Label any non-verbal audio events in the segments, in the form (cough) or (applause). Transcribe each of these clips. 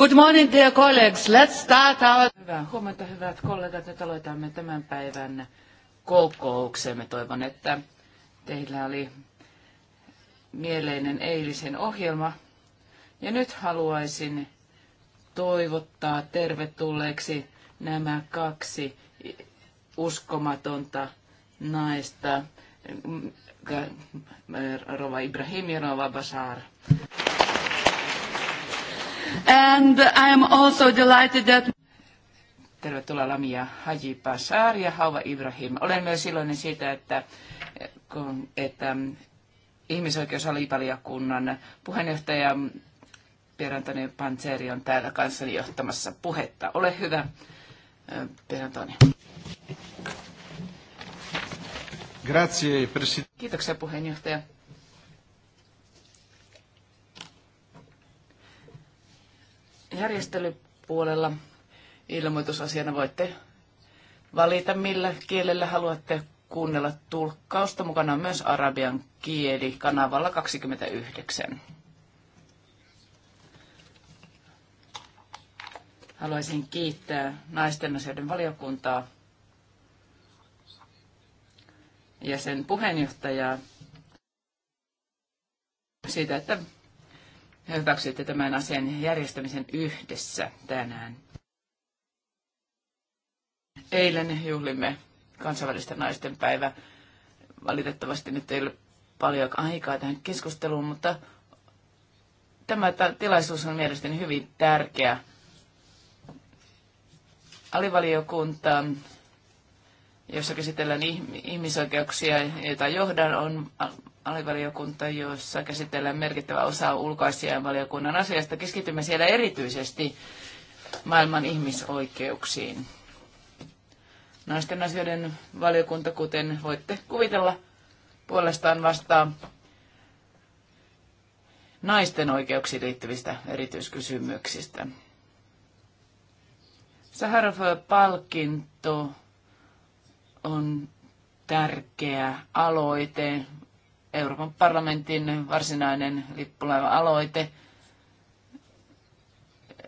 Good morning, dear colleagues. Let's start our... Hyvää huomenta, hyvät kollegat. Nyt aloitamme tämän päivän kokouksemme. Toivon, että teillä oli mieleinen eilisen ohjelma. Ja nyt haluaisin toivottaa tervetulleeksi nämä kaksi uskomatonta naista, Rova Ibrahim ja Rova Basar. And I am also delighted that... Tervetuloa Lamia Haji Pasar ja Hauva Ibrahim. Olen myös iloinen siitä, että, kun, että mm, ihmisoikeusalivaliokunnan puheenjohtaja mm, Perantoni Panzeri on täällä kanssani johtamassa puhetta. Ole hyvä, mm, Perantoni. Grazie, presidente. Kiitoksia puheenjohtaja. järjestelypuolella ilmoitusasiana voitte valita, millä kielellä haluatte kuunnella tulkkausta. Mukana on myös arabian kieli kanavalla 29. Haluaisin kiittää naisten asioiden valiokuntaa ja sen puheenjohtajaa siitä, että hyväksyitte tämän asian järjestämisen yhdessä tänään. Eilen juhlimme kansainvälistä naisten päivä. Valitettavasti nyt ei ole paljon aikaa tähän keskusteluun, mutta tämä tilaisuus on mielestäni hyvin tärkeä. Alivaliokunta jossa käsitellään ihmisoikeuksia, joita johdan, on alivaliokunta, jossa käsitellään merkittävä osa ulkoasian valiokunnan asiasta. Keskitymme siellä erityisesti maailman ihmisoikeuksiin. Naisten asioiden valiokunta, kuten voitte kuvitella, puolestaan vastaa naisten oikeuksiin liittyvistä erityiskysymyksistä. Saharov-palkinto on tärkeä aloite, Euroopan parlamentin varsinainen lippulaiva-aloite,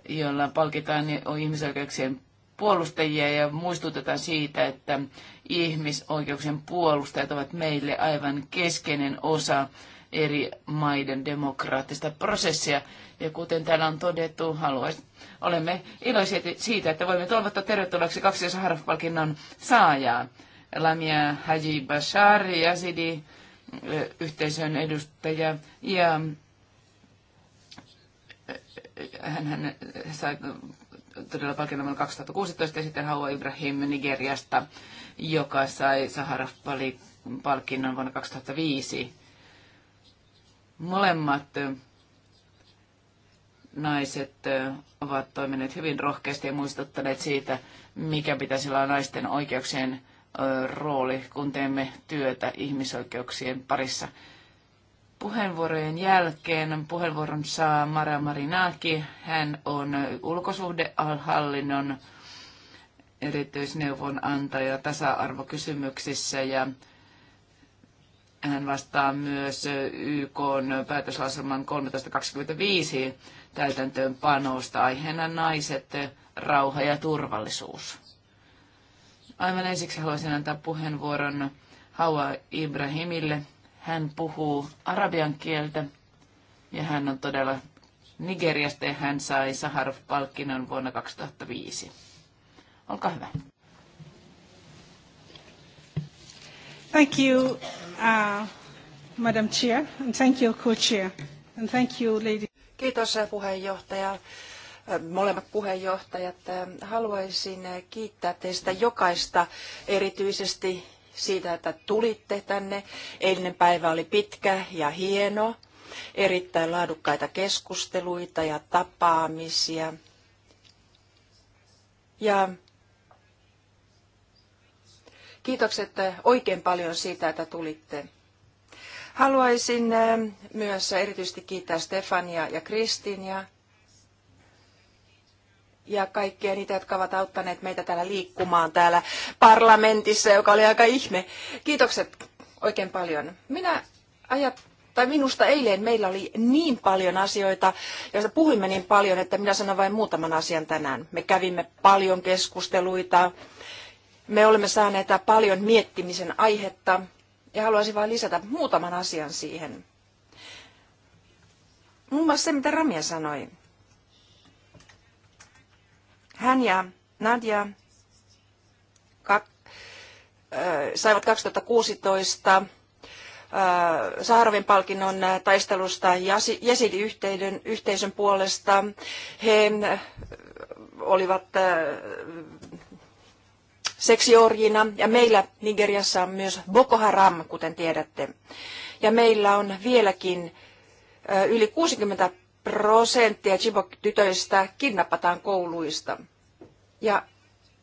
jolla palkitaan ihmisoikeuksien puolustajia ja muistutetaan siitä, että ihmisoikeuksien puolustajat ovat meille aivan keskeinen osa eri maiden demokraattista prosessia. Ja kuten täällä on todettu, haluais, olemme iloisia siitä, että voimme toivottaa tervetulleeksi kaksi Saharov-palkinnon saajaa. Lamia Haji Bashar, Yazidi, yhteisön edustaja, ja hän, hän sai todella palkinnon vuonna 2016, ja sitten Hawa Ibrahim Nigeriasta, joka sai Saharov-palkinnon vuonna 2005 Molemmat naiset ovat toimineet hyvin rohkeasti ja muistuttaneet siitä, mikä pitäisi olla naisten oikeuksien rooli, kun teemme työtä ihmisoikeuksien parissa. Puheenvuorojen jälkeen puheenvuoron saa Mara Marinaki. Hän on ulkosuhdehallinnon erityisneuvonantaja tasa-arvokysymyksissä ja hän vastaa myös YK päätöslauselman 1325 täytäntöönpanosta aiheena naiset, rauha ja turvallisuus. Aivan ensiksi haluaisin antaa puheenvuoron Hawa Ibrahimille. Hän puhuu arabian kieltä ja hän on todella Nigeriasta ja hän sai Saharov-palkinnon vuonna 2005. Olkaa hyvä. Thank you uh, Madam Chair, and thank you, Co-Chair, and thank you, lady. Kiitos eh, puheenjohtaja eh, molemmat puheenjohtajat. Eh, haluaisin kiittää teistä jokaista erityisesti siitä, että tulitte tänne. Eilinen päivä oli pitkä ja hieno, erittäin laadukkaita keskusteluita ja tapaamisia. Ja Kiitokset äh, oikein paljon siitä, että tulitte. Haluaisin äh, myös erityisesti kiittää Stefania ja Kristinia ja kaikkia niitä, jotka ovat auttaneet meitä täällä liikkumaan täällä parlamentissa, joka oli aika ihme. Kiitokset oikein paljon. Minä ajat, tai minusta eilen meillä oli niin paljon asioita, joista puhuimme niin paljon, että minä sanon vain muutaman asian tänään. Me kävimme paljon keskusteluita me olemme saaneet paljon miettimisen aihetta ja haluaisin vain lisätä muutaman asian siihen. Muun muassa se, mitä Ramia sanoi. Hän ja Nadia kak, äh, saivat 2016 äh, Saharovin palkinnon taistelusta jesidiyhteisön yhteisön puolesta. He olivat seksiorjina ja meillä Nigeriassa on myös Boko Haram, kuten tiedätte. Ja meillä on vieläkin yli 60 prosenttia Chibok-tytöistä kidnappataan kouluista. Ja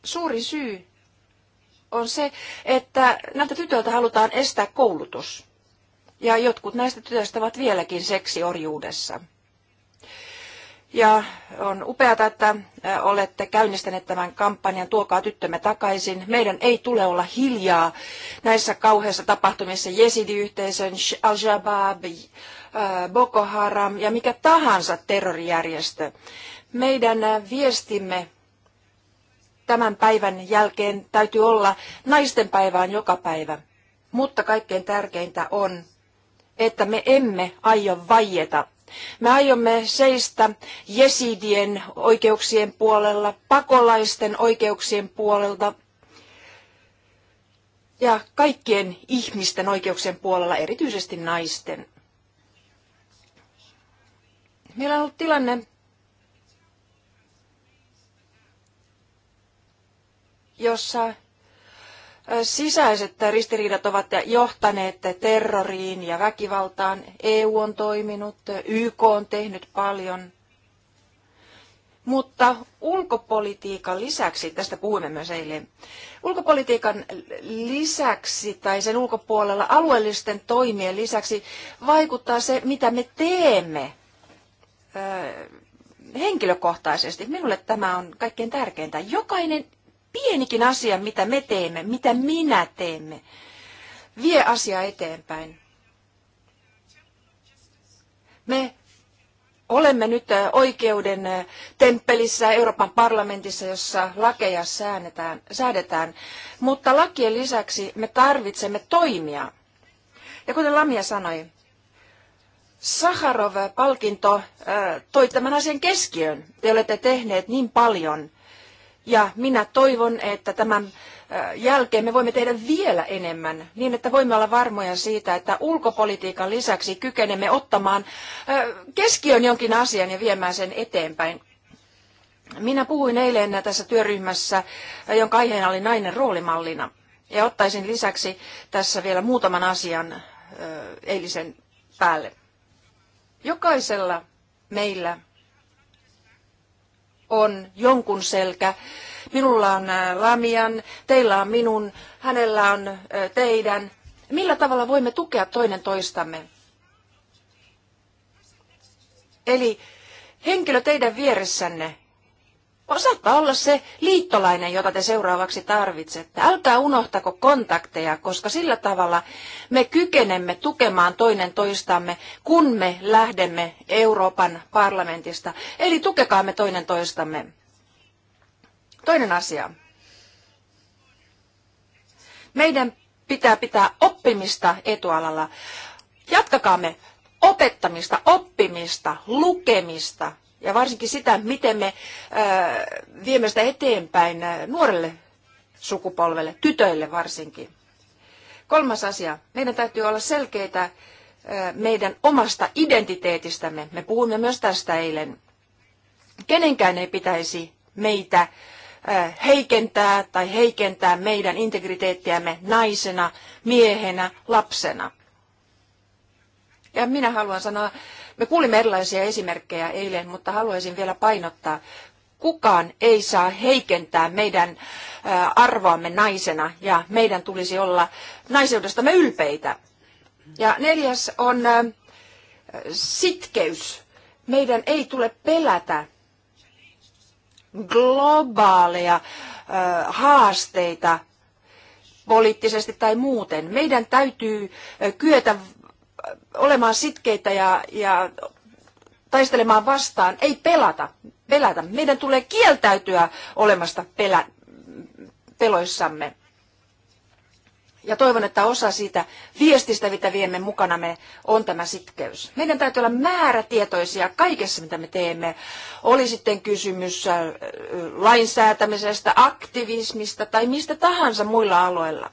suuri syy on se, että näiltä tytöiltä halutaan estää koulutus. Ja jotkut näistä tytöistä ovat vieläkin seksiorjuudessa. Ja on upeata, että olette käynnistäneet tämän kampanjan Tuokaa tyttömme takaisin. Meidän ei tule olla hiljaa näissä kauheissa tapahtumissa Jesidi-yhteisön, Al-Shabaab, Boko Haram ja mikä tahansa terrorijärjestö. Meidän viestimme tämän päivän jälkeen täytyy olla naisten päivään joka päivä. Mutta kaikkein tärkeintä on, että me emme aio vaieta me aiomme seistä jesidien oikeuksien puolella, pakolaisten oikeuksien puolelta ja kaikkien ihmisten oikeuksien puolella, erityisesti naisten. Meillä on ollut tilanne, jossa sisäiset ristiriidat ovat johtaneet terroriin ja väkivaltaan. EU on toiminut, YK on tehnyt paljon. Mutta ulkopolitiikan lisäksi, tästä puhuimme myös eilen, ulkopolitiikan lisäksi tai sen ulkopuolella alueellisten toimien lisäksi vaikuttaa se, mitä me teemme henkilökohtaisesti. Minulle tämä on kaikkein tärkeintä. Jokainen pienikin asia, mitä me teemme, mitä minä teemme, vie asiaa eteenpäin. Me olemme nyt oikeuden temppelissä Euroopan parlamentissa, jossa lakeja säädetään, mutta lakien lisäksi me tarvitsemme toimia. Ja kuten Lamia sanoi, Saharov-palkinto toi tämän asian keskiön. Te olette tehneet niin paljon ja minä toivon, että tämän jälkeen me voimme tehdä vielä enemmän, niin että voimme olla varmoja siitä, että ulkopolitiikan lisäksi kykenemme ottamaan keskiön jonkin asian ja viemään sen eteenpäin. Minä puhuin eilen tässä työryhmässä, jonka aiheena oli nainen roolimallina. Ja ottaisin lisäksi tässä vielä muutaman asian eilisen päälle. Jokaisella meillä on jonkun selkä. Minulla on äh, Lamian, teillä on minun, hänellä on äh, teidän. Millä tavalla voimme tukea toinen toistamme? Eli henkilö teidän vieressänne, on, saattaa olla se liittolainen, jota te seuraavaksi tarvitsette. Älkää unohtako kontakteja, koska sillä tavalla me kykenemme tukemaan toinen toistamme, kun me lähdemme Euroopan parlamentista. Eli tukekaamme toinen toistamme. Toinen asia. Meidän pitää pitää oppimista etualalla. Jatkakaamme opettamista, oppimista, lukemista, ja varsinkin sitä, miten me viemme sitä eteenpäin nuorelle sukupolvelle, tytöille varsinkin. Kolmas asia. Meidän täytyy olla selkeitä meidän omasta identiteetistämme. Me puhuimme myös tästä eilen. Kenenkään ei pitäisi meitä heikentää tai heikentää meidän integriteettiämme naisena, miehenä, lapsena. Ja minä haluan sanoa, me kuulimme erilaisia esimerkkejä eilen, mutta haluaisin vielä painottaa, kukaan ei saa heikentää meidän arvoamme naisena ja meidän tulisi olla naiseudestamme ylpeitä. Ja neljäs on sitkeys. Meidän ei tule pelätä globaaleja haasteita poliittisesti tai muuten. Meidän täytyy kyetä olemaan sitkeitä ja, ja taistelemaan vastaan, ei pelata, pelätä. Meidän tulee kieltäytyä olemasta pelä, peloissamme. Ja toivon, että osa siitä viestistä, mitä viemme me, on tämä sitkeys. Meidän täytyy olla määrätietoisia kaikessa, mitä me teemme. Oli sitten kysymys äh, lainsäätämisestä, aktivismista tai mistä tahansa muilla aloilla.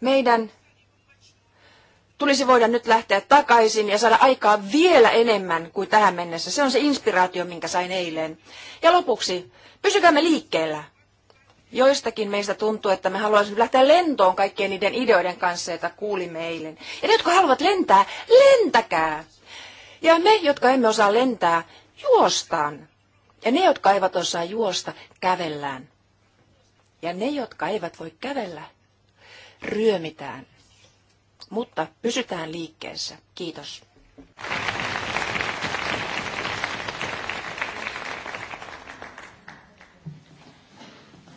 Meidän tulisi voida nyt lähteä takaisin ja saada aikaa vielä enemmän kuin tähän mennessä. Se on se inspiraatio, minkä sain eilen. Ja lopuksi, pysykäämme liikkeellä. Joistakin meistä tuntuu, että me haluaisimme lähteä lentoon kaikkien niiden ideoiden kanssa, joita kuulimme eilen. Ja ne, jotka haluavat lentää, lentäkää! Ja me, jotka emme osaa lentää, juostaan. Ja ne, jotka eivät osaa juosta, kävellään. Ja ne, jotka eivät voi kävellä, ryömitään. Mutta pysytään liikkeessä. Kiitos.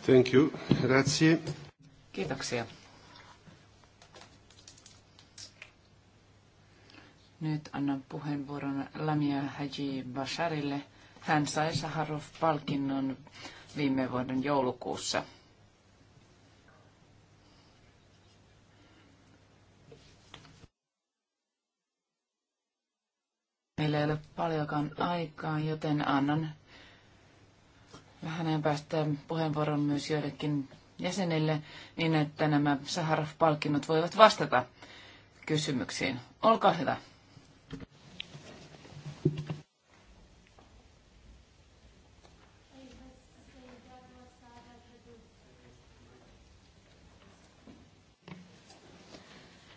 Thank you. Grazie. Kiitoksia. Nyt annan puheenvuoron Lamia Haji Basharille. Hän sai Saharov-palkinnon viime vuoden joulukuussa. Meillä ei ole paljonkaan aikaa, joten annan vähän ajan päästä puheenvuoron myös joillekin jäsenille, niin että nämä Saharov-palkinnot voivat vastata kysymyksiin. Olkaa hyvä.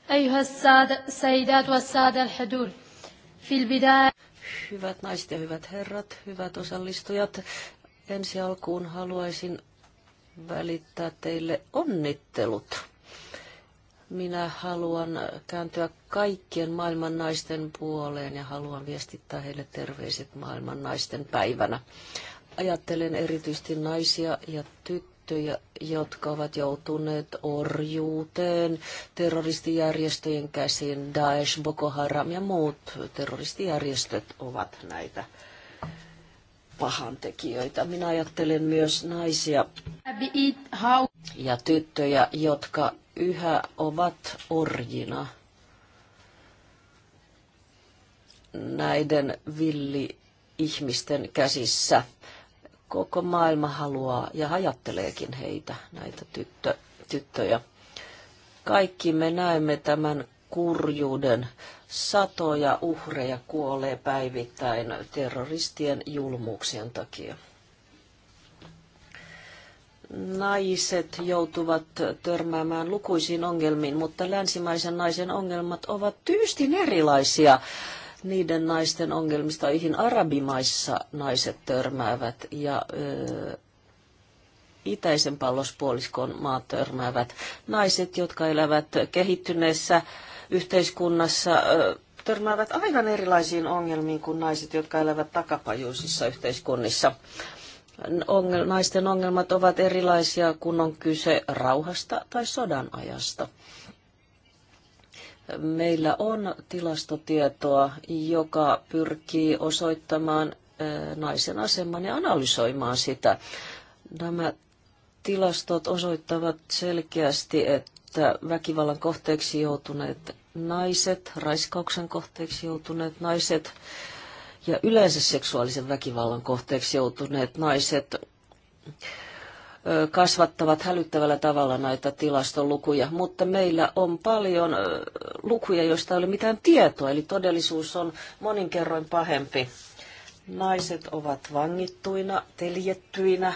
أيها السادة السيدات والسادة الحدود Hyvät naiset ja hyvät herrat, hyvät osallistujat, ensi alkuun haluaisin välittää teille onnittelut. Minä haluan kääntyä kaikkien maailman naisten puoleen ja haluan viestittää heille terveiset maailman naisten päivänä. Ajattelen erityisesti naisia ja tyttöjä tyttöjä, jotka ovat joutuneet orjuuteen terroristijärjestöjen käsiin. Daesh, Boko Haram ja muut terroristijärjestöt ovat näitä pahantekijöitä. Minä ajattelen myös naisia ja tyttöjä, jotka yhä ovat orjina näiden villi-ihmisten käsissä koko maailma haluaa ja hajatteleekin heitä, näitä tyttö, tyttöjä. Kaikki me näemme tämän kurjuuden. Satoja uhreja kuolee päivittäin terroristien julmuuksien takia. Naiset joutuvat törmäämään lukuisiin ongelmiin, mutta länsimaisen naisen ongelmat ovat tyystin erilaisia niiden naisten ongelmista, joihin arabimaissa naiset törmäävät ja ö, itäisen pallospuoliskon maat törmäävät. Naiset, jotka elävät kehittyneessä yhteiskunnassa, ö, törmäävät aivan erilaisiin ongelmiin kuin naiset, jotka elävät takapajuisissa yhteiskunnissa. Ongel, naisten ongelmat ovat erilaisia, kun on kyse rauhasta tai sodan ajasta. Meillä on tilastotietoa, joka pyrkii osoittamaan naisen aseman ja analysoimaan sitä. Nämä tilastot osoittavat selkeästi, että väkivallan kohteeksi joutuneet naiset, raiskauksen kohteeksi joutuneet naiset ja yleensä seksuaalisen väkivallan kohteeksi joutuneet naiset kasvattavat hälyttävällä tavalla näitä tilastolukuja, mutta meillä on paljon lukuja, joista ei ole mitään tietoa, eli todellisuus on monin kerroin pahempi. Naiset ovat vangittuina, teljettyinä,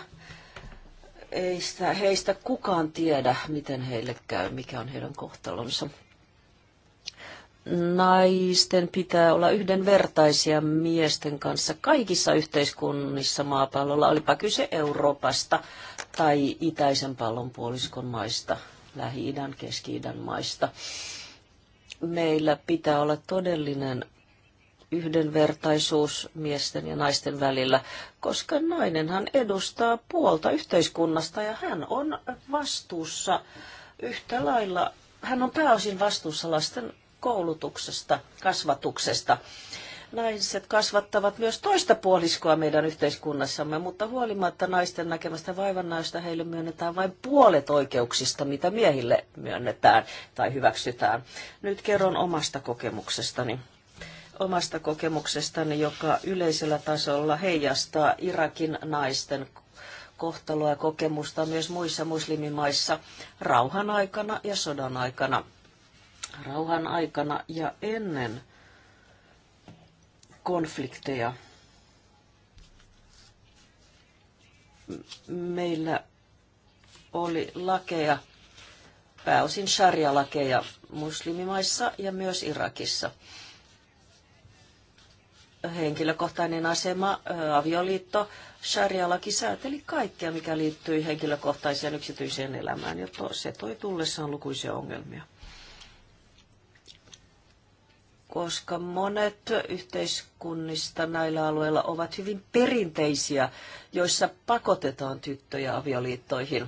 ei sitä, heistä kukaan tiedä, miten heille käy, mikä on heidän kohtalonsa. Naisten pitää olla yhdenvertaisia miesten kanssa kaikissa yhteiskunnissa maapallolla, olipa kyse Euroopasta – tai itäisen pallonpuoliskon maista, Lähi-idän, Keski-idän maista. Meillä pitää olla todellinen yhdenvertaisuus miesten ja naisten välillä, koska nainenhan edustaa puolta yhteiskunnasta ja hän on vastuussa yhtä lailla, hän on pääosin vastuussa lasten koulutuksesta, kasvatuksesta. Naiset kasvattavat myös toista puoliskoa meidän yhteiskunnassamme, mutta huolimatta naisten näkemästä vaivannäöstä heille myönnetään vain puolet oikeuksista, mitä miehille myönnetään tai hyväksytään. Nyt kerron omasta kokemuksestani omasta kokemuksestani, joka yleisellä tasolla heijastaa Irakin naisten kohtaloa ja kokemusta myös muissa muslimimaissa rauhan aikana ja sodan aikana. Rauhan aikana ja ennen konflikteja. Meillä oli lakeja, pääosin sharia-lakeja muslimimaissa ja myös Irakissa. Henkilökohtainen asema, avioliitto, sharia-laki sääteli kaikkea, mikä liittyi henkilökohtaiseen yksityiseen elämään, ja se toi tullessaan lukuisia ongelmia koska monet yhteiskunnista näillä alueilla ovat hyvin perinteisiä, joissa pakotetaan tyttöjä avioliittoihin.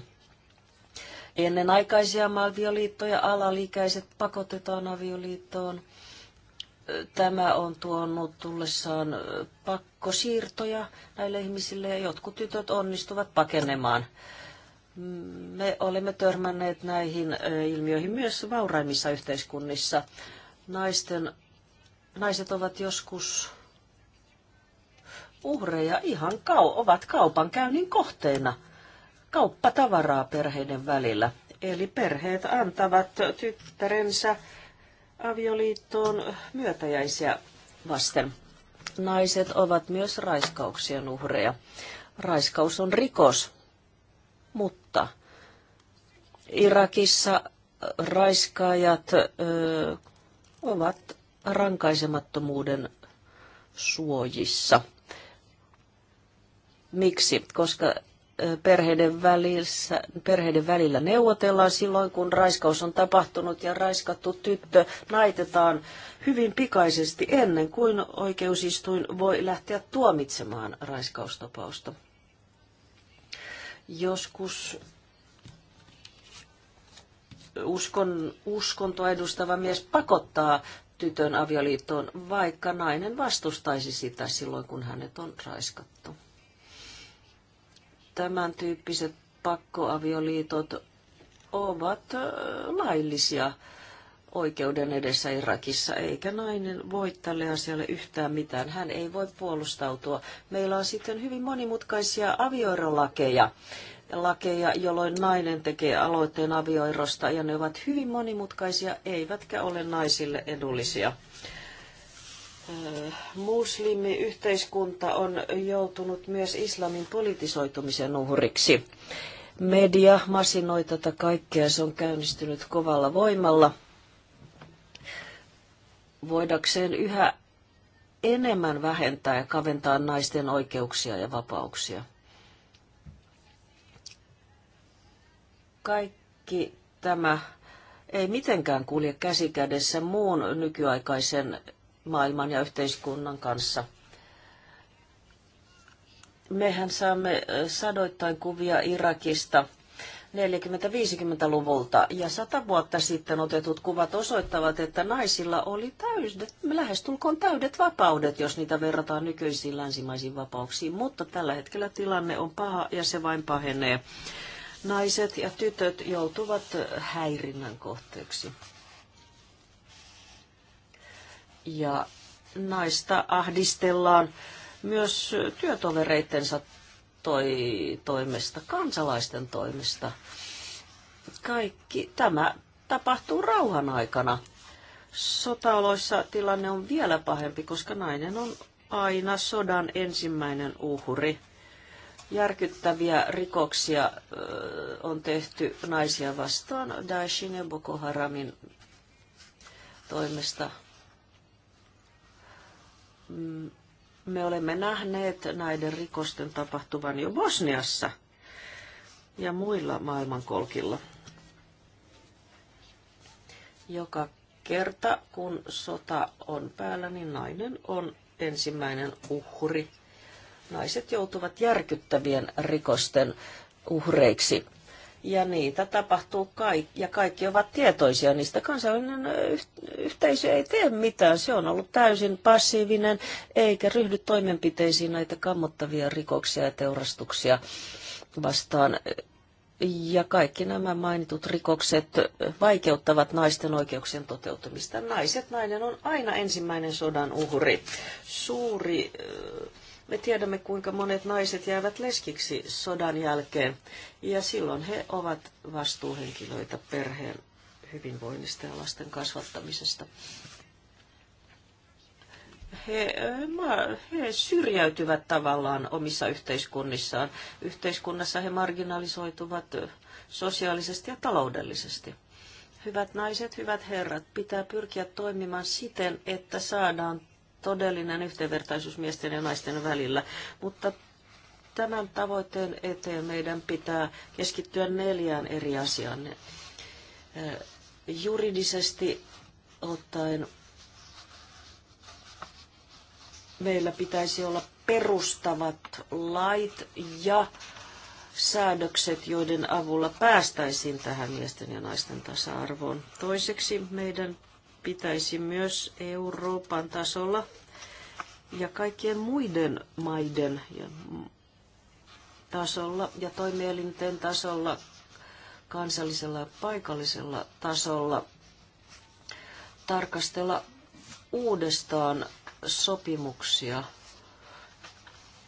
Ennen aikaisia avioliittoja alaliikäiset pakotetaan avioliittoon. Tämä on tuonut tullessaan pakkosiirtoja näille ihmisille ja jotkut tytöt onnistuvat pakenemaan. Me olemme törmänneet näihin eh, ilmiöihin myös vauraimmissa yhteiskunnissa naisten naiset ovat joskus uhreja ihan kau- ovat käynnin kohteena. Kauppatavaraa perheiden välillä. Eli perheet antavat tyttärensä avioliittoon myötäjäisiä vasten. Naiset ovat myös raiskauksien uhreja. Raiskaus on rikos, mutta Irakissa raiskaajat ö, ovat rankaisemattomuuden suojissa. Miksi? Koska perheiden, välissä, perheiden välillä neuvotellaan silloin, kun raiskaus on tapahtunut ja raiskattu tyttö naitetaan hyvin pikaisesti ennen kuin oikeusistuin voi lähteä tuomitsemaan raiskaustapausta. Joskus uskon, uskontoa edustava mies pakottaa tytön avioliittoon, vaikka nainen vastustaisi sitä silloin, kun hänet on raiskattu. Tämän tyyppiset pakkoavioliitot ovat laillisia oikeuden edessä Irakissa, eikä nainen voi tälle asialle yhtään mitään. Hän ei voi puolustautua. Meillä on sitten hyvin monimutkaisia avioerolakeja lakeja, jolloin nainen tekee aloitteen avioerosta ja ne ovat hyvin monimutkaisia eivätkä ole naisille edullisia. Äh, muslimiyhteiskunta on joutunut myös islamin politisoitumisen uhriksi. Media masinoi tätä kaikkea, se on käynnistynyt kovalla voimalla. Voidakseen yhä enemmän vähentää ja kaventaa naisten oikeuksia ja vapauksia. kaikki tämä ei mitenkään kulje käsi kädessä muun nykyaikaisen maailman ja yhteiskunnan kanssa. Mehän saamme sadoittain kuvia Irakista 40-50-luvulta ja sata vuotta sitten otetut kuvat osoittavat, että naisilla oli täydet, lähestulkoon täydet vapaudet, jos niitä verrataan nykyisiin länsimaisiin vapauksiin, mutta tällä hetkellä tilanne on paha ja se vain pahenee naiset ja tytöt joutuvat häirinnän kohteeksi. Ja naista ahdistellaan myös työtovereittensa toi, toimesta, kansalaisten toimesta. Kaikki tämä tapahtuu rauhan aikana. Sotaoloissa tilanne on vielä pahempi, koska nainen on aina sodan ensimmäinen uhri järkyttäviä rikoksia on tehty naisia vastaan Daeshin ja Boko Haramin toimesta. Mm, me olemme nähneet näiden rikosten tapahtuvan jo Bosniassa ja muilla maailmankolkilla. Joka kerta, kun sota on päällä, niin nainen on ensimmäinen uhri Naiset joutuvat järkyttävien rikosten uhreiksi. Ja niitä tapahtuu kaikki, ja kaikki ovat tietoisia niistä. Kansainvälinen yhteisö ei tee mitään. Se on ollut täysin passiivinen, eikä ryhdy toimenpiteisiin näitä kammottavia rikoksia ja teurastuksia vastaan. Ja kaikki nämä mainitut rikokset vaikeuttavat naisten oikeuksien toteutumista. Naiset, nainen on aina ensimmäinen sodan uhri. Suuri me tiedämme, kuinka monet naiset jäävät leskiksi sodan jälkeen, ja silloin he ovat vastuuhenkilöitä perheen hyvinvoinnista ja lasten kasvattamisesta. He, he syrjäytyvät tavallaan omissa yhteiskunnissaan. Yhteiskunnassa he marginalisoituvat sosiaalisesti ja taloudellisesti. Hyvät naiset, hyvät herrat, pitää pyrkiä toimimaan siten, että saadaan todellinen yhteenvertaisuus miesten ja naisten välillä. Mutta tämän tavoitteen eteen meidän pitää keskittyä neljään eri asiaan. Eh, juridisesti ottaen meillä pitäisi olla perustavat lait ja säädökset, joiden avulla päästäisiin tähän miesten ja naisten tasa-arvoon. Toiseksi meidän pitäisi myös Euroopan tasolla ja kaikkien muiden maiden tasolla ja toimielinten tasolla, kansallisella ja paikallisella tasolla tarkastella uudestaan sopimuksia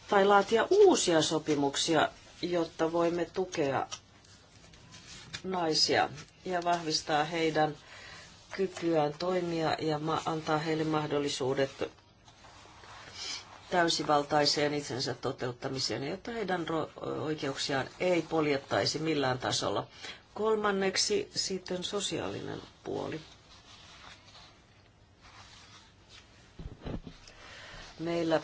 tai laatia uusia sopimuksia, jotta voimme tukea naisia ja vahvistaa heidän kykyään toimia ja antaa heille mahdollisuudet täysivaltaiseen itsensä toteuttamiseen, jotta heidän oikeuksiaan ei poljettaisi millään tasolla. Kolmanneksi sitten sosiaalinen puoli. Meillä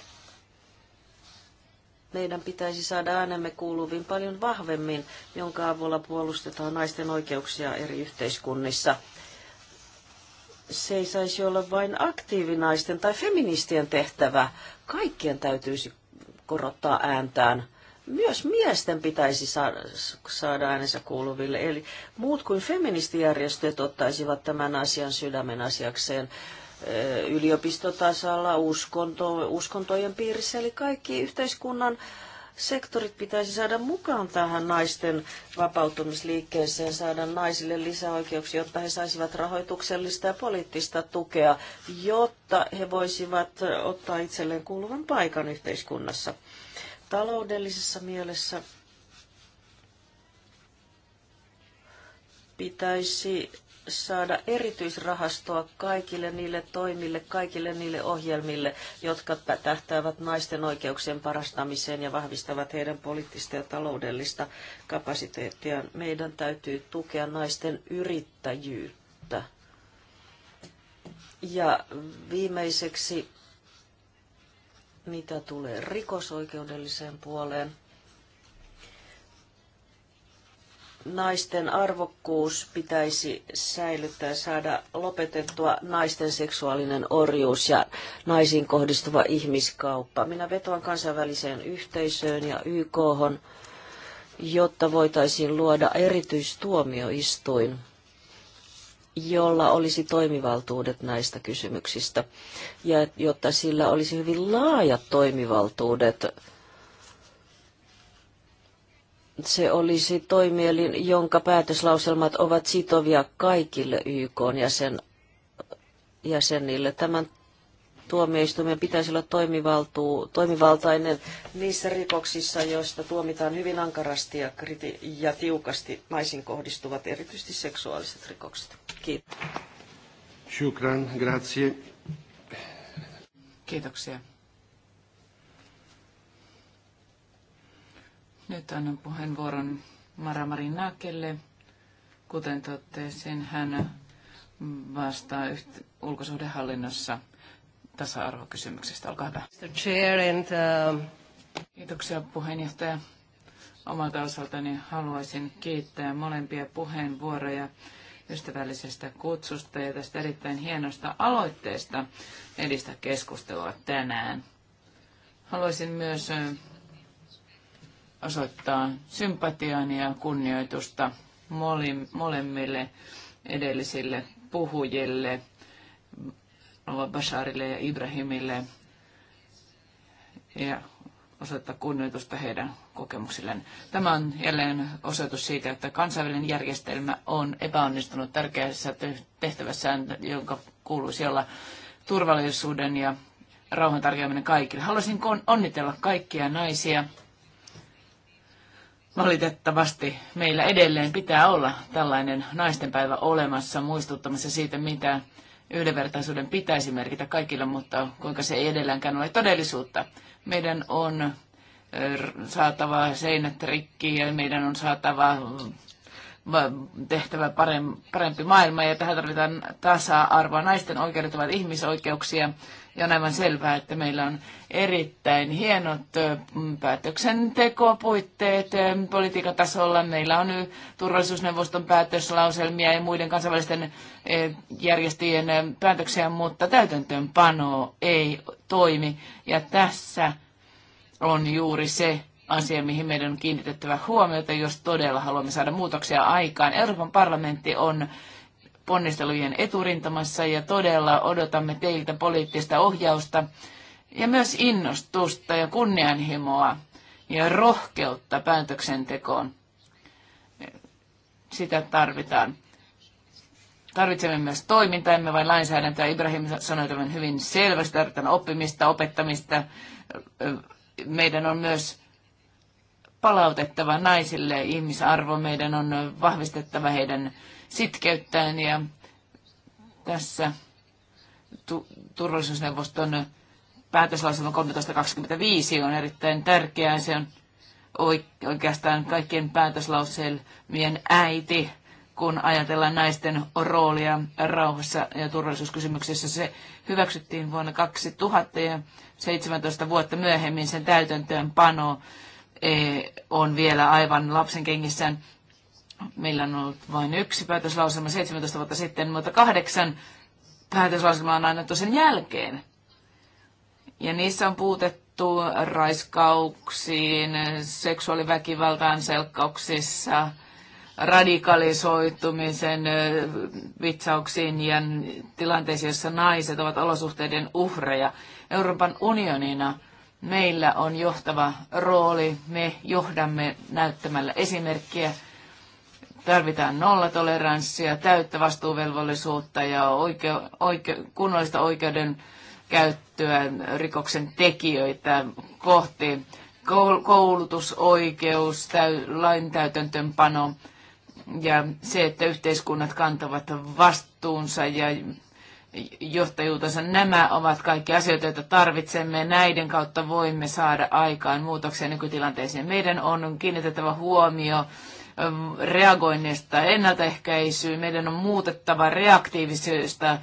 meidän pitäisi saada äänemme kuuluviin paljon vahvemmin, jonka avulla puolustetaan naisten oikeuksia eri yhteiskunnissa se ei saisi olla vain aktiivinaisten tai feministien tehtävä. Kaikkien täytyisi korottaa ääntään. Myös miesten pitäisi saada, saada äänensä kuuluville. Eli muut kuin feministijärjestöt ottaisivat tämän asian sydämen asiakseen yliopistotasalla, uskonto, uskontojen piirissä, eli kaikki yhteiskunnan äh, sektorit pitäisi saada mukaan tähän naisten vapautumisliikkeeseen, saada naisille lisäoikeuksia, jotta he saisivat rahoituksellista ja poliittista tukea, jotta he voisivat ottaa itselleen kuuluvan paikan yhteiskunnassa. Taloudellisessa mielessä pitäisi saada erityisrahastoa kaikille niille toimille, kaikille niille ohjelmille, jotka tähtäävät naisten oikeuksien parastamiseen ja vahvistavat heidän poliittista ja taloudellista kapasiteettiaan. Meidän täytyy tukea naisten yrittäjyyttä. Ja viimeiseksi, mitä tulee rikosoikeudelliseen puoleen, naisten arvokkuus pitäisi säilyttää ja saada lopetettua naisten seksuaalinen orjuus ja naisiin kohdistuva ihmiskauppa. Minä vetoan kansainväliseen yhteisöön ja YKhon, jotta voitaisiin luoda erityistuomioistuin, jolla olisi toimivaltuudet näistä kysymyksistä ja jotta sillä olisi hyvin laajat toimivaltuudet se olisi toimielin, jonka päätöslauselmat ovat sitovia kaikille YK jäsen, jäsenille. Tämän tuomioistuimen pitäisi olla toimivaltainen niissä rikoksissa, joista tuomitaan hyvin ankarasti ja, kriti- ja tiukasti naisiin kohdistuvat, erityisesti seksuaaliset rikokset. Kiitos. Shukran, grazie. Kiitoksia. Nyt annan puheenvuoron Mara Marinakelle. Kuten totesin, hän vastaa yht- ulkosuhdehallinnossa tasa-arvokysymyksestä. Olkaa hyvä. Um, Kiitoksia puheenjohtaja. Omalta osaltani haluaisin kiittää molempia puheenvuoroja ystävällisestä kutsusta ja tästä erittäin hienosta aloitteesta edistää keskustelua tänään. Haluaisin myös osoittaa sympatiaani ja kunnioitusta molemmille edellisille puhujille, Basharille ja Ibrahimille, ja osoittaa kunnioitusta heidän kokemuksilleen. Tämä on jälleen osoitus siitä, että kansainvälinen järjestelmä on epäonnistunut tärkeässä tehtävässään, jonka kuuluisi olla turvallisuuden ja rauhan tarjoaminen kaikille. Haluaisin onnitella kaikkia naisia Valitettavasti meillä edelleen pitää olla tällainen naistenpäivä olemassa muistuttamassa siitä, mitä yhdenvertaisuuden pitäisi merkitä kaikille, mutta kuinka se ei edelläänkään ole todellisuutta. Meidän on saatava seinät rikki ja meidän on saatava mm, tehtävä parempi maailma ja tähän tarvitaan tasa-arvoa. Naisten oikeudet ovat ihmisoikeuksia ja on aivan selvää, että meillä on erittäin hienot mm, päätöksentekopuitteet politiikan tasolla. Meillä on turvallisuusneuvoston päätöslauselmia ja muiden kansainvälisten järjestöjen päätöksiä, mutta täytäntöönpano ei toimi. Ja tässä on juuri se asia, mihin meidän on kiinnitettävä huomiota, jos todella haluamme saada muutoksia aikaan. Euroopan parlamentti on ponnistelujen eturintamassa ja todella odotamme teiltä poliittista ohjausta ja myös innostusta ja kunnianhimoa ja rohkeutta päätöksentekoon. Sitä tarvitaan. Tarvitsemme myös toimintaa, emme vain lainsäädäntöä. Ibrahim sanoi tämän hyvin selvästi, tarvitaan oppimista, opettamista. Meidän on myös palautettava naisille ihmisarvo, meidän on vahvistettava heidän sitkeyttään ja tässä turvallisuusneuvoston päätöslauselma 1325 on erittäin tärkeää. Se on oikeastaan kaikkien päätöslauselmien äiti, kun ajatellaan naisten roolia rauhassa ja turvallisuuskysymyksessä. Se hyväksyttiin vuonna 2000 ja 17 vuotta myöhemmin sen täytäntöönpano eh, on vielä aivan lapsen kengissään. Meillä on ollut vain yksi päätöslauselma 17 vuotta sitten, mutta kahdeksan päätöslauselmaa on annettu sen jälkeen. Ja niissä on puutettu raiskauksiin, seksuaaliväkivaltaan selkkauksissa, radikalisoitumisen vitsauksiin ja tilanteisiin, joissa naiset ovat olosuhteiden uhreja. Euroopan unionina meillä on johtava rooli. Me johdamme näyttämällä esimerkkiä Tarvitaan nollatoleranssia, täyttä vastuuvelvollisuutta ja oike, oike, kunnollista oikeuden käyttöä rikoksen tekijöitä kohti. Koulutusoikeus, täy, lain täytäntöönpano ja se, että yhteiskunnat kantavat vastuunsa ja johtajuutensa. Nämä ovat kaikki asioita, joita tarvitsemme. Näiden kautta voimme saada aikaan muutoksia nykytilanteeseen. Meidän on kiinnitettävä huomio Ähm, reagoinnista ennaltaehkäisyyn. Meidän on muutettava reaktiivisesta äh,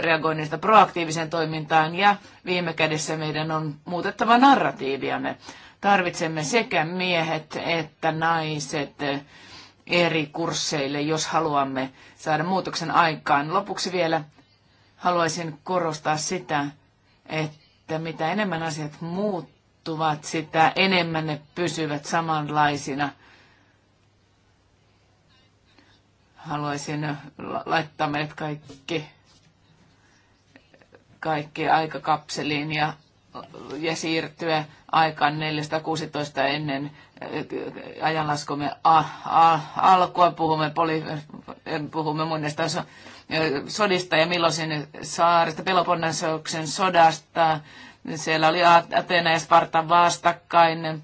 reagoinnista proaktiiviseen toimintaan ja viime kädessä meidän on muutettava narratiiviamme. Tarvitsemme sekä miehet että naiset äh, eri kursseille, jos haluamme saada muutoksen aikaan. Lopuksi vielä haluaisin korostaa sitä, että mitä enemmän asiat muuttuvat, sitä enemmän ne pysyvät samanlaisina – Haluaisin laittaa meidät kaikki, kaikki aikakapseliin ja, ja siirtyä aikaan 416 ennen äh, ajanlaskumme a, a, alkua. Puhumme, poli, äh, puhumme monesta äh, sodista ja Milosin saarista, Peloponnasoksen sodasta. Siellä oli Atena ja Spartan vastakkainen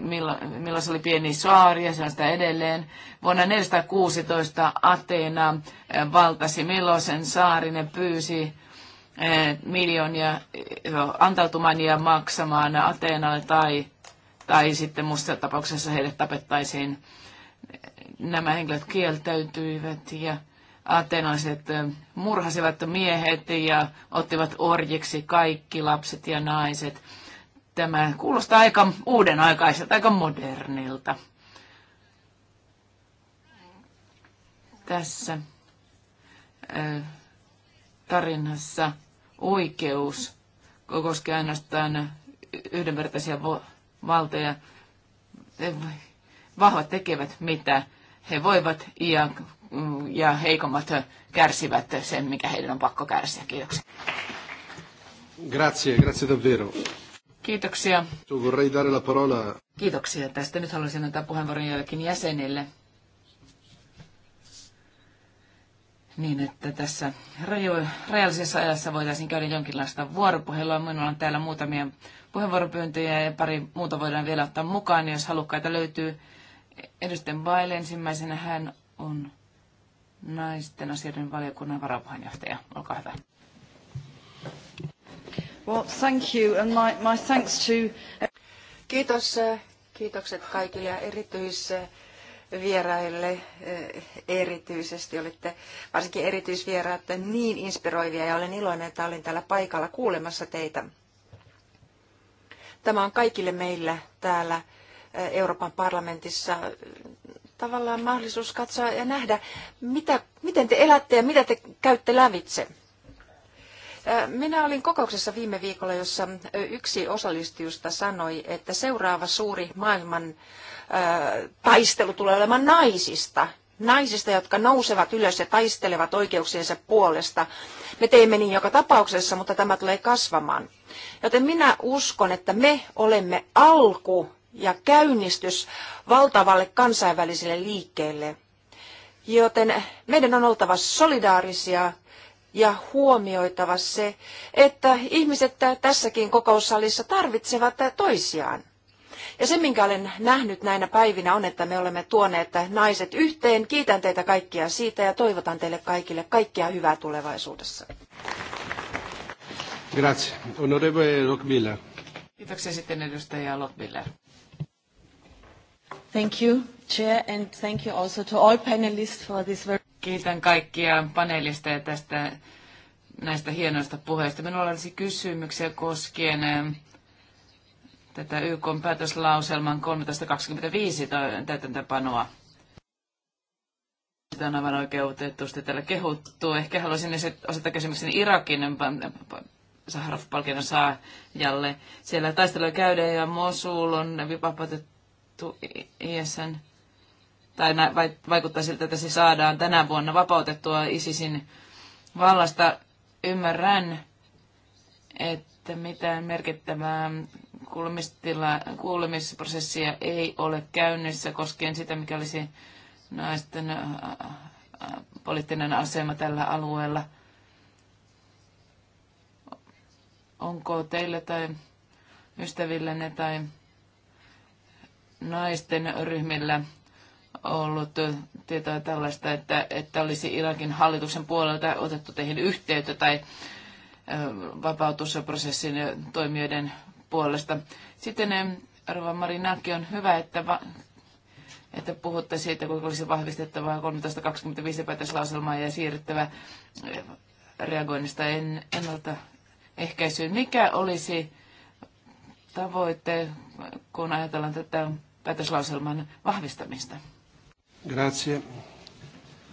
milloin se oli pieni saari ja se on sitä edelleen. Vuonna 416 Ateena valtasi Milosen saarin ja pyysi miljoonia antautumaan ja maksamaan Ateenalle tai, tai sitten musta tapauksessa heidät tapettaisiin. Nämä henkilöt kieltäytyivät ja ateenalaiset murhasivat miehet ja ottivat orjiksi kaikki lapset ja naiset Tämä kuulostaa aika uuden aikaiselta, aika modernilta. Tässä tarinassa oikeus koskee ainoastaan yhdenvertaisia valtoja. Vahvat tekevät mitä he voivat ja, ja heikommat kärsivät sen, mikä heidän on pakko kärsiä. Kiitoksia. Grazie, grazie davvero. Kiitoksia. Kiitoksia tästä. Nyt haluaisin antaa puheenvuoron joillekin jäsenille. Niin, että tässä rajallisessa ajassa voitaisiin käydä jonkinlaista vuoropuhelua. Minulla on täällä muutamia puheenvuoropyyntöjä ja pari muuta voidaan vielä ottaa mukaan, jos halukkaita löytyy. Edustajan Baile ensimmäisenä hän on naisten asioiden valiokunnan varapuheenjohtaja. Olkaa hyvä. Kiitos, eh, kiitokset kaikille ja erityisvieraille eh, erityisesti. Olitte varsinkin erityisvieraat niin inspiroivia ja olen iloinen, että olin täällä paikalla kuulemassa teitä. Tämä on kaikille meillä täällä eh, Euroopan parlamentissa tavallaan mahdollisuus katsoa ja nähdä, mitä, miten te elätte ja mitä te käytte lävitse. Äh, minä olin kokouksessa viime viikolla, jossa yksi osallistujista sanoi, että seuraava suuri maailman äh, taistelu tulee olemaan naisista. Naisista, jotka nousevat ylös ja taistelevat oikeuksiensa puolesta. Me teemme niin joka tapauksessa, mutta tämä tulee kasvamaan. Joten minä uskon, että me olemme alku ja käynnistys valtavalle kansainväliselle liikkeelle. Joten meidän on oltava solidaarisia ja huomioitava se, että ihmiset tässäkin kokoussalissa tarvitsevat toisiaan. Ja se, minkä olen nähnyt näinä päivinä, on, että me olemme tuoneet naiset yhteen. Kiitän teitä kaikkia siitä ja toivotan teille kaikille kaikkia hyvää tulevaisuudessa. Grazie. Onorevole Lockmiller. Kiitoksia sitten edustaja Lockmiller. Thank you, Chair, and thank you also to all panelists for this very... Kiitän kaikkia panelisteja tästä näistä hienoista puheista. Minulla olisi kysymyksiä koskien eh, tätä YK päätöslauselman 1325 täytäntöpanoa. Sitä on aivan oikeutetusti täällä kehuttu. Ehkä haluaisin osata kysymyksen Irakin Saharov-palkinnon saajalle. Siellä taisteluja käydään ja Mosul on vapautettu ISN tai vaikuttaa siltä, että se saadaan tänä vuonna vapautettua ISISin vallasta. Ymmärrän, että mitään merkittävää kuulemisprosessia ei ole käynnissä koskien sitä, mikä olisi naisten äh, äh, poliittinen asema tällä alueella. Onko teille tai ystävillenne tai naisten ryhmillä ollut tietoa tällaista, että, että olisi Irakin hallituksen puolelta otettu teihin yhteyttä tai vapautusprosessin toimijoiden puolesta. Sitten Arva Nakki, on hyvä, että, va, että puhutte siitä, kuinka olisi vahvistettavaa 13.25 päätöslauselmaa ja siirrettävä reagoinnista en, ehkäisyyn. Mikä olisi tavoite, kun ajatellaan tätä päätöslauselman vahvistamista? Grazie.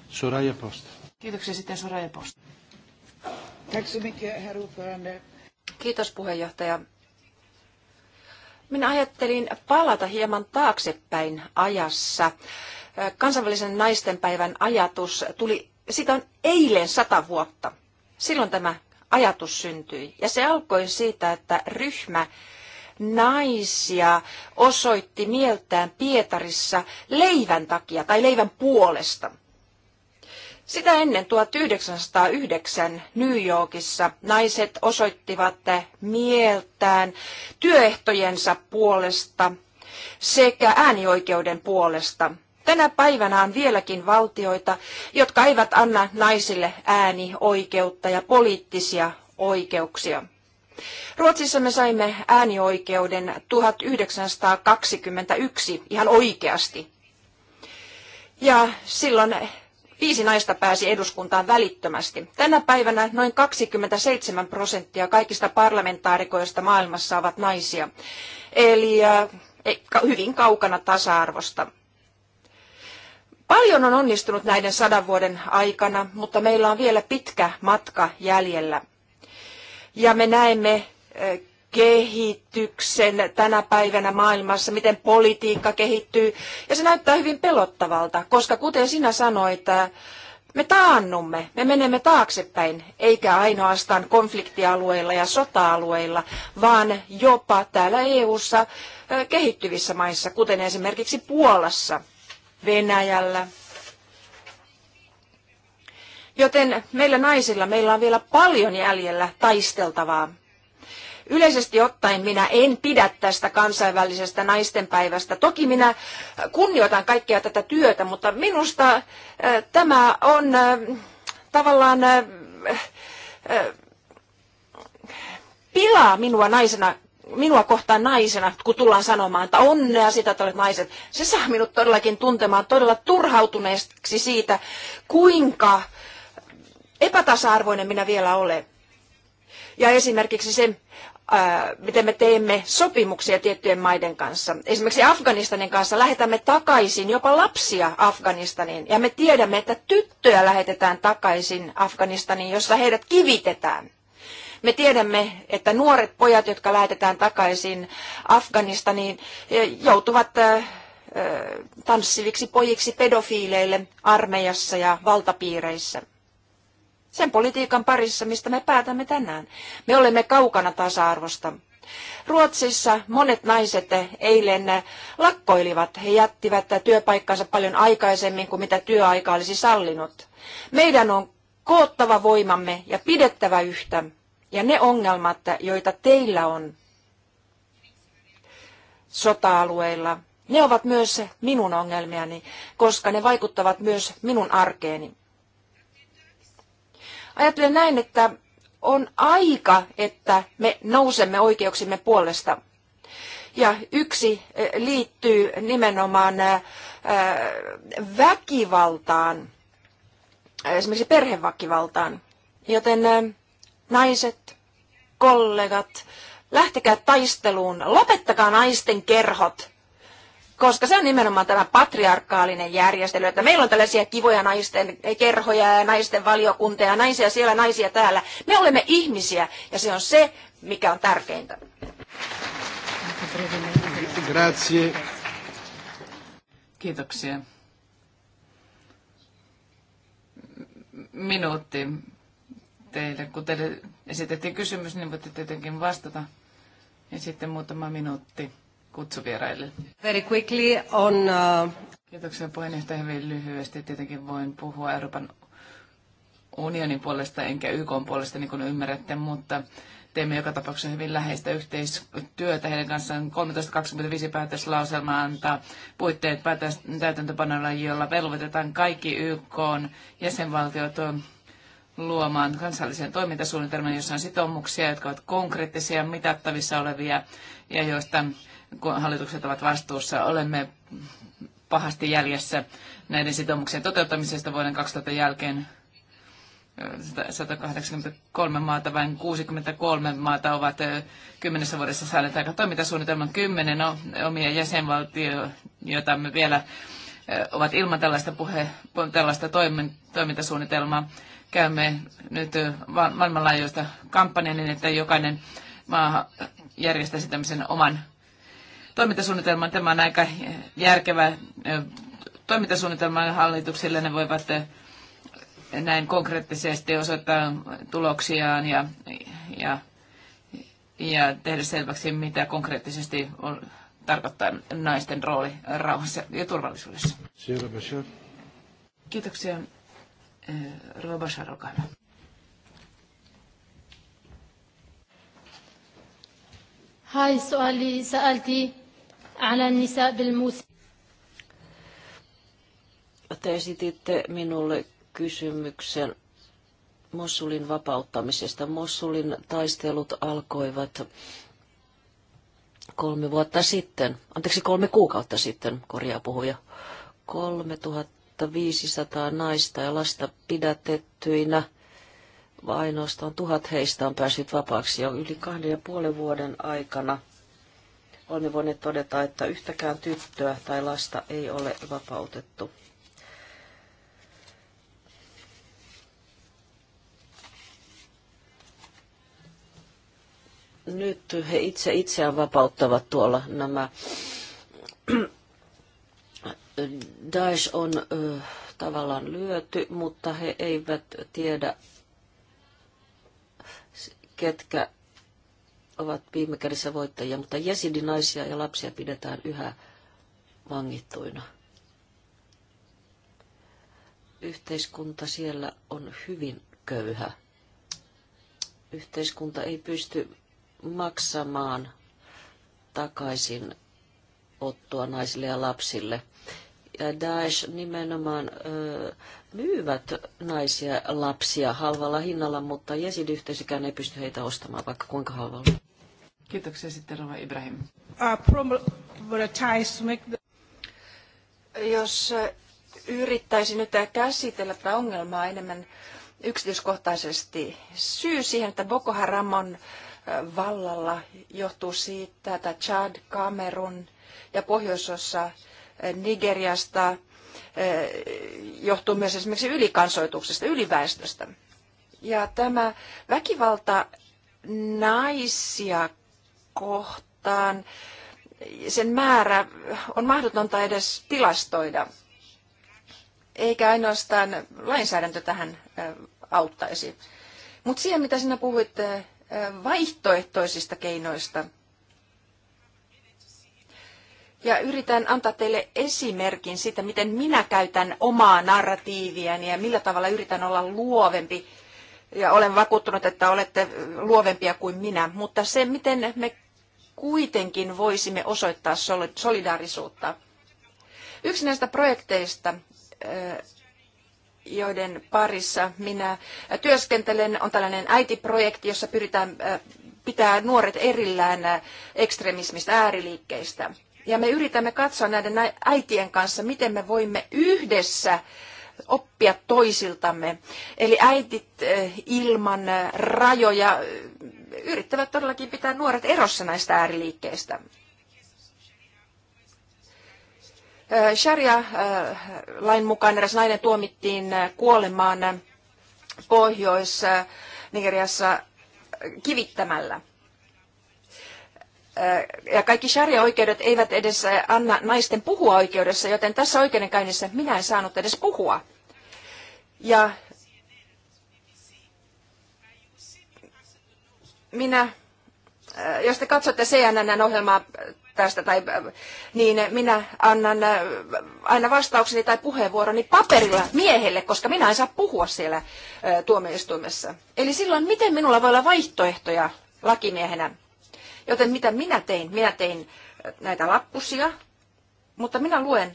Soraya Post. Kiitoksia sitten Soraya Post. Kiitos puheenjohtaja. Minä ajattelin palata hieman taaksepäin ajassa. Kansainvälisen naistenpäivän ajatus tuli, sitä on eilen sata vuotta. Silloin tämä ajatus syntyi ja se alkoi siitä, että ryhmä naisia osoitti mieltään Pietarissa leivän takia tai leivän puolesta. Sitä ennen 1909 New Yorkissa naiset osoittivat mieltään työehtojensa puolesta sekä äänioikeuden puolesta. Tänä päivänä on vieläkin valtioita, jotka eivät anna naisille äänioikeutta ja poliittisia oikeuksia. Ruotsissa me saimme äänioikeuden 1921 ihan oikeasti. Ja silloin Viisi naista pääsi eduskuntaan välittömästi. Tänä päivänä noin 27 prosenttia kaikista parlamentaarikoista maailmassa ovat naisia, eli eh, hyvin kaukana tasa-arvosta. Paljon on onnistunut näiden sadan vuoden aikana, mutta meillä on vielä pitkä matka jäljellä. Ja me näemme kehityksen tänä päivänä maailmassa, miten politiikka kehittyy. Ja se näyttää hyvin pelottavalta, koska kuten sinä sanoit, me taannumme, me menemme taaksepäin, eikä ainoastaan konfliktialueilla ja sota-alueilla, vaan jopa täällä EU-ssa kehittyvissä maissa, kuten esimerkiksi Puolassa, Venäjällä, Joten meillä naisilla meillä on vielä paljon jäljellä taisteltavaa. Yleisesti ottaen minä en pidä tästä kansainvälisestä naistenpäivästä. Toki minä äh, kunnioitan kaikkea tätä työtä, mutta minusta äh, tämä on äh, tavallaan pilaa minua naisena minua kohtaan naisena, kun tullaan sanomaan, että onnea sitä, että olet naiset. Se saa minut todellakin tuntemaan todella turhautuneeksi siitä, kuinka äh, epätasa-arvoinen minä vielä olen. Ja esimerkiksi se, miten me teemme sopimuksia tiettyjen maiden kanssa. Esimerkiksi Afganistanin kanssa lähetämme takaisin jopa lapsia Afganistaniin. Ja me tiedämme, että tyttöjä lähetetään takaisin Afganistaniin, jossa heidät kivitetään. Me tiedämme, että nuoret pojat, jotka lähetetään takaisin Afganistaniin, joutuvat tanssiviksi pojiksi pedofiileille armeijassa ja valtapiireissä sen politiikan parissa, mistä me päätämme tänään. Me olemme kaukana tasa-arvosta. Ruotsissa monet naiset eilen lakkoilivat. He jättivät työpaikkansa paljon aikaisemmin kuin mitä työaika olisi sallinut. Meidän on koottava voimamme ja pidettävä yhtä. Ja ne ongelmat, joita teillä on sota-alueilla, ne ovat myös minun ongelmiani, koska ne vaikuttavat myös minun arkeeni. Ajattelen näin, että on aika, että me nousemme oikeuksimme puolesta. Ja yksi eh, liittyy nimenomaan eh, eh, väkivaltaan, esimerkiksi perheväkivaltaan. Joten naiset, kollegat, lähtekää taisteluun, lopettakaa naisten kerhot koska se on nimenomaan tämä patriarkaalinen järjestely, että meillä on tällaisia kivoja naisten kerhoja ja naisten valiokuntia naisia siellä, naisia täällä. Me olemme ihmisiä ja se on se, mikä on tärkeintä. Grazie. Kiitoksia. Minuutti teille. Kun teille esitettiin kysymys, niin voitte tietenkin vastata. Ja sitten muutama minuutti kutsuvieraille. Very quickly on... Uh... Kiitoksia puheenjohtaja hyvin lyhyesti. Tietenkin voin puhua Euroopan unionin puolesta enkä YK puolesta, niin kuin ymmärrätte, mutta teemme joka tapauksessa hyvin läheistä yhteistyötä heidän kanssaan. 13.25 päätöslauselma antaa puitteet täytäntöpanolla, jolla velvoitetaan kaikki YK jäsenvaltiot luomaan kansallisen toimintasuunnitelman, jossa on sitoumuksia, jotka ovat konkreettisia, mitattavissa olevia ja joista kun hallitukset ovat vastuussa. Olemme pahasti jäljessä näiden sitoumuksien toteuttamisesta vuoden 2000 jälkeen. 183 maata, vain 63 maata ovat kymmenessä vuodessa saaneet aika toimintasuunnitelman kymmenen omia jäsenvaltioita me vielä ovat ilman tällaista, puhe, tällaista toimintasuunnitelmaa. Käymme nyt maailmanlaajuista kampanjaa niin, että jokainen maa järjestäisi tämmöisen oman toimintasuunnitelman. Tämä on aika järkevä toimintasuunnitelman hallituksille. Ne voivat näin konkreettisesti osoittaa tuloksiaan ja, ja, ja tehdä selväksi, mitä konkreettisesti on, tarkoittaa naisten rooli rauhassa ja turvallisuudessa. Kiitoksia. Rova Bashar, olkaa hyvä. على النساء بالموسى. Te esititte minulle kysymyksen Mossulin vapauttamisesta. Mossulin taistelut alkoivat kolme vuotta sitten, anteeksi kolme kuukautta sitten, korjaa puhuja, 3500 naista ja lasta pidätettyinä. Ainoastaan tuhat heistä on päässyt vapaaksi jo yli kahden ja puolen vuoden aikana – olemme voineet todeta, että yhtäkään tyttöä tai lasta ei ole vapautettu. Nyt he itse itseään vapauttavat tuolla nämä. Daesh on ö, tavallaan lyöty, mutta he eivät tiedä, ketkä ovat viime kädessä voittajia, mutta jesidinaisia ja lapsia pidetään yhä vangittuina. Yhteiskunta siellä on hyvin köyhä. Yhteiskunta ei pysty maksamaan takaisin ottoa naisille ja lapsille. Ja Daesh nimenomaan ö, myyvät naisia ja lapsia halvalla hinnalla, mutta jesidiyhteisökään ei pysty heitä ostamaan, vaikka kuinka halvalla. Kiitoksia sitten Rova Ibrahim. Uh, Jos äh, yrittäisin nyt äh, käsitellä tätä ongelmaa enemmän yksityiskohtaisesti, syy siihen, että Boko Haram on äh, vallalla, johtuu siitä, että Chad, Kamerun ja pohjoisossa Nigeriasta johtuu myös esimerkiksi ylikansoituksesta, yliväestöstä. Ja tämä väkivalta naisia kohtaan. Sen määrä on mahdotonta edes tilastoida, eikä ainoastaan lainsäädäntö tähän auttaisi. Mutta siihen, mitä sinä puhuit vaihtoehtoisista keinoista, ja yritän antaa teille esimerkin siitä, miten minä käytän omaa narratiiviani ja millä tavalla yritän olla luovempi ja olen vakuuttunut, että olette luovempia kuin minä, mutta se, miten me kuitenkin voisimme osoittaa solidaarisuutta. Yksi näistä projekteista, eh, joiden parissa minä työskentelen, on tällainen äitiprojekti, jossa pyritään eh, pitää nuoret erillään eh, ekstremismistä ääriliikkeistä. Ja me yritämme katsoa näiden äitien kanssa, miten me voimme yhdessä oppia toisiltamme. Eli äitit eh, ilman eh, rajoja eh, yrittävät todellakin pitää nuoret erossa näistä ääriliikkeistä. Sharia-lain mukaan eräs nainen tuomittiin kuolemaan Pohjois-Nigeriassa kivittämällä ja kaikki sharia-oikeudet eivät edes anna naisten puhua oikeudessa, joten tässä oikeudenkäynnissä minä en saanut edes puhua. Ja minä, jos te katsotte CNN-ohjelmaa tästä, tai, niin minä annan aina vastaukseni tai puheenvuoroni paperilla miehelle, koska minä en saa puhua siellä tuomioistuimessa. Eli silloin, miten minulla voi olla vaihtoehtoja lakimiehenä? Joten mitä minä tein? Minä tein äh, näitä lappusia, mutta minä luen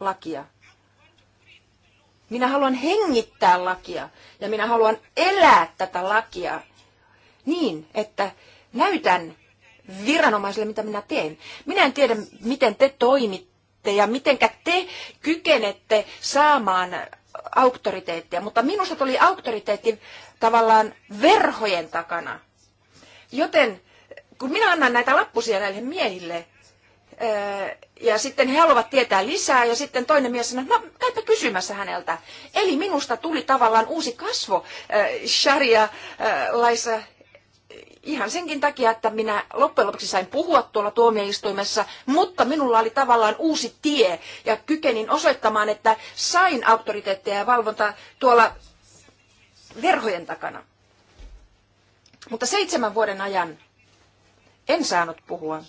lakia. Minä haluan hengittää lakia ja minä haluan elää tätä lakia niin, että näytän viranomaisille, mitä minä teen. Minä en tiedä, miten te toimitte ja mitenkä te kykenette saamaan auktoriteettia, mutta minusta tuli auktoriteetti tavallaan verhojen takana. Joten kun minä annan näitä lappusia näille miehille, ja sitten he haluavat tietää lisää ja sitten toinen mies sanoo, no käypä kysymässä häneltä. Eli minusta tuli tavallaan uusi kasvo sharia-laissa ihan senkin takia, että minä loppujen lopuksi sain puhua tuolla tuomioistuimessa, mutta minulla oli tavallaan uusi tie ja kykenin osoittamaan, että sain auktoriteetteja ja valvontaa tuolla verhojen takana. Mutta seitsemän vuoden ajan en saanut puhua.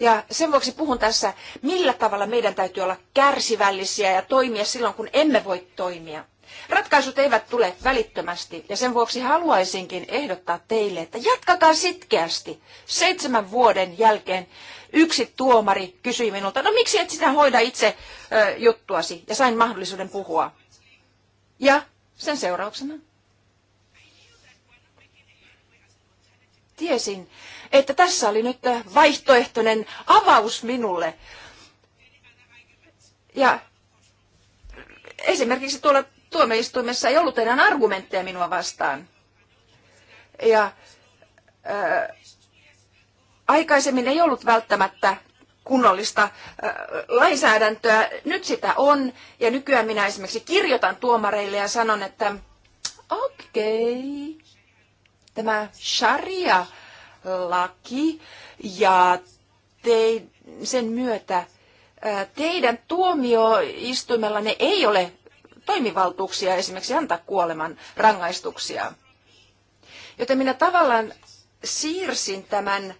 Ja sen vuoksi puhun tässä, millä tavalla meidän täytyy olla kärsivällisiä ja toimia silloin, kun emme voi toimia. Ratkaisut eivät tule välittömästi ja sen vuoksi haluaisinkin ehdottaa teille, että jatkakaa sitkeästi. Seitsemän vuoden jälkeen yksi tuomari kysyi minulta, no miksi et sitä hoida itse ö, juttuasi ja sain mahdollisuuden puhua. Ja sen seurauksena tiesin, että tässä oli nyt vaihtoehtoinen avaus minulle. Ja esimerkiksi tuolla tuomioistuimessa ei ollut enää argumentteja minua vastaan. Ja ää, aikaisemmin ei ollut välttämättä kunnollista lainsäädäntöä. Nyt sitä on ja nykyään minä esimerkiksi kirjoitan tuomareille ja sanon, että okei, okay, tämä sharia-laki ja te, sen myötä teidän tuomioistuimellanne ei ole toimivaltuuksia esimerkiksi antaa kuoleman rangaistuksia. Joten minä tavallaan siirsin tämän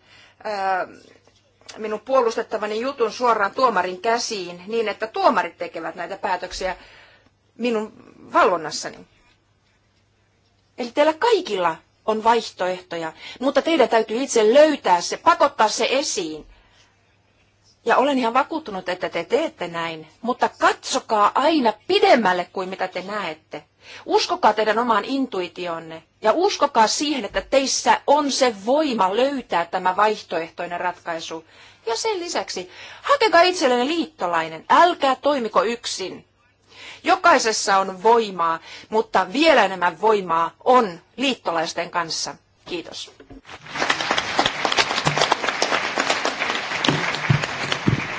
minun puolustettavani jutun suoraan tuomarin käsiin niin, että tuomarit tekevät näitä päätöksiä minun valvonnassani. Eli teillä kaikilla on vaihtoehtoja, mutta teidän täytyy itse löytää se, pakottaa se esiin. Ja olen ihan vakuuttunut, että te teette näin, mutta katsokaa aina pidemmälle kuin mitä te näette. Uskokaa teidän omaan intuitionne ja uskokaa siihen, että teissä on se voima löytää tämä vaihtoehtoinen ratkaisu. Ja sen lisäksi hakekaa itsellenne liittolainen, älkää toimiko yksin. Jokaisessa on voimaa, mutta vielä enemmän voimaa on liittolaisten kanssa. Kiitos.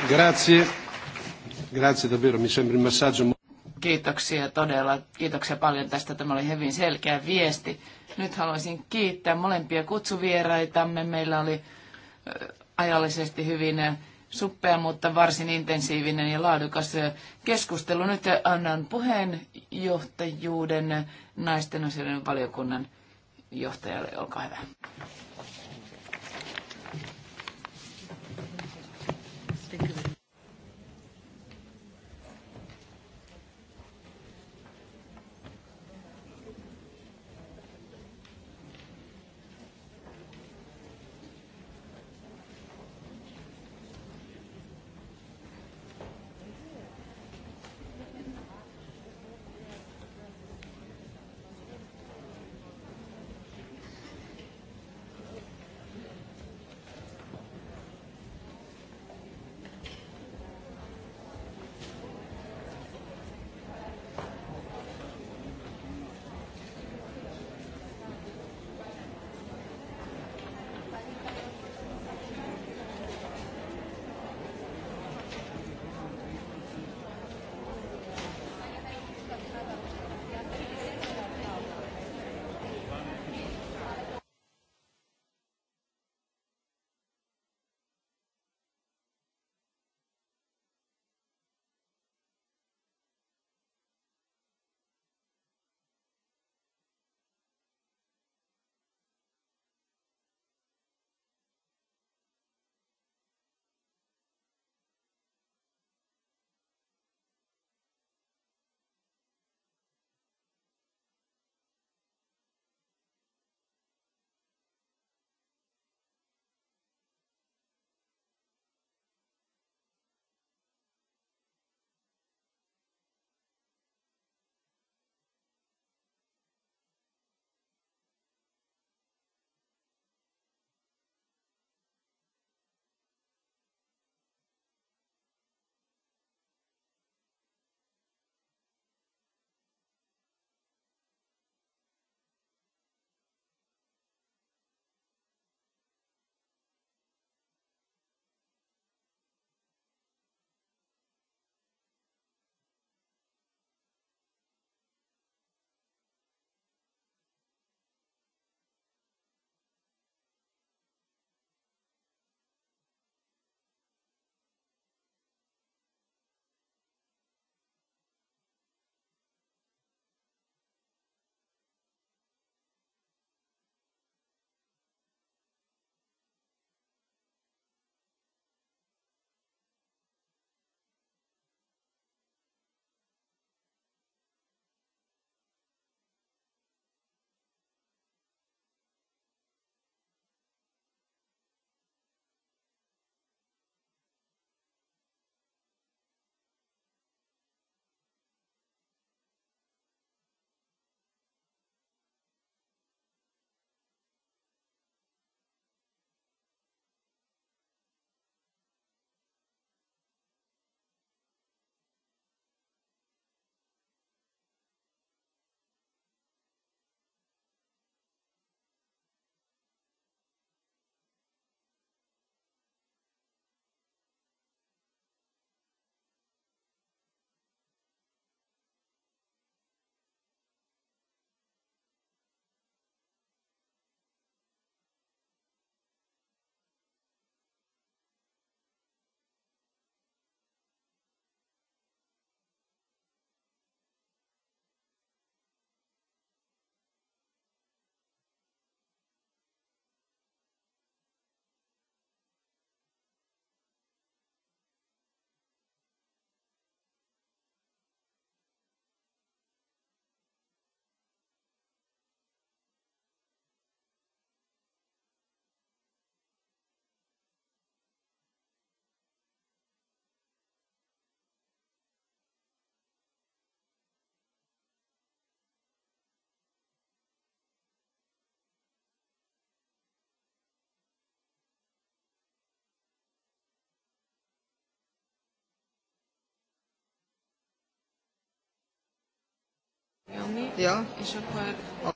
Grazie. Grazie davvero, mi sembra il messaggio Kiitoksia todella. Kiitoksia paljon tästä. Tämä oli hyvin selkeä viesti. Nyt haluaisin kiittää molempia kutsuvieraitamme. Meillä oli ajallisesti hyvin suppea, mutta varsin intensiivinen ja laadukas keskustelu. Nyt annan puheenjohtajuuden naisten asioiden valiokunnan johtajalle. Olkaa hyvä. me. Ja. Ich habe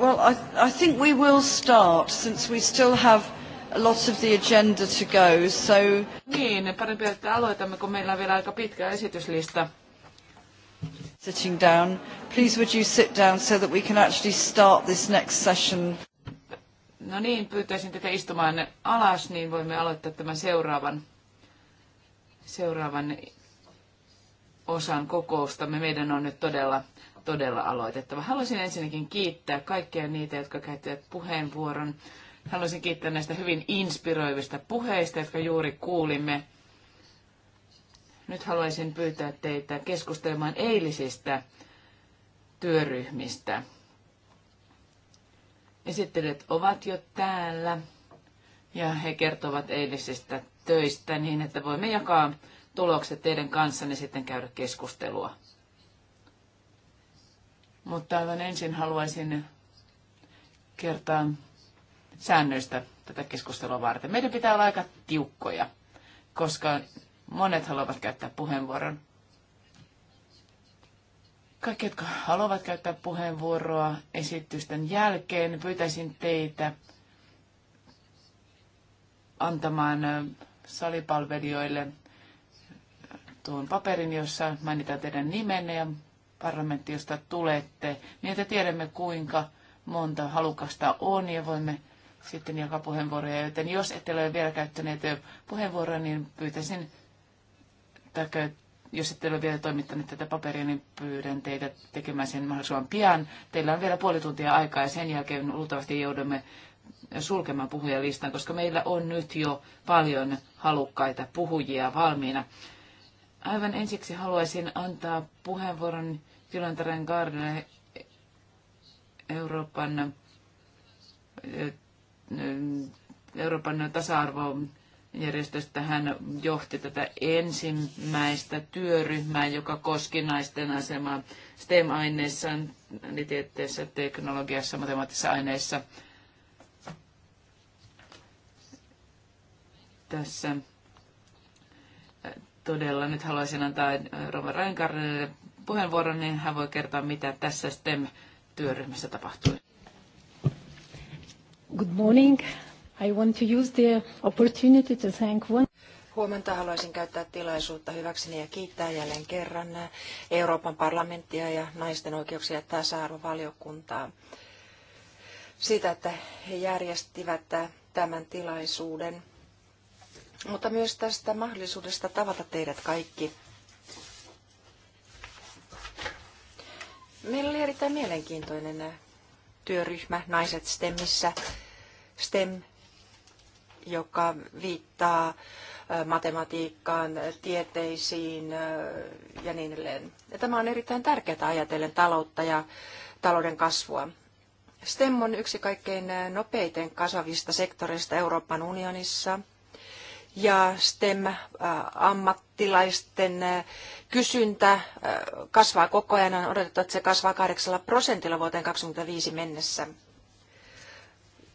Well, I, I think we will start, since we still have a lot of the agenda to go, so... Niin, parempi, että aloitamme, kun meillä on vielä aika pitkä esityslista. Sitting down. Please would you sit down so that we can actually start this next session. No niin, pyytäisin teitä istumaan alas, niin voimme aloittaa tämän seuraavan, seuraavan osan kokoustamme. Meidän on nyt todella todella aloitettava. Haluaisin ensinnäkin kiittää kaikkia niitä, jotka käyttivät puheenvuoron. Haluaisin kiittää näistä hyvin inspiroivista puheista, jotka juuri kuulimme. Nyt haluaisin pyytää teitä keskustelemaan eilisistä työryhmistä. Esittelijät ovat jo täällä ja he kertovat eilisistä töistä niin, että voimme jakaa tulokset teidän kanssanne sitten käydä keskustelua. Mutta aivan ensin haluaisin kertoa säännöistä tätä keskustelua varten. Meidän pitää olla aika tiukkoja, koska monet haluavat käyttää puheenvuoron. Kaikki, jotka haluavat käyttää puheenvuoroa esitysten jälkeen, pyytäisin teitä antamaan salipalvelijoille tuon paperin, jossa mainitaan teidän nimenne ja parlamentti, josta tulette, niin että tiedämme kuinka monta halukasta on ja voimme sitten jakaa puheenvuoroja. Joten jos ette ole vielä käyttäneet puheenvuoroa, niin pyytäisin, tai jos ette ole vielä toimittaneet tätä paperia, niin pyydän teitä tekemään sen mahdollisimman pian. Teillä on vielä puoli tuntia aikaa ja sen jälkeen luultavasti joudumme sulkemaan puhujalistan, koska meillä on nyt jo paljon halukkaita puhujia valmiina. Aivan ensiksi haluaisin antaa puheenvuoron Tilantaren kaarina Euroopan, Euroopan tasa arvojärjestöstä hän johti tätä ensimmäistä työryhmää, joka koski naisten asemaa STEM-aineissa, tieteessä, teknologiassa, matemaattisissa aineissa. Tässä todella nyt haluaisin antaa Rova Reinkarnelle puheenvuoron, niin hän voi kertoa, mitä tässä STEM-työryhmässä tapahtui. Good morning. I want to use the opportunity to thank one. Huomenta haluaisin käyttää tilaisuutta hyväkseni ja kiittää jälleen kerran Euroopan parlamenttia ja naisten oikeuksia ja tasa-arvovaliokuntaa siitä, että he järjestivät tämän tilaisuuden, mutta myös tästä mahdollisuudesta tavata teidät kaikki Meillä oli erittäin mielenkiintoinen työryhmä Naiset STEMissä, STEM, joka viittaa matematiikkaan, tieteisiin ja niin edelleen. Ja tämä on erittäin tärkeää ajatellen taloutta ja talouden kasvua. STEM on yksi kaikkein nopeiten kasvavista sektoreista Euroopan unionissa ja STEM-ammattilaisten äh, äh, kysyntä äh, kasvaa koko ajan. On odotettu, että se kasvaa 8 prosentilla vuoteen 2025 mennessä.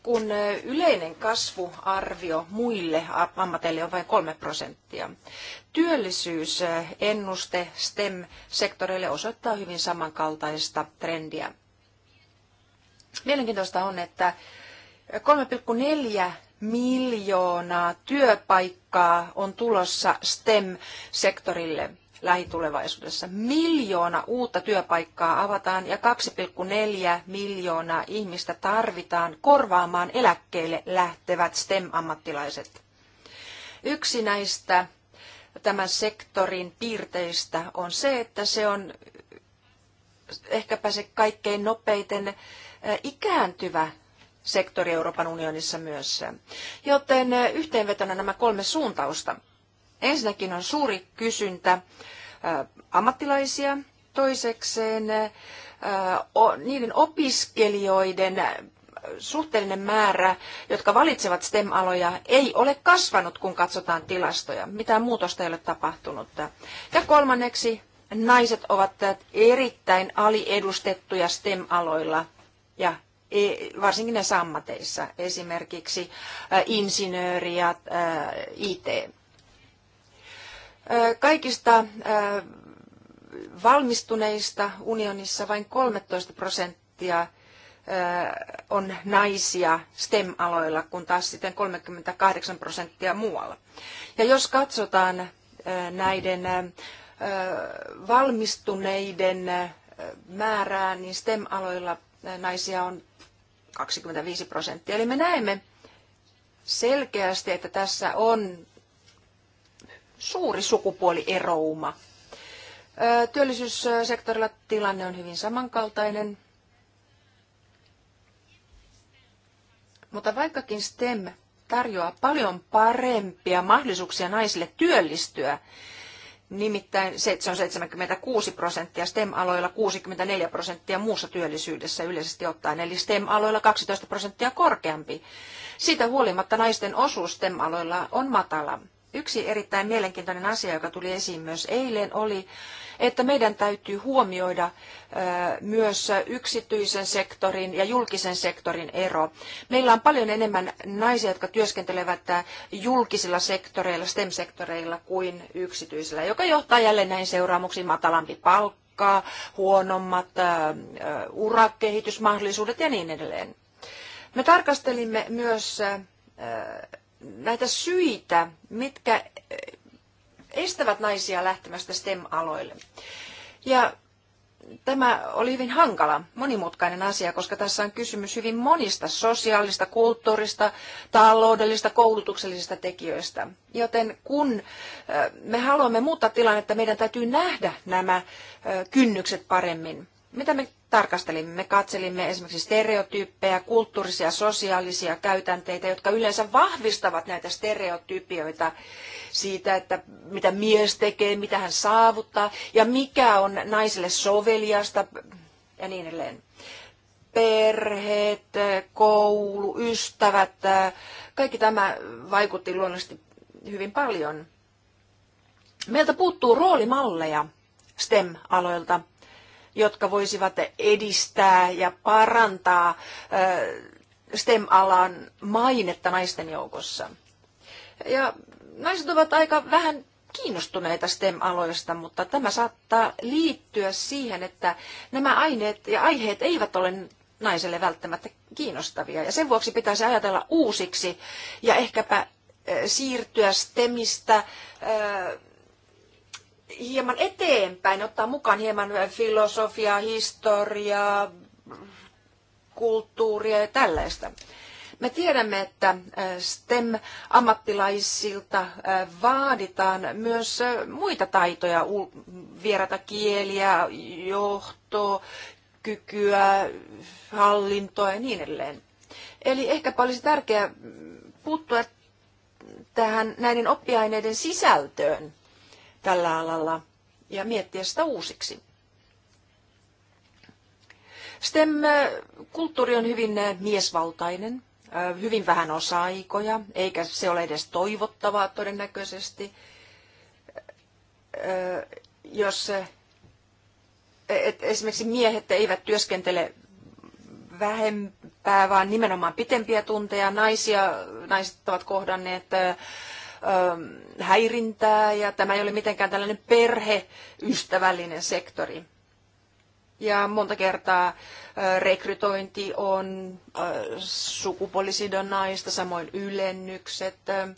Kun yleinen kasvuarvio muille ammateille on vain 3 prosenttia. Työllisyysennuste STEM-sektoreille osoittaa hyvin samankaltaista trendiä. Mielenkiintoista on, että 3,4 miljoonaa työpaikkaa on tulossa STEM-sektorille lähitulevaisuudessa. Miljoona uutta työpaikkaa avataan ja 2,4 miljoonaa ihmistä tarvitaan korvaamaan eläkkeelle lähtevät STEM-ammattilaiset. Yksi näistä tämän sektorin piirteistä on se, että se on ehkäpä se kaikkein nopeiten ikääntyvä sektori Euroopan unionissa myös. Joten yhteenvetona nämä kolme suuntausta. Ensinnäkin on suuri kysyntä ammattilaisia, toisekseen niiden opiskelijoiden suhteellinen määrä, jotka valitsevat STEM-aloja, ei ole kasvanut, kun katsotaan tilastoja. Mitään muutosta ei ole tapahtunut. Ja kolmanneksi, naiset ovat erittäin aliedustettuja STEM-aloilla ja E, varsinkin näissä ammateissa, esimerkiksi insinööri ja IT. Kaikista valmistuneista unionissa vain 13 prosenttia on naisia STEM-aloilla, kun taas sitten 38 prosenttia muualla. Ja jos katsotaan näiden valmistuneiden määrää, niin STEM-aloilla naisia on 25 prosenttia. Eli me näemme selkeästi, että tässä on suuri sukupuolierouma. Työllisyyssektorilla tilanne on hyvin samankaltainen. Mutta vaikkakin STEM tarjoaa paljon parempia mahdollisuuksia naisille työllistyä, Nimittäin se on 76 prosenttia, STEM-aloilla 64 prosenttia muussa työllisyydessä yleisesti ottaen, eli STEM-aloilla 12 prosenttia korkeampi. Siitä huolimatta naisten osuus STEM-aloilla on matala. Yksi erittäin mielenkiintoinen asia, joka tuli esiin myös eilen, oli että meidän täytyy huomioida myös yksityisen sektorin ja julkisen sektorin ero. Meillä on paljon enemmän naisia, jotka työskentelevät julkisilla sektoreilla, STEM-sektoreilla kuin yksityisillä, joka johtaa jälleen näihin seuraamuksiin matalampi palkka, huonommat urakehitysmahdollisuudet ja niin edelleen. Me tarkastelimme myös näitä syitä, mitkä estävät naisia lähtemästä STEM-aloille. Ja tämä oli hyvin hankala, monimutkainen asia, koska tässä on kysymys hyvin monista sosiaalista, kulttuurista, taloudellista, koulutuksellisista tekijöistä. Joten kun me haluamme muuttaa tilannetta, meidän täytyy nähdä nämä kynnykset paremmin. Mitä me tarkastelimme, katselimme esimerkiksi stereotyyppejä, kulttuurisia, sosiaalisia käytänteitä, jotka yleensä vahvistavat näitä stereotypioita siitä, että mitä mies tekee, mitä hän saavuttaa ja mikä on naiselle soveliasta ja niin edelleen. Perheet, koulu, ystävät, kaikki tämä vaikutti luonnollisesti hyvin paljon. Meiltä puuttuu roolimalleja STEM-aloilta – jotka voisivat edistää ja parantaa STEM-alan mainetta naisten joukossa. Ja naiset ovat aika vähän kiinnostuneita STEM-aloista, mutta tämä saattaa liittyä siihen, että nämä aineet ja aiheet eivät ole naiselle välttämättä kiinnostavia. Ja sen vuoksi pitäisi ajatella uusiksi ja ehkäpä siirtyä STEMistä hieman eteenpäin, ottaa mukaan hieman filosofiaa, historiaa, kulttuuria ja tällaista. Me tiedämme, että STEM-ammattilaisilta vaaditaan myös muita taitoja, vierata kieliä, johtoa, kykyä, hallintoa ja niin edelleen. Eli ehkä olisi tärkeää puuttua tähän näiden oppiaineiden sisältöön tällä alalla ja miettiä sitä uusiksi. STEM-kulttuuri on hyvin äh, miesvaltainen, äh, hyvin vähän osa-aikoja, eikä se ole edes toivottavaa todennäköisesti. Äh, jos et esimerkiksi miehet eivät työskentele vähempää, vaan nimenomaan pitempiä tunteja. Naisia, naiset ovat kohdanneet Ähm, häirintää ja tämä ei ole mitenkään tällainen perheystävällinen sektori. Ja monta kertaa äh, rekrytointi on äh, sukupuolisidonnaista, samoin ylennykset. Äh,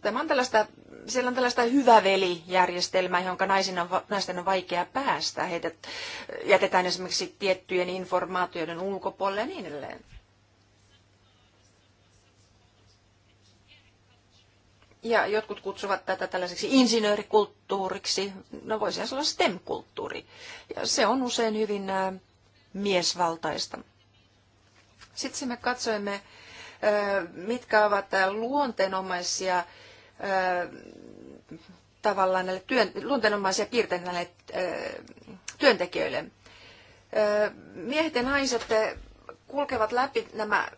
tämä on tällaista, siellä on tällaista velijärjestelmää, jonka naisina, naisten on vaikea päästä. Heitä jätetään esimerkiksi tiettyjen informaatioiden ulkopuolelle ja niin edelleen. Ja jotkut kutsuvat tätä tällaiseksi insinöörikulttuuriksi, no voisi sanoa STEM-kulttuuri. Ja se on usein hyvin miesvaltaista. Sitten me katsoimme, mitkä ovat luonteenomaisia tavallaan näille työn, luonteenomaisia piirteitä näille työntekijöille. Miehet ja naiset kulkevat läpi nämä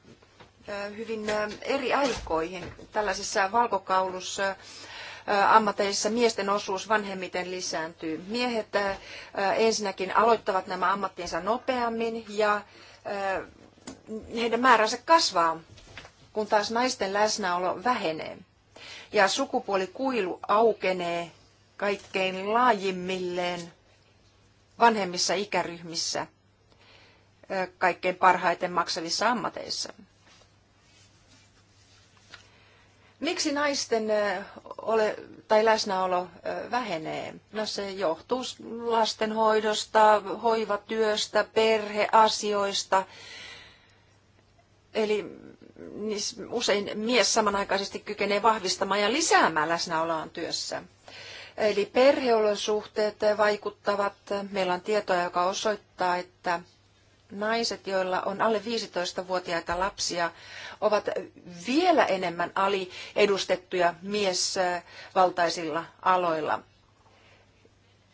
hyvin eri aikoihin. Tällaisissa valkokaulussa ammateissa miesten osuus vanhemmiten lisääntyy. Miehet ensinnäkin aloittavat nämä ammattinsa nopeammin ja heidän määränsä kasvaa, kun taas naisten läsnäolo vähenee. Ja sukupuolikuilu aukenee kaikkein laajimmilleen vanhemmissa ikäryhmissä, kaikkein parhaiten maksavissa ammateissa. Miksi naisten ole, tai läsnäolo vähenee? No se johtuu lastenhoidosta, hoivatyöstä, perheasioista. Eli usein mies samanaikaisesti kykenee vahvistamaan ja lisäämään läsnäoloaan työssä. Eli perheolosuhteet vaikuttavat. Meillä on tietoa, joka osoittaa, että naiset, joilla on alle 15-vuotiaita lapsia, ovat vielä enemmän aliedustettuja miesvaltaisilla aloilla.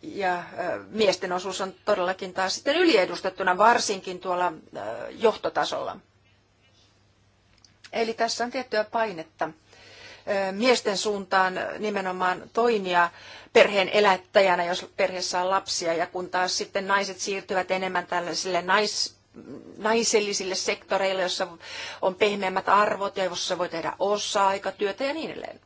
Ja miesten osuus on todellakin taas sitten yliedustettuna, varsinkin tuolla johtotasolla. Eli tässä on tiettyä painetta miesten suuntaan nimenomaan toimia perheen elättäjänä, jos perheessä on lapsia, ja kun taas sitten naiset siirtyvät enemmän tällaisille nais, naisellisille sektoreille, jossa on pehmeämmät arvot ja jossa voi tehdä osa-aikatyötä ja niin edelleen.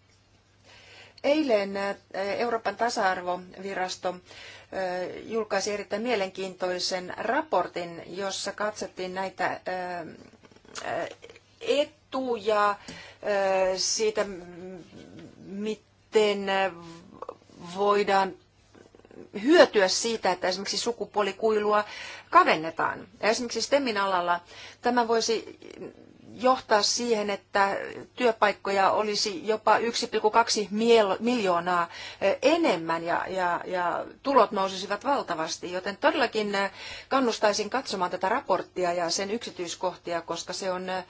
Eilen eh, Euroopan tasa-arvovirasto eh, julkaisi erittäin mielenkiintoisen raportin, jossa katsottiin näitä eh, etuja siitä, miten voidaan hyötyä siitä, että esimerkiksi sukupuolikuilua kavennetaan. Ja esimerkiksi STEMin alalla tämä voisi johtaa siihen, että työpaikkoja olisi jopa 1,2 miljoonaa eh, enemmän ja, ja, ja tulot nousisivat valtavasti. Joten todellakin eh, kannustaisin katsomaan tätä raporttia ja sen yksityiskohtia, koska se on eh,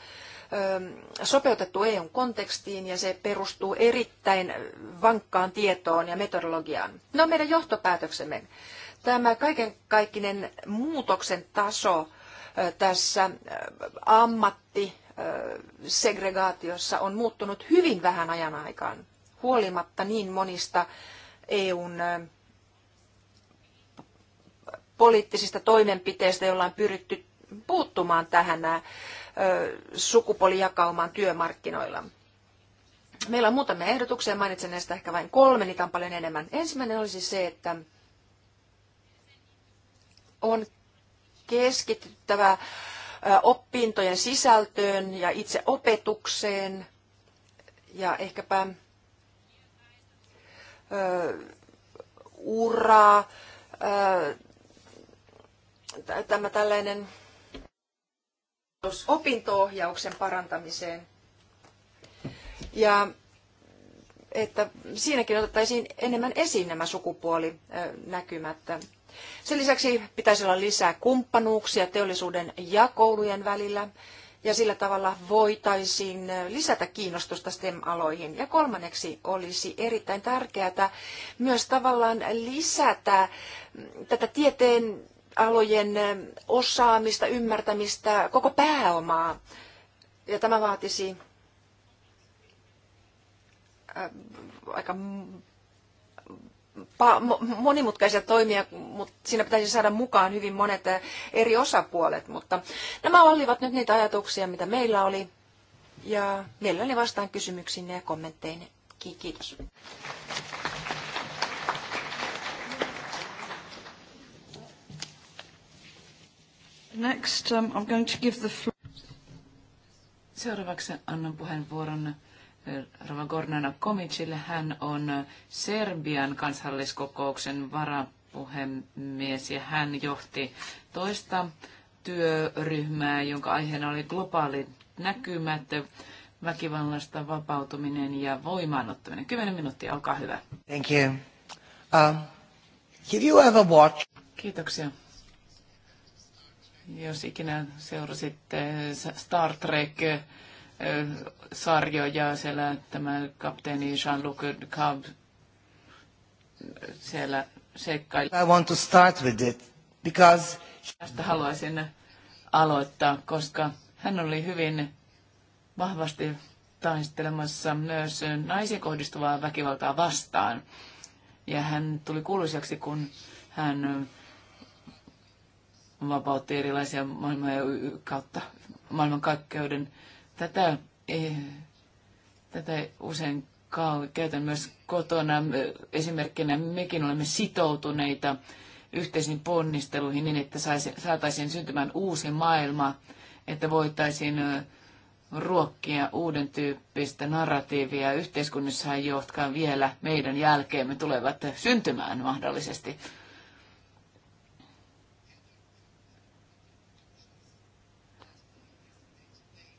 Ähm, sopeutettu EUn kontekstiin ja se perustuu erittäin vankkaan tietoon ja metodologiaan. No meidän johtopäätöksemme. Tämä kaiken kaikkinen muutoksen taso äh, tässä äh, ammatti äh, segregaatiossa on muuttunut hyvin vähän ajan aikaan, huolimatta niin monista EUn poliittisista toimenpiteistä, joilla on pyritty puuttumaan tähän sukupuolijakaumaan työmarkkinoilla. Meillä on muutamia ehdotuksia, mainitsen näistä ehkä vain kolme, niitä on paljon enemmän. Ensimmäinen olisi se, että on keskityttävä opintojen sisältöön ja itse opetukseen ja ehkäpä ö, uraa, ö, tämä tällainen opinto-ohjauksen parantamiseen. Ja että siinäkin otettaisiin enemmän esiin nämä sukupuolinäkymät. Sen lisäksi pitäisi olla lisää kumppanuuksia teollisuuden ja koulujen välillä, ja sillä tavalla voitaisiin lisätä kiinnostusta STEM-aloihin. Ja kolmanneksi olisi erittäin tärkeää myös tavallaan lisätä tätä tieteen alojen eh, osaamista, ymmärtämistä, koko pääomaa. Ja tämä vaatisi eh, aika monimutkaisia toimia, mutta siinä pitäisi saada mukaan hyvin monet eh, eri osapuolet. Mutta nämä olivat nyt niitä ajatuksia, mitä meillä oli. Ja mielelläni vastaan kysymyksiinne ja kommentteihin Kiitos. Next, um, I'm going to give the floor. Seuraavaksi annan puheenvuoron äh, Rova Gornana Komicille. Hän on äh, Serbian kansalliskokouksen varapuhemies ja hän johti toista työryhmää, jonka aiheena oli globaali näkymät, väkivallasta vapautuminen ja voimaanottaminen. Kymmenen minuuttia, olkaa hyvä. Thank you. Um, have you ever watched... Kiitoksia. Jos ikinä seurasit Star Trek sarjoja, siellä tämä kapteeni Jean-Luc Cab siellä seikkaili. I want to start with it because... Tästä haluaisin aloittaa, koska hän oli hyvin vahvasti taistelemassa myös naisiin kohdistuvaa väkivaltaa vastaan. Ja hän tuli kuuluisaksi, kun hän vapautti erilaisia maailman kautta maailmankaikkeuden. Tätä, e, tätä usein käytän myös kotona. Esimerkkinä mekin olemme sitoutuneita yhteisiin ponnisteluihin niin, että saataisiin syntymään uusi maailma, että voitaisiin ruokkia uuden tyyppistä narratiivia yhteiskunnissa, jotka vielä meidän jälkeemme tulevat syntymään mahdollisesti.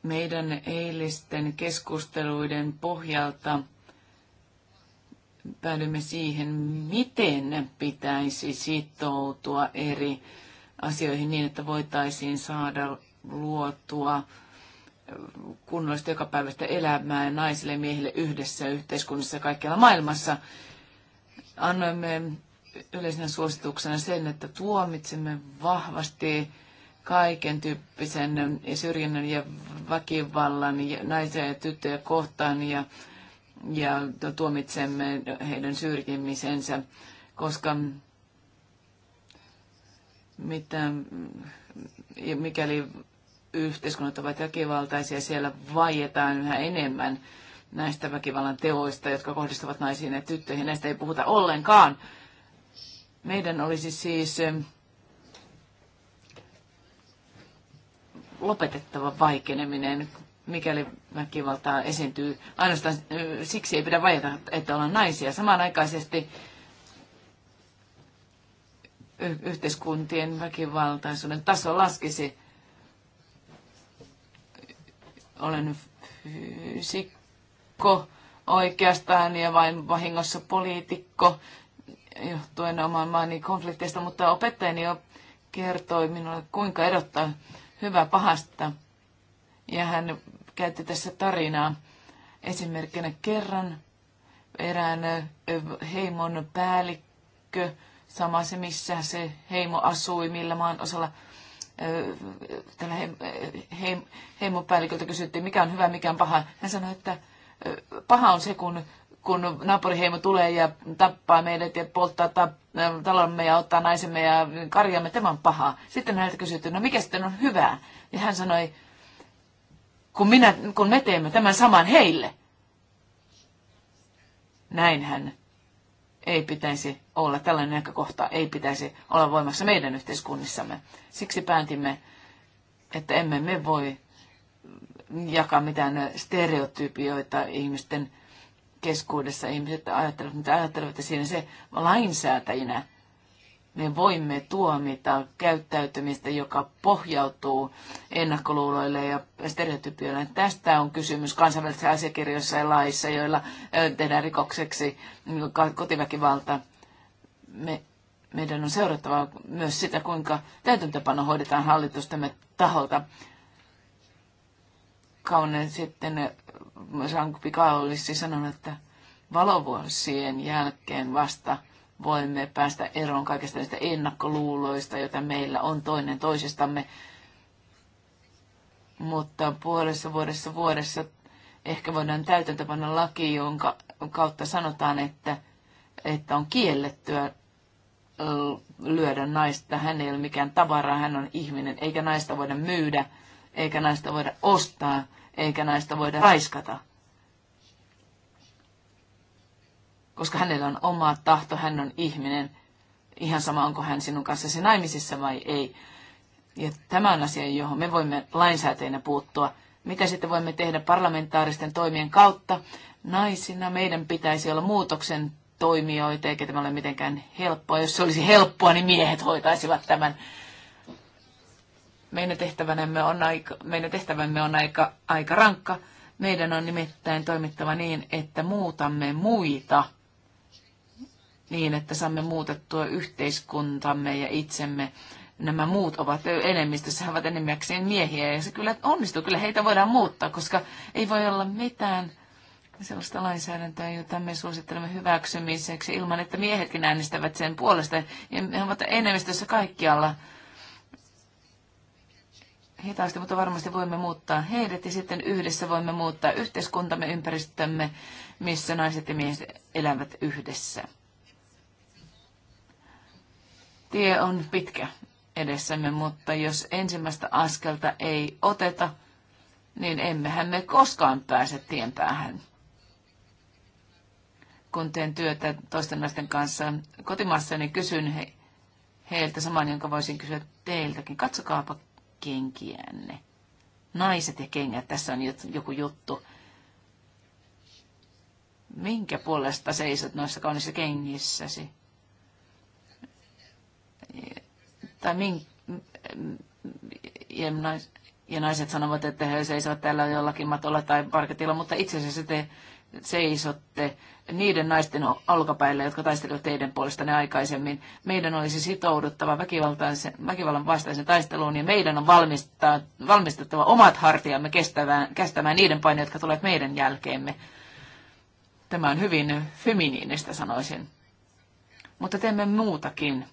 Meidän eilisten keskusteluiden pohjalta päädymme siihen, miten pitäisi sitoutua eri asioihin niin, että voitaisiin saada luotua kunnollista päivästä elämää naisille ja miehille yhdessä yhteiskunnassa ja kaikkialla maailmassa. Annoimme yleisenä suosituksena sen, että tuomitsemme vahvasti kaiken tyyppisen syrjinnän ja väkivallan ja naisia ja tyttöjä kohtaan ja, ja tuomitsemme heidän syrjimisensä, koska mitä, mikäli yhteiskunnat ovat väkivaltaisia, siellä vaietaan yhä enemmän näistä väkivallan teoista, jotka kohdistuvat naisiin ja tyttöihin. Näistä ei puhuta ollenkaan. Meidän olisi siis lopetettava vaikeneminen, mikäli väkivaltaa esiintyy. Ainoastaan siksi ei pidä vajata, että ollaan naisia. Samanaikaisesti yhteiskuntien väkivaltaisuuden taso laskisi. Olen fyysikko oikeastaan ja vain vahingossa poliitikko johtuen oman maani konflikteista, mutta opettajani jo kertoi minulle, kuinka erottaa hyvä pahasta. Ja hän käytti tässä tarinaa esimerkkinä kerran erään heimon päällikkö, sama se missä se heimo asui, millä maan osalla tällä he, he, heimopäälliköltä kysyttiin, mikä on hyvä, mikä on paha. Hän sanoi, että paha on se, kun kun naapuriheimo tulee ja tappaa meidät ja polttaa ta- talomme ja ottaa naisemme ja karjamme, tämä on paha. Sitten häneltä kysyttiin, no mikä sitten on hyvää? Ja hän sanoi, kun, minä, kun me teemme tämän saman heille. Näin hän ei pitäisi olla, tällainen näkökohta ei pitäisi olla voimassa meidän yhteiskunnissamme. Siksi päätimme, että emme me voi jakaa mitään stereotypioita ihmisten keskuudessa ihmiset ajattelevat, mitä ajattelevat, että siinä se lainsäätäjinä me voimme tuomita käyttäytymistä, joka pohjautuu ennakkoluuloille ja stereotypioille. Tästä on kysymys kansainvälisissä asiakirjoissa ja laissa, joilla tehdään rikokseksi niin kotiväkivalta. Me, meidän on seurattava myös sitä, kuinka täytäntöpano hoidetaan hallitustemme taholta. Kaunen sitten Jean Picallissi sanonut, että valovuosien jälkeen vasta voimme päästä eroon kaikista niistä ennakkoluuloista, joita meillä on toinen toisistamme. Mutta puolessa vuodessa vuodessa ehkä voidaan täytäntöpanna laki, jonka kautta sanotaan, että, että on kiellettyä lyödä naista. Hän ei ole mikään tavara, hän on ihminen, eikä naista voida myydä, eikä naista voida ostaa eikä naista voida raiskata. Koska hänellä on oma tahto, hän on ihminen. Ihan sama, onko hän sinun kanssasi naimisissa vai ei. Ja tämä on asia, johon me voimme lainsäätäjinä puuttua. Mitä sitten voimme tehdä parlamentaaristen toimien kautta? Naisina meidän pitäisi olla muutoksen toimijoita, eikä tämä ole mitenkään helppoa. Jos se olisi helppoa, niin miehet hoitaisivat tämän meidän tehtävämme on aika, meidän tehtävämme on aika, aika rankka. Meidän on nimittäin toimittava niin, että muutamme muita niin, että saamme muutettua yhteiskuntamme ja itsemme. Nämä muut ovat enemmistössä, he ovat enemmäkseen miehiä ja se kyllä onnistuu. Kyllä heitä voidaan muuttaa, koska ei voi olla mitään sellaista lainsäädäntöä, jota me suosittelemme hyväksymiseksi ilman, että miehetkin äänestävät sen puolesta. Ja he ovat enemmistössä kaikkialla hitaasti, mutta varmasti voimme muuttaa heidät ja sitten yhdessä voimme muuttaa yhteiskuntamme, ympäristömme, missä naiset ja miehet elävät yhdessä. Tie on pitkä edessämme, mutta jos ensimmäistä askelta ei oteta, niin emmehän me koskaan pääse tien päähän. Kun teen työtä toisten naisten kanssa kotimaassa, niin kysyn he, heiltä saman, jonka voisin kysyä teiltäkin. Katsokaapa kenkiänne. Naiset ja kengät, tässä on joku juttu. Minkä puolesta seisot noissa kaunissa kengissäsi? Tai min, ja, nais, ja naiset sanovat, että he seisovat täällä jollakin matolla tai parketilla, mutta itse asiassa te seisotte niiden naisten olkapäille, jotka taistelivat teidän puolestanne aikaisemmin. Meidän olisi sitouduttava väkivallan vastaisen taisteluun ja meidän on valmistettava omat hartiamme kestämään, kestämään niiden paineet, jotka tulevat meidän jälkeemme. Tämä on hyvin feminiinistä, sanoisin. Mutta teemme muutakin.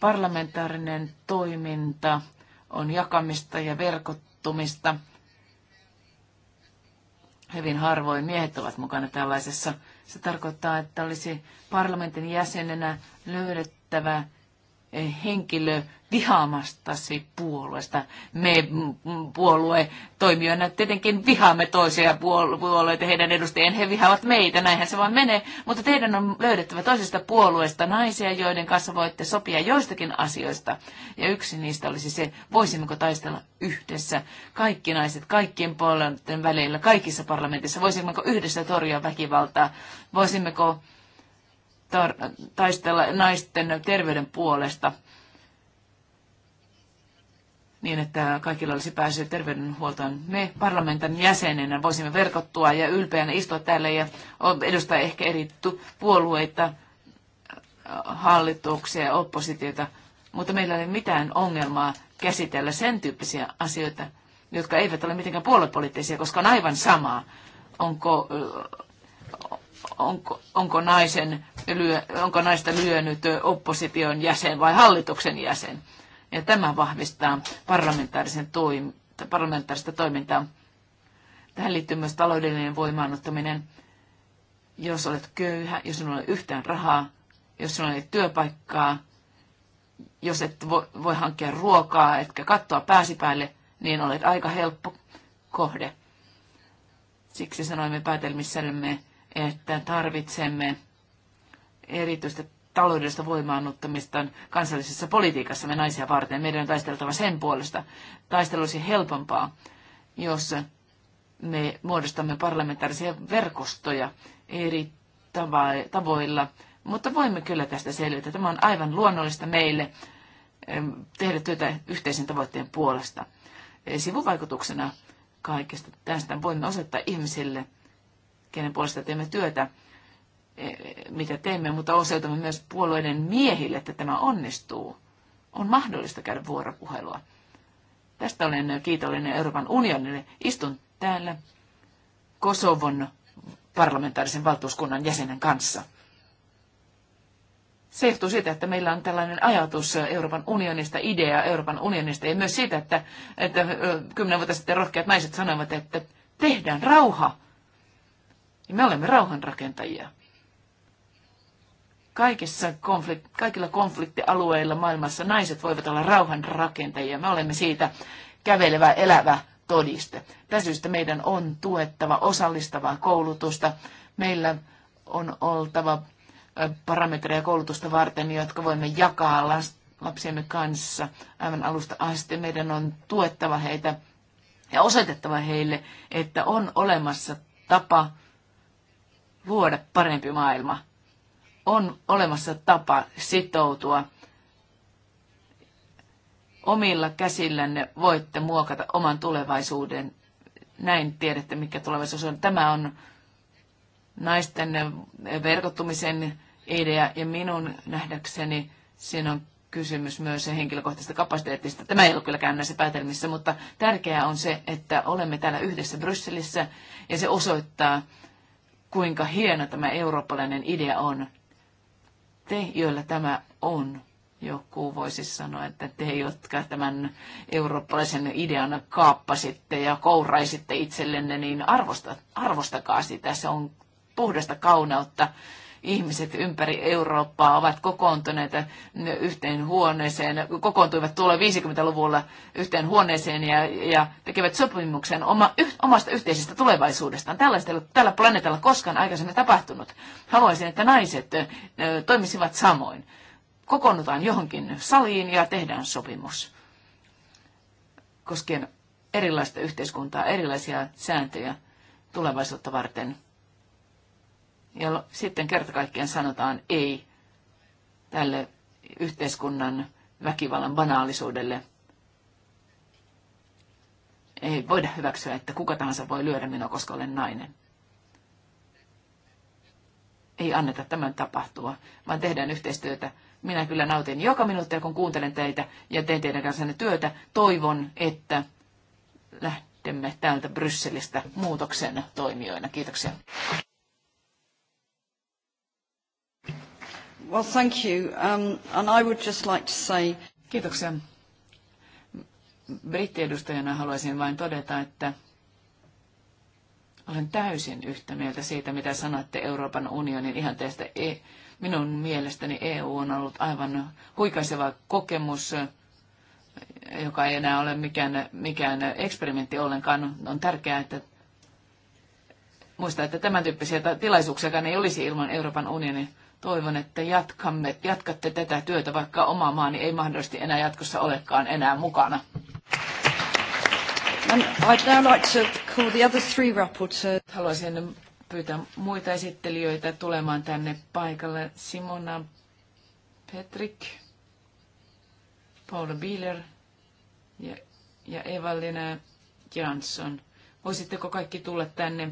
Parlamentaarinen toiminta on jakamista ja verkottumista – Hyvin harvoin miehet ovat mukana tällaisessa. Se tarkoittaa, että olisi parlamentin jäsenenä löydettävä henkilö vihaamastasi puolueesta. Me puolue toimijoina tietenkin vihaamme toisia puolueita, heidän edustajien, he vihaavat meitä, näinhän se vaan menee, mutta teidän on löydettävä toisesta puolueesta naisia, joiden kanssa voitte sopia joistakin asioista. Ja yksi niistä olisi se, voisimmeko taistella yhdessä, kaikki naiset, kaikkien puolueiden välillä, kaikissa parlamentissa, voisimmeko yhdessä torjua väkivaltaa, voisimmeko taistella naisten terveyden puolesta niin, että kaikilla olisi pääsy terveydenhuoltoon. Me parlamentin jäsenenä voisimme verkottua ja ylpeänä istua täällä ja edustaa ehkä eri puolueita, hallituksia ja oppositiota, mutta meillä ei ole mitään ongelmaa käsitellä sen tyyppisiä asioita, jotka eivät ole mitenkään puoluepoliittisia, koska on aivan samaa, onko onko, onko, naisen, onko naista lyönyt opposition jäsen vai hallituksen jäsen. Ja tämä vahvistaa parlamentaarisen toim, parlamentaarista toimintaa. Tähän liittyy myös taloudellinen voimaannuttaminen. Jos olet köyhä, jos sinulla ei ole yhtään rahaa, jos sinulla ei ole työpaikkaa, jos et voi, voi hankkia ruokaa, etkä kattoa pääsi päälle, niin olet aika helppo kohde. Siksi sanoimme päätelmissämme, että tarvitsemme erityistä taloudellista voimaannuttamista kansallisessa me naisia varten. Meidän on taisteltava sen puolesta. Taistelu olisi helpompaa, jos me muodostamme parlamentaarisia verkostoja eri tavoilla, mutta voimme kyllä tästä selvitä. Tämä on aivan luonnollista meille tehdä työtä yhteisen tavoitteen puolesta. Sivuvaikutuksena kaikesta tästä voimme osoittaa ihmisille, kenen puolesta teemme työtä, e, mitä teemme, mutta osoitamme myös puolueiden miehille, että tämä onnistuu. On mahdollista käydä vuoropuhelua. Tästä olen kiitollinen Euroopan unionille. Istun täällä Kosovon parlamentaarisen valtuuskunnan jäsenen kanssa. Se johtuu siitä, että meillä on tällainen ajatus Euroopan unionista, idea Euroopan unionista ja myös siitä, että, että kymmenen vuotta sitten rohkeat naiset sanoivat, että tehdään rauha niin me olemme rauhanrakentajia. Kaikissa konflikt, kaikilla konfliktialueilla maailmassa naiset voivat olla rauhanrakentajia. Me olemme siitä kävelevä, elävä todiste. Tästä syystä meidän on tuettava osallistavaa koulutusta. Meillä on oltava parametreja koulutusta varten, jotka voimme jakaa lapsiemme kanssa aivan alusta asti. Meidän on tuettava heitä ja osoitettava heille, että on olemassa tapa luoda parempi maailma. On olemassa tapa sitoutua. Omilla käsillänne voitte muokata oman tulevaisuuden. Näin tiedätte, mikä tulevaisuus on. Tämä on naisten verkottumisen idea ja minun nähdäkseni siinä on kysymys myös henkilökohtaisesta kapasiteetista. Tämä ei ollut kylläkään näissä päätelmissä, mutta tärkeää on se, että olemme täällä yhdessä Brysselissä ja se osoittaa, kuinka hieno tämä eurooppalainen idea on. Te, joilla tämä on, joku voisi sanoa, että te, jotka tämän eurooppalaisen idean kaappasitte ja kouraisitte itsellenne, niin arvosta, arvostakaa sitä. Se on puhdasta kauneutta ihmiset ympäri Eurooppaa ovat kokoontuneet yhteen huoneeseen, kokoontuivat tuolla 50-luvulla yhteen huoneeseen ja, ja tekevät sopimuksen oma, yh, omasta yhteisestä tulevaisuudestaan. Tällaista ei ole tällä planeetalla koskaan aikaisemmin tapahtunut. Haluaisin, että naiset toimisivat samoin. Kokoonnutaan johonkin saliin ja tehdään sopimus koskien erilaista yhteiskuntaa, erilaisia sääntöjä tulevaisuutta varten – ja sitten kerta kaikkiaan sanotaan ei tälle yhteiskunnan väkivallan banaalisuudelle. Ei voida hyväksyä, että kuka tahansa voi lyödä minua, koska olen nainen. Ei anneta tämän tapahtua, vaan tehdään yhteistyötä. Minä kyllä nautin joka minuuttia, kun kuuntelen teitä ja teen teidän kanssanne työtä. Toivon, että lähdemme täältä Brysselistä muutoksen toimijoina. Kiitoksia. Well, thank you. Um, and I would just like to say... Kiitoksia. Brittiedustajana haluaisin vain todeta, että olen täysin yhtä mieltä siitä, mitä sanotte Euroopan unionin ihan teistä. E, minun mielestäni EU on ollut aivan huikaiseva kokemus, joka ei enää ole mikään, mikään eksperimentti ollenkaan. On tärkeää, että muista, että tämän tyyppisiä tilaisuuksia ei olisi ilman Euroopan unionin Toivon, että jatkamme, jatkatte tätä työtä, vaikka oma maani ei mahdollisesti enää jatkossa olekaan enää mukana. Haluaisin pyytää muita esittelijöitä tulemaan tänne paikalle. Simona Petrik, Paula Bieler ja, ja Evalina Jansson. Voisitteko kaikki tulla tänne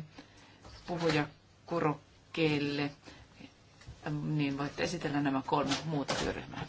puhujakurokkeelle? niin voitte esitellä nämä kolme muuta työryhmää.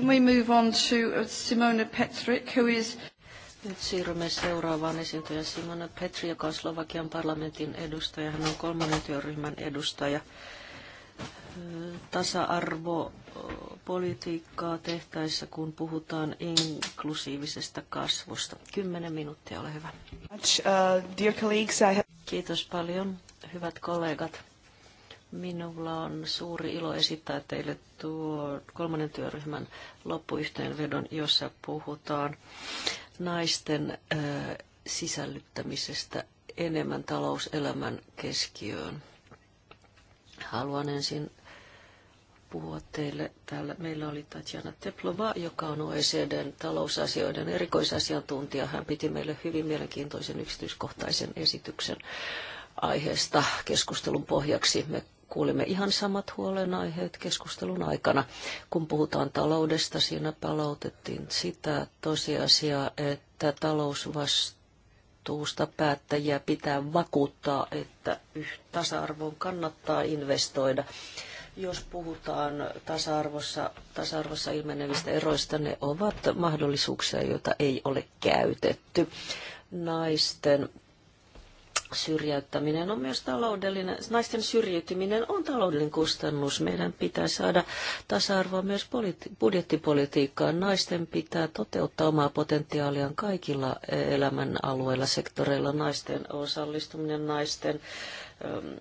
Can we move on to uh, Simona Petrik, who is... Nyt siirrymme seuraavaan esiintyjään Simona Petri, joka on Slovakian parlamentin edustaja. Hän on kolmannen työryhmän edustaja. tasa arvo politiikkaa tehtäessä, kun puhutaan inklusiivisesta kasvusta. Kymmenen minuuttia, ole hyvä. Uh, Kiitos paljon, hyvät kollegat. Minulla on suuri ilo esittää teille tuo kolmannen työryhmän loppuyhteenvedon, jossa puhutaan naisten äh, sisällyttämisestä enemmän talouselämän keskiöön. Haluan ensin puhua teille. Täällä meillä oli Tatjana Teplova, joka on OECDn talousasioiden erikoisasiantuntija. Hän piti meille hyvin mielenkiintoisen yksityiskohtaisen esityksen aiheesta keskustelun pohjaksi. Me kuulimme ihan samat huolenaiheet keskustelun aikana. Kun puhutaan taloudesta, siinä palautettiin sitä tosiasiaa, että talousvastuusta päättäjiä pitää vakuuttaa, että tasa-arvoon kannattaa investoida jos puhutaan tasa-arvossa, tasa-arvossa ilmenevistä eroista, ne ovat mahdollisuuksia, joita ei ole käytetty. Naisten syrjäyttäminen on myös taloudellinen, naisten syrjäytyminen on taloudellinen kustannus. Meidän pitää saada tasa-arvoa myös budjettipolitiikkaan. Naisten pitää toteuttaa omaa potentiaaliaan kaikilla elämän alueilla, sektoreilla. Naisten osallistuminen, naisten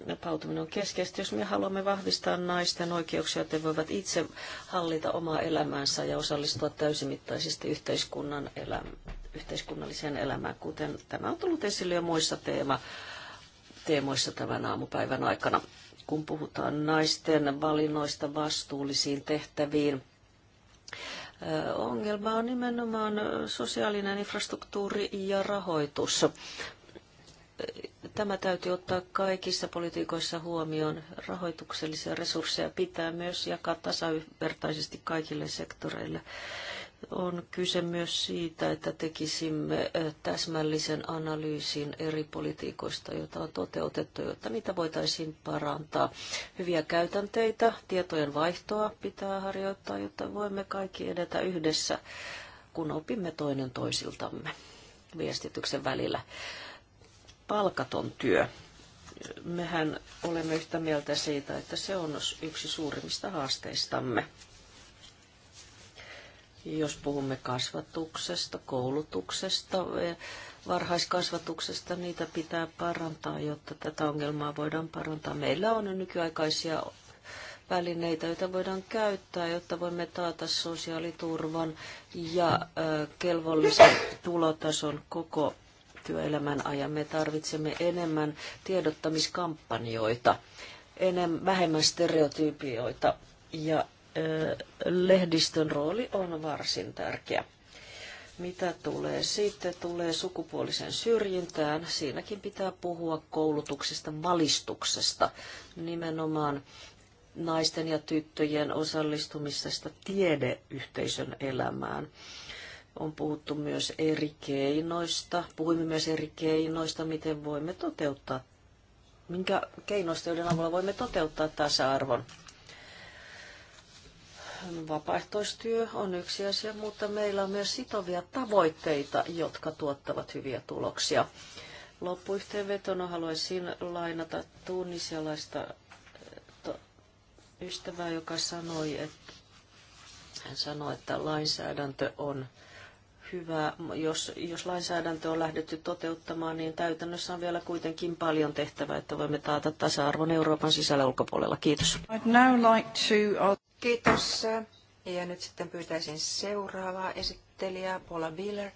ähm, pautuminen on keskeistä. Jos me haluamme vahvistaa naisten oikeuksia, että voivat itse hallita omaa elämäänsä ja osallistua täysimittaisesti yhteiskunnan elämään yhteiskunnalliseen elämään, kuten tämä on tullut esille jo muissa teema, teemoissa tämän aamupäivän aikana. Kun puhutaan naisten valinnoista vastuullisiin tehtäviin, ongelma on nimenomaan sosiaalinen infrastruktuuri ja rahoitus. Tämä täytyy ottaa kaikissa politiikoissa huomioon. Rahoituksellisia resursseja pitää myös jakaa tasavertaisesti kaikille sektoreille on kyse myös siitä, että tekisimme täsmällisen analyysin eri politiikoista, joita on toteutettu, jotta niitä voitaisiin parantaa. Hyviä käytänteitä, tietojen vaihtoa pitää harjoittaa, jotta voimme kaikki edetä yhdessä, kun opimme toinen toisiltamme viestityksen välillä. Palkaton työ. Mehän olemme yhtä mieltä siitä, että se on yksi suurimmista haasteistamme jos puhumme kasvatuksesta, koulutuksesta, eh, varhaiskasvatuksesta, niitä pitää parantaa, jotta tätä ongelmaa voidaan parantaa. Meillä on nykyaikaisia välineitä, joita voidaan käyttää, jotta voimme taata sosiaaliturvan ja eh, kelvollisen tulotason koko työelämän ajan. Me tarvitsemme enemmän tiedottamiskampanjoita, enemmän vähemmän stereotypioita ja lehdistön rooli on varsin tärkeä. Mitä tulee sitten, tulee sukupuolisen syrjintään. Siinäkin pitää puhua koulutuksesta, valistuksesta, nimenomaan naisten ja tyttöjen osallistumisesta tiedeyhteisön elämään. On puhuttu myös eri keinoista. Puhuimme myös eri keinoista, miten voimme toteuttaa, minkä keinoista, joiden avulla voimme toteuttaa tasa-arvon Vapaaehtoistyö on yksi asia, mutta meillä on myös sitovia tavoitteita, jotka tuottavat hyviä tuloksia. Loppuyhteenvetona haluaisin lainata tunnisialaista eh, ystävää, joka sanoi, että hän sanoi, että lainsäädäntö on hyvä. Jos, jos lainsäädäntö on lähdetty toteuttamaan, niin täytännössä on vielä kuitenkin paljon tehtävää, että voimme taata tasa-arvon Euroopan sisällä ulkopuolella. Kiitos. I'd now like to... Kiitos. Ja nyt sitten pyytäisin seuraavaa esittelijää, Paula Biller,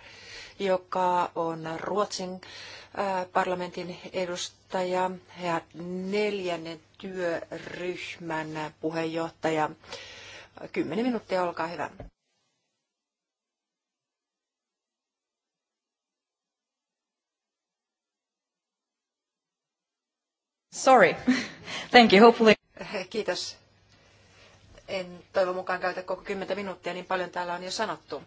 joka on Ruotsin parlamentin edustaja ja neljännen työryhmän puheenjohtaja. Kymmenen minuuttia, olkaa hyvä. Sorry. (laughs) Thank you. Hopefully. Kiitos. En toivon mukaan käytä koko kymmentä minuuttia, niin paljon täällä on jo sanottu.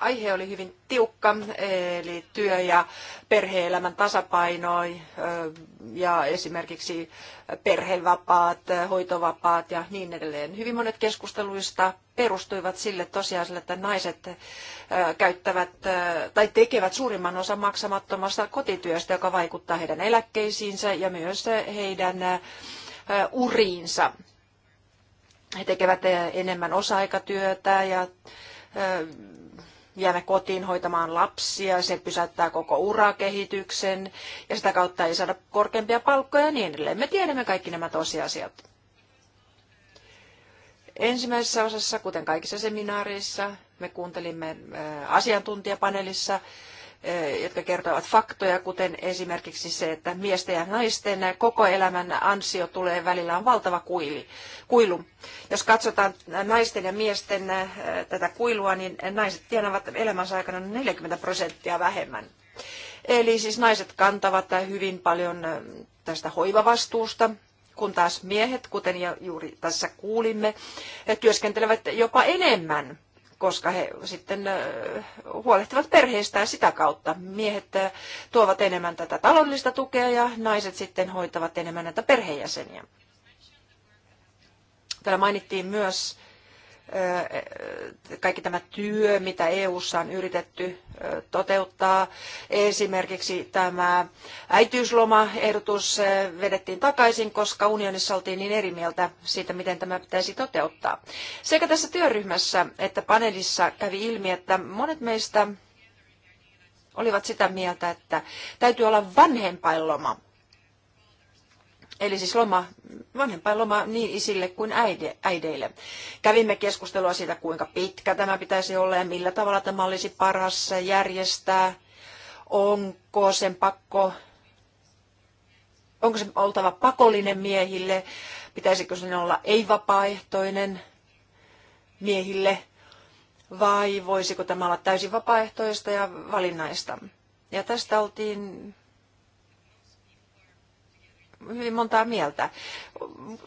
Aihe oli hyvin tiukka, eli työ- ja perhe-elämän tasapaino ja esimerkiksi perhevapaat, hoitovapaat ja niin edelleen. Hyvin monet keskusteluista perustuivat sille tosiasialle, että naiset käyttävät tai tekevät suurimman osan maksamattomasta kotityöstä, joka vaikuttaa heidän eläkkeisiinsä ja myös heidän uriinsa. He tekevät enemmän osa-aikatyötä ja jäädä kotiin hoitamaan lapsia, se pysäyttää koko urakehityksen ja sitä kautta ei saada korkeampia palkkoja ja niin edelleen. Me tiedämme kaikki nämä tosiasiat. Ensimmäisessä osassa, kuten kaikissa seminaareissa, me kuuntelimme asiantuntijapaneelissa Eh, jotka kertovat faktoja, kuten esimerkiksi se, että miesten ja naisten koko elämän ansio tulee välillä on valtava kuilu. Jos katsotaan naisten ja miesten eh, tätä kuilua, niin naiset tienavat elämänsä aikana 40 prosenttia vähemmän. Eli siis naiset kantavat hyvin paljon eh, tästä hoivavastuusta, kun taas miehet, kuten juuri tässä kuulimme, työskentelevät jopa enemmän koska he sitten huolehtivat perheistään sitä kautta. Miehet tuovat enemmän tätä taloudellista tukea ja naiset sitten hoitavat enemmän näitä perheenjäseniä. Täällä mainittiin myös kaikki tämä työ, mitä EU:ssa on yritetty toteuttaa. Esimerkiksi tämä äitiyslomaehdotus vedettiin takaisin, koska unionissa oltiin niin eri mieltä siitä, miten tämä pitäisi toteuttaa. Sekä tässä työryhmässä että paneelissa kävi ilmi, että monet meistä olivat sitä mieltä, että täytyy olla vanhempainloma Eli siis loma, vanhempainloma niin isille kuin äide, äideille. Kävimme keskustelua siitä, kuinka pitkä tämä pitäisi olla ja millä tavalla tämä olisi paras järjestää. Onko sen pakko, onko se oltava pakollinen miehille, pitäisikö sen olla ei-vapaaehtoinen miehille vai voisiko tämä olla täysin vapaaehtoista ja valinnaista. Ja tästä oltiin hyvin montaa mieltä.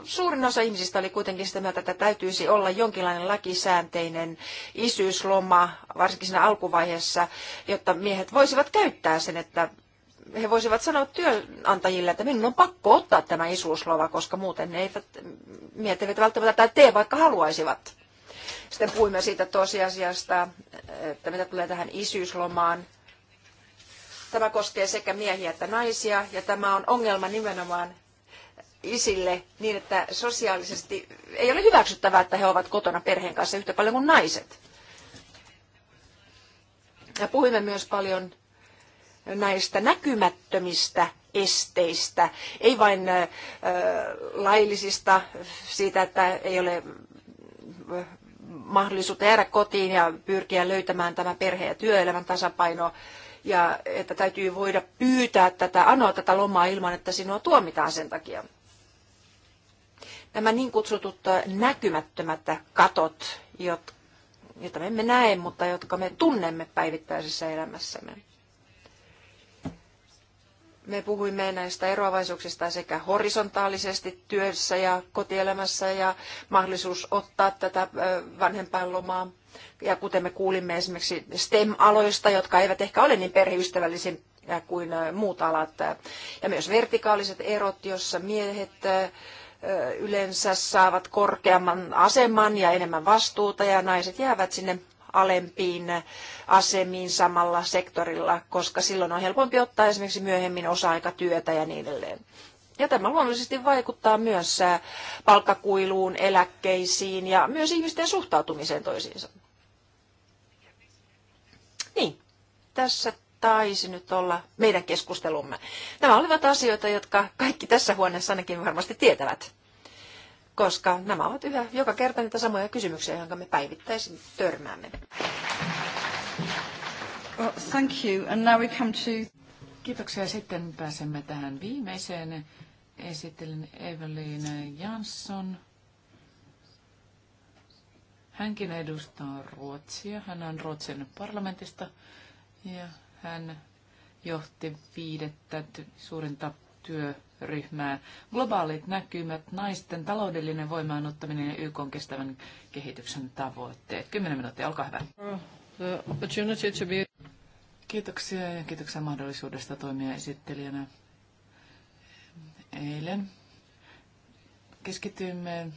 Suurin osa ihmisistä oli kuitenkin sitä mieltä, että täytyisi olla jonkinlainen lakisäänteinen isyysloma, varsinkin siinä alkuvaiheessa, jotta miehet voisivat käyttää sen, että he voisivat sanoa työnantajille, että minun on pakko ottaa tämä isuuslova, koska muuten ne eivät, miehet eivät välttämättä tätä tee, vaikka haluaisivat. Sitten puhuimme siitä tosiasiasta, että mitä tulee tähän isyyslomaan, Tämä koskee sekä miehiä että naisia ja tämä on ongelma nimenomaan isille niin, että sosiaalisesti ei ole hyväksyttävää, että he ovat kotona perheen kanssa yhtä paljon kuin naiset. Ja puhuimme myös paljon näistä näkymättömistä esteistä, ei vain äh, laillisista siitä, että ei ole mahdollisuutta jäädä kotiin ja pyrkiä löytämään tämä perhe- ja työelämän tasapaino ja että täytyy voida pyytää tätä, anoa tätä lomaa ilman, että sinua tuomitaan sen takia. Nämä niin kutsutut näkymättömät katot, joita me emme näe, mutta jotka me tunnemme päivittäisessä elämässämme. Me puhuimme näistä eroavaisuuksista sekä horisontaalisesti työssä ja kotielämässä ja mahdollisuus ottaa tätä vanhempainlomaa ja kuten me kuulimme esimerkiksi STEM-aloista, jotka eivät ehkä ole niin perheystävällisiä kuin äh, muut alat. Ja myös vertikaaliset erot, jossa miehet äh, yleensä saavat korkeamman aseman ja enemmän vastuuta ja naiset jäävät sinne alempiin asemiin samalla sektorilla, koska silloin on helpompi ottaa esimerkiksi myöhemmin osa-aikatyötä ja niin edelleen. Ja tämä luonnollisesti vaikuttaa myös äh, palkkakuiluun, eläkkeisiin ja myös ihmisten suhtautumiseen toisiinsa. Niin, tässä taisi nyt olla meidän keskustelumme. Nämä olivat asioita, jotka kaikki tässä huoneessa ainakin varmasti tietävät, koska nämä ovat yhä joka kerta niitä samoja kysymyksiä, joihin me päivittäisin törmäämme. Well, thank you. And now we come to... Kiitoksia. Sitten pääsemme tähän viimeiseen Esittelen Evelyn Jansson. Hänkin edustaa Ruotsia. Hän on Ruotsin parlamentista ja hän johti viidettä suurinta työryhmää. Globaalit näkymät, naisten taloudellinen voimaanottaminen ja YK on kestävän kehityksen tavoitteet. Kymmenen minuuttia, olkaa hyvä. Kiitoksia ja kiitoksia mahdollisuudesta toimia esittelijänä eilen. Keskityimme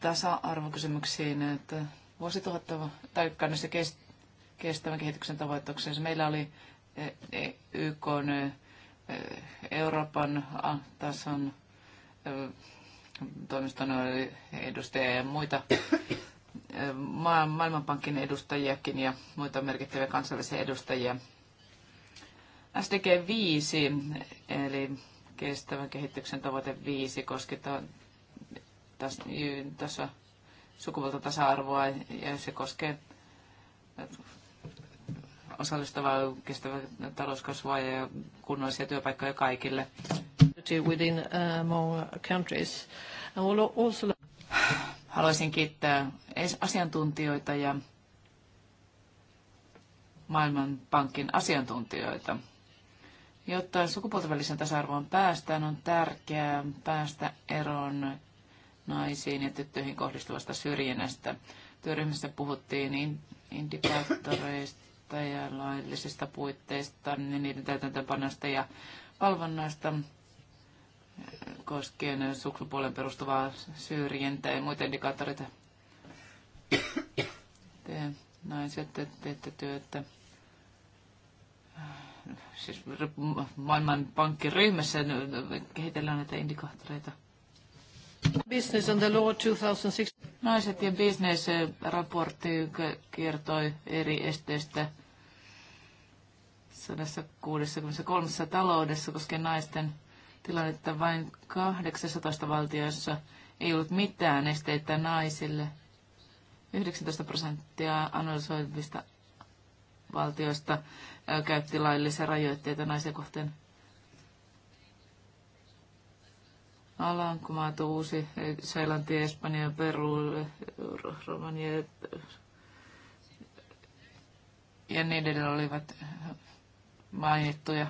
tasa-arvokysymyksiin, että vuosituhatta tai näissä kestävän kehityksen tavoitteeksi. meillä oli e, e, YK e, Euroopan tason toimiston edustajia ja muita Maailmanpankin edustajiakin ja muita merkittäviä kansallisia edustajia. SDG 5, eli kestävän kehityksen tavoite 5, koski tässä sukupuolta tasa-arvoa ja se koskee osallistavaa kestävää talouskasvua ja kunnollisia työpaikkoja kaikille. Within, uh, more countries. also... Haluaisin kiittää asiantuntijoita ja Maailmanpankin asiantuntijoita. Jotta sukupuolten välisen tasa-arvoon päästään, on tärkeää päästä eroon naisiin ja tyttöihin kohdistuvasta syrjinnästä. Työryhmässä puhuttiin indikaattoreista ja laillisista puitteista niin niiden täytäntöpanosta ja valvonnasta koskien sukupuolen perustuvaa syrjintää ja muita indikaattoreita. Te naiset teette työtä äh, siis maailman pankkiryhmässä kehitellään näitä indikaattoreita – Business and the Law 2006. Naiset ja business-raportti kertoi eri esteistä 163 taloudessa koskien naisten tilannetta vain 18 valtioissa ei ollut mitään esteitä naisille. 19 prosenttia analysoivista valtioista käytti laillisia rajoitteita naisia kohteen. Alankomaat, Uusi, Seilanti, Espanja, Peru, Romania ja niin olivat mainittuja.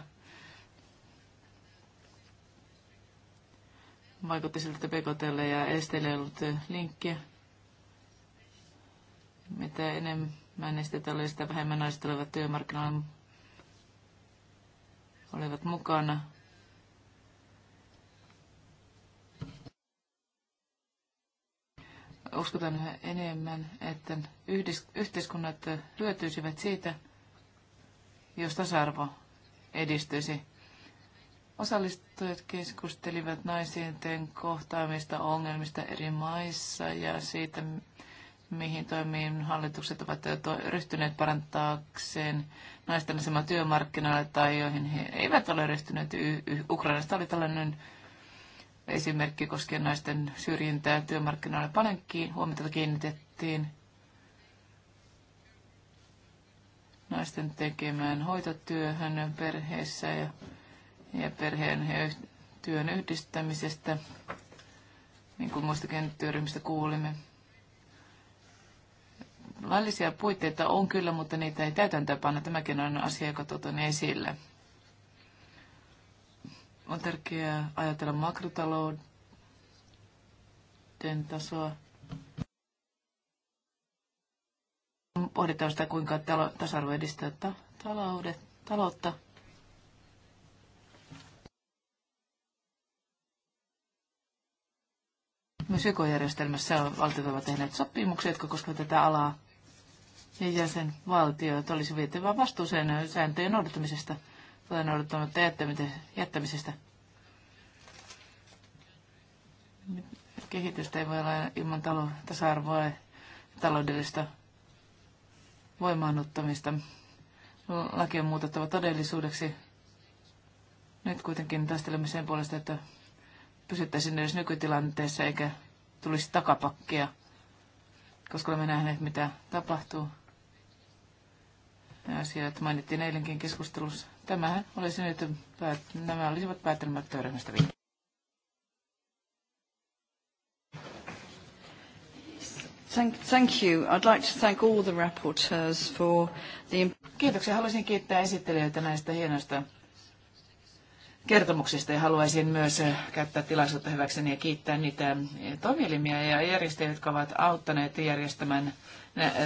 Vaikutti siltä, että Pekotelle ja Estelle ei ollut linkkiä. Mitä enemmän esteitä oli, sitä vähemmän naiset olivat työmarkkinoilla olivat mukana uskotaan yhä enemmän, että yhteiskunnat hyötyisivät siitä, jos tasa-arvo edistyisi. Osallistujat keskustelivat naisien kohtaamista ongelmista eri maissa ja siitä, mihin toimiin hallitukset ovat ryhtyneet parantaakseen naisten asemaa työmarkkinoilla tai joihin he eivät ole ryhtyneet. Ukrainasta oli tällainen esimerkki koskien naisten syrjintää työmarkkinoille paljonkin huomiota kiinnitettiin naisten tekemään hoitotyöhön perheessä ja, ja perheen ja työn yhdistämisestä, niin kuin muistakin työryhmistä kuulimme. Laillisia puitteita on kyllä, mutta niitä ei täytäntöönpanna. Tämäkin on asia, joka tuotan niin esille. On tärkeää ajatella makrotalouden tasoa. Pohditaan sitä, kuinka tasa-arvo edistää taloudet, taloutta. Myös YK-järjestelmässä on valtiot ovat tehneet sopimuksia, jotka koskevat tätä alaa. Ja jäsenvaltiot olisi vietävä vastuuseen sääntöjen noudattamisesta. Olen odottamatta jättämisestä. Kehitystä ei voi olla ilman talo- tasa-arvoa ja taloudellista voimaannuttamista. Laki on muutettava todellisuudeksi. Nyt kuitenkin taistelemme sen puolesta, että pysyttäisiin edes nykytilanteessa eikä tulisi takapakkia, koska olemme nähneet, mitä tapahtuu. Nämä asiat mainittiin eilenkin keskustelussa. Tämä olisi nyt, nämä olisivat päätelmät työryhmästä viikolla. Thank you. I'd like to thank all the rapporteurs for the... Kiitoksia. Haluaisin kiittää esittelijöitä näistä hienoista kertomuksista ja haluaisin myös eh, käyttää tilaisuutta hyväkseni ja kiittää niitä toimielimiä ja järjestöjä, jotka ovat auttaneet järjestämään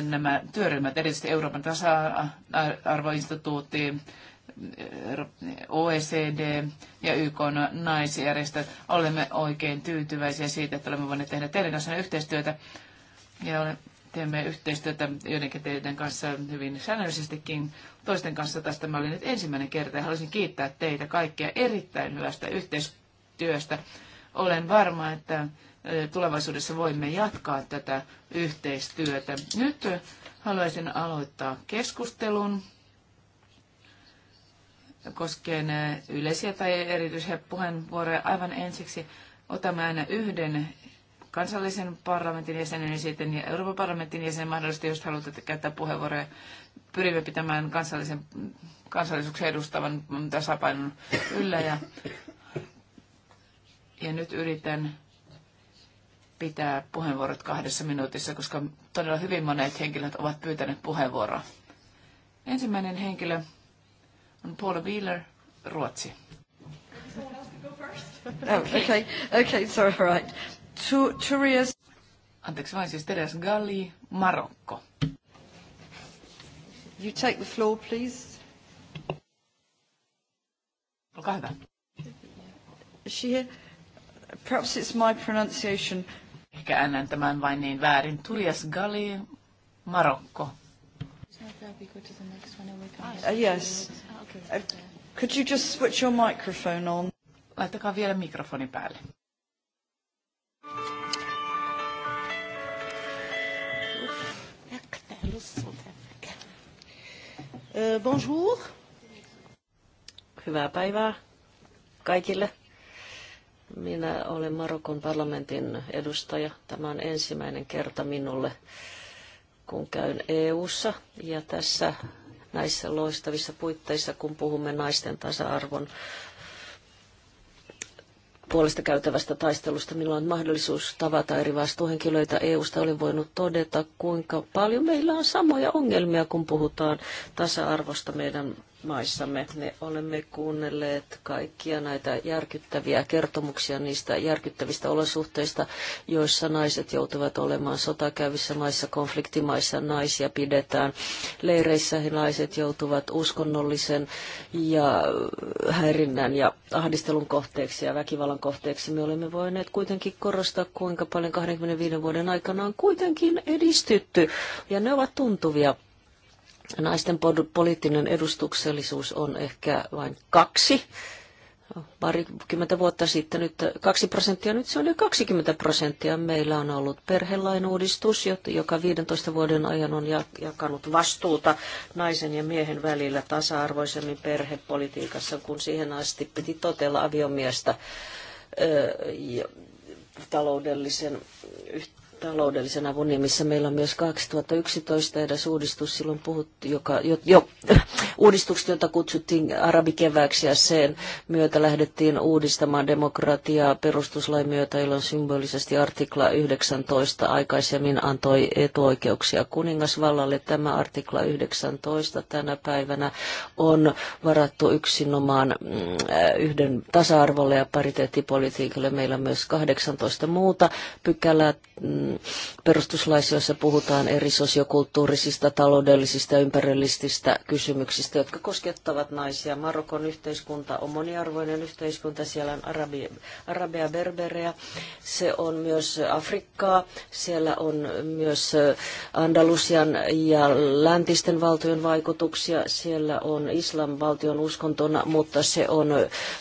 nämä työryhmät, erityisesti Euroopan tasa-arvoinstituutti, OECD ja YK naisjärjestöt. Olemme oikein tyytyväisiä siitä, että olemme voineet tehdä teidän kanssa yhteistyötä ja teemme yhteistyötä joidenkin teidän kanssa hyvin säännöllisestikin toisten kanssa. Tästä mä olin nyt ensimmäinen kerta ja haluaisin kiittää teitä kaikkia erittäin hyvästä yhteistyöstä. Olen varma, että tulevaisuudessa voimme jatkaa tätä yhteistyötä. Nyt haluaisin aloittaa keskustelun koskien yleisiä tai erityisiä puheenvuoroja. Aivan ensiksi otamme aina yhden kansallisen parlamentin jäsenen ja sitten Euroopan parlamentin jäsenen mahdollisesti, jos haluatte käyttää puheenvuoroja. Pyrimme pitämään kansallisen, kansallisuuksia edustavan tasapainon yllä ja, ja nyt yritän pitää puheenvuorot kahdessa minuutissa, koska todella hyvin monet henkilöt ovat pyytäneet puheenvuoroa. Ensimmäinen henkilö and Paula Wheeler, Ruotsi. Oh, okay, okay, sorry, right. Turias... Anteeksi vain, siis Teres Galli, Marokko. You take the floor, please. Olkaa hyvä. She, perhaps it's my pronunciation. Ehkä annan tämän vain niin väärin. Turias Galli, Marokko. Uh, yes. Uh, could you just switch your microphone on? Laittakaa vielä mikrofoni päälle. Uh, bonjour. Hyvää päivää kaikille. Minä olen Marokon parlamentin edustaja. Tämä on ensimmäinen kerta minulle, kun käyn EU:ssa ja tässä näissä loistavissa puitteissa, kun puhumme naisten tasa-arvon puolesta käytävästä taistelusta. Minulla on mahdollisuus tavata eri vastuuhenkilöitä EU-sta. Olen voinut todeta, kuinka paljon meillä on samoja ongelmia, kun puhutaan tasa-arvosta meidän maissamme. Me olemme kuunnelleet kaikkia näitä järkyttäviä kertomuksia niistä järkyttävistä olosuhteista, joissa naiset joutuvat olemaan sotakäyvissä maissa, konfliktimaissa naisia pidetään. Leireissä naiset joutuvat uskonnollisen ja häirinnän ja ahdistelun kohteeksi ja väkivallan kohteeksi. Me olemme voineet kuitenkin korostaa, kuinka paljon 25 vuoden aikana on kuitenkin edistytty ja ne ovat tuntuvia Naisten poliittinen edustuksellisuus on ehkä vain kaksi parikymmentä vuotta sitten nyt kaksi prosenttia, nyt se on jo 20 prosenttia. Meillä on ollut perhelain uudistus, joka 15 vuoden ajan on jakanut vastuuta naisen ja miehen välillä tasa-arvoisemmin perhepolitiikassa, kun siihen asti piti totella aviomiestä taloudellisen taloudellisen avun nimissä. Meillä on myös 2011 edes uudistus, silloin puhuttiin, joka, jo, jo, (clears throat) uudistukset, jota kutsuttiin arabikevääksi ja sen myötä lähdettiin uudistamaan demokratiaa perustuslain myötä, jolloin symbolisesti artikla 19 aikaisemmin antoi etuoikeuksia kuningasvallalle. Tämä artikla 19 tänä päivänä on varattu yksinomaan mm, yhden tasa-arvolle ja pariteettipolitiikalle. Meillä on myös 18 muuta pykälää mm, perustuslaissa, jossa puhutaan eri sosiokulttuurisista, taloudellisista ja ympärillisistä kysymyksistä, jotka koskettavat naisia. Marokon yhteiskunta on moniarvoinen yhteiskunta, siellä on arabi, arabia berberejä, se on myös Afrikkaa, siellä on myös Andalusian ja läntisten valtion vaikutuksia, siellä on islam valtion uskontona, mutta se on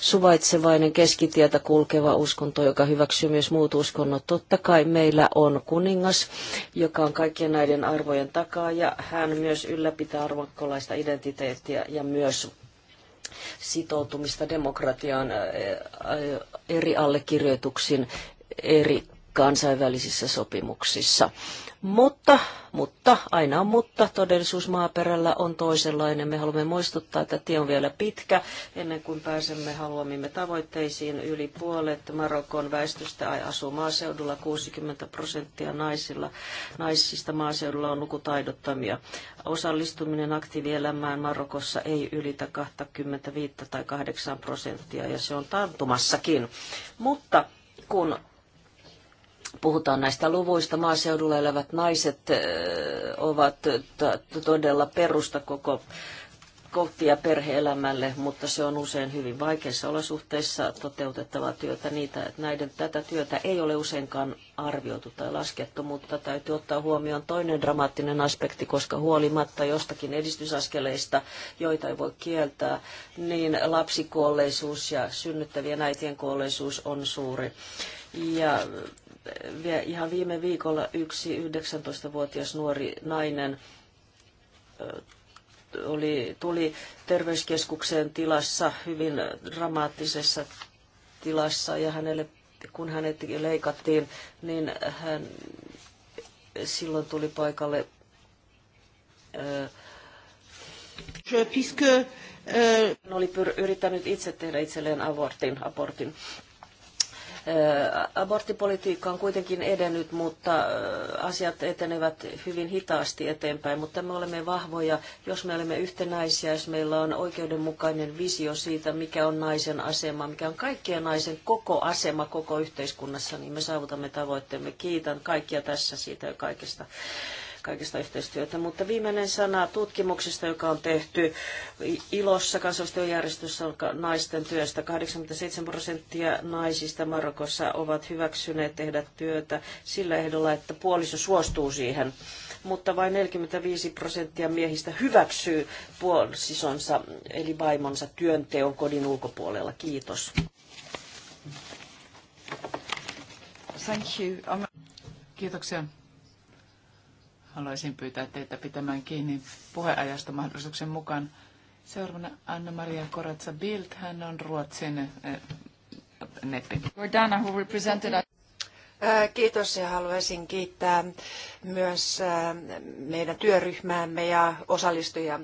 suvaitsevainen keskitietä kulkeva uskonto, joka hyväksyy myös muut uskonnot. Totta kai meillä on kuningas, joka on kaikkien näiden arvojen takaa ja hän myös ylläpitää arvokkolaista identiteettiä ja myös sitoutumista demokratiaan eri allekirjoituksin eri kansainvälisissä sopimuksissa. Mutta, mutta, aina on mutta, todellisuus maaperällä on toisenlainen. Me haluamme muistuttaa, että tie on vielä pitkä, ennen kuin pääsemme haluamimme tavoitteisiin. Yli puolet Marokon väestöstä asuu maaseudulla, 60 prosenttia naisilla. naisista maaseudulla on lukutaidottomia. Osallistuminen aktiivielämään Marokossa ei ylitä 25 tai 8 prosenttia, ja se on taantumassakin. Mutta kun puhutaan näistä luvuista, maaseudulla elävät naiset ovat todella perusta koko perhe perheelämälle, mutta se on usein hyvin vaikeissa olosuhteissa toteutettavaa työtä. Niitä, näiden, tätä työtä ei ole useinkaan arvioitu tai laskettu, mutta täytyy ottaa huomioon toinen dramaattinen aspekti, koska huolimatta jostakin edistysaskeleista, joita ei voi kieltää, niin lapsikuolleisuus ja synnyttävien äitien kuolleisuus on suuri. Ja ihan viime viikolla yksi 19-vuotias nuori nainen oli, tuli terveyskeskukseen tilassa, hyvin dramaattisessa tilassa, ja hänelle, kun hänet leikattiin, niin hän silloin tuli paikalle... Ää, hän oli pyr- yrittänyt itse tehdä itselleen abortin. abortin. Aborttipolitiikka on kuitenkin edennyt, mutta asiat etenevät hyvin hitaasti eteenpäin, mutta me olemme vahvoja, jos me olemme yhtenäisiä, jos meillä on oikeudenmukainen visio siitä, mikä on naisen asema, mikä on kaikkien naisen koko asema koko yhteiskunnassa, niin me saavutamme tavoitteemme. Kiitän kaikkia tässä siitä ja kaikesta kaikesta yhteistyötä. Mutta viimeinen sana tutkimuksesta, joka on tehty ilossa kansallistyöjärjestössä naisten työstä. 87 prosenttia naisista Marokossa ovat hyväksyneet tehdä työtä sillä ehdolla, että puoliso suostuu siihen. Mutta vain 45 prosenttia miehistä hyväksyy puolisonsa eli vaimonsa työnteon kodin ulkopuolella. Kiitos. Thank you. Kiitoksia. Haluaisin pyytää teitä pitämään kiinni puheajasta mahdollisuuksien mukaan. Seuraavana Anna-Maria Koratsa Bild, hän on Ruotsin eh, neppi. Gordana, who represented äh, Kiitos ja haluaisin kiittää myös äh, meidän työryhmäämme ja osallistujia.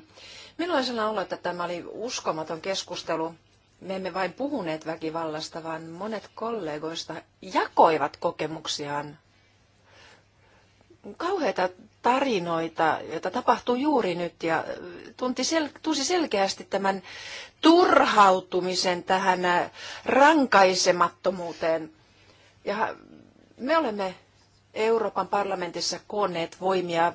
Minulla on olo, että tämä oli uskomaton keskustelu. Me emme vain puhuneet väkivallasta, vaan monet kollegoista jakoivat kokemuksiaan. Kauheita tarinoita, joita tapahtuu juuri nyt ja tunti sel- tunsi selkeästi tämän turhautumisen tähän äh, rankaisemattomuuteen. Ja me olemme Euroopan parlamentissa koonneet voimia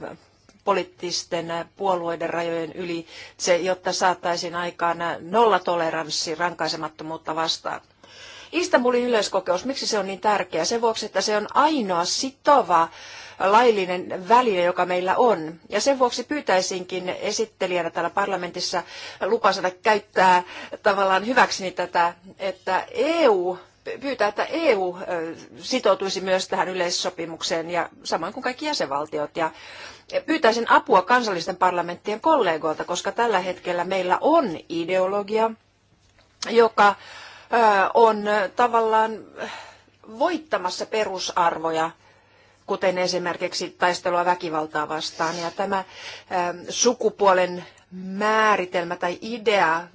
poliittisten puolueiden rajojen yli, se, jotta saataisiin aikaan nollatoleranssi rankaisemattomuutta vastaan. Istanbulin yleiskokous, miksi se on niin tärkeä? Sen vuoksi, että se on ainoa sitova laillinen väline, joka meillä on. Ja sen vuoksi pyytäisinkin esittelijänä täällä parlamentissa lupa saada käyttää tavallaan hyväkseni tätä, että EU pyytää, että EU sitoutuisi myös tähän yleissopimukseen ja samoin kuin kaikki jäsenvaltiot. Ja pyytäisin apua kansallisten parlamenttien kollegoilta, koska tällä hetkellä meillä on ideologia, joka on tavallaan voittamassa perusarvoja – kuten esimerkiksi taistelua väkivaltaa vastaan. Ja tämä ähm, sukupuolen määritelmä tai idea,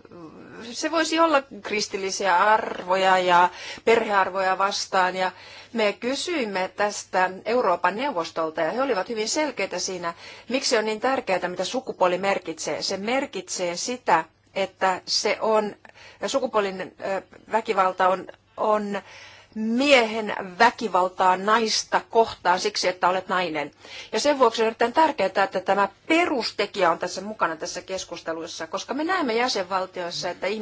se voisi olla kristillisiä arvoja ja perhearvoja vastaan. Ja me kysyimme tästä Euroopan neuvostolta ja he olivat hyvin selkeitä siinä, miksi on niin tärkeää, mitä sukupuoli merkitsee. Se merkitsee sitä, että se on, sukupuolinen äh, väkivalta on, on miehen väkivaltaa naista kohtaan siksi, että olet nainen. Ja sen vuoksi on erittäin tärkeää, että tämä perustekijä on tässä mukana tässä keskustelussa, koska me näemme jäsenvaltioissa, että äh,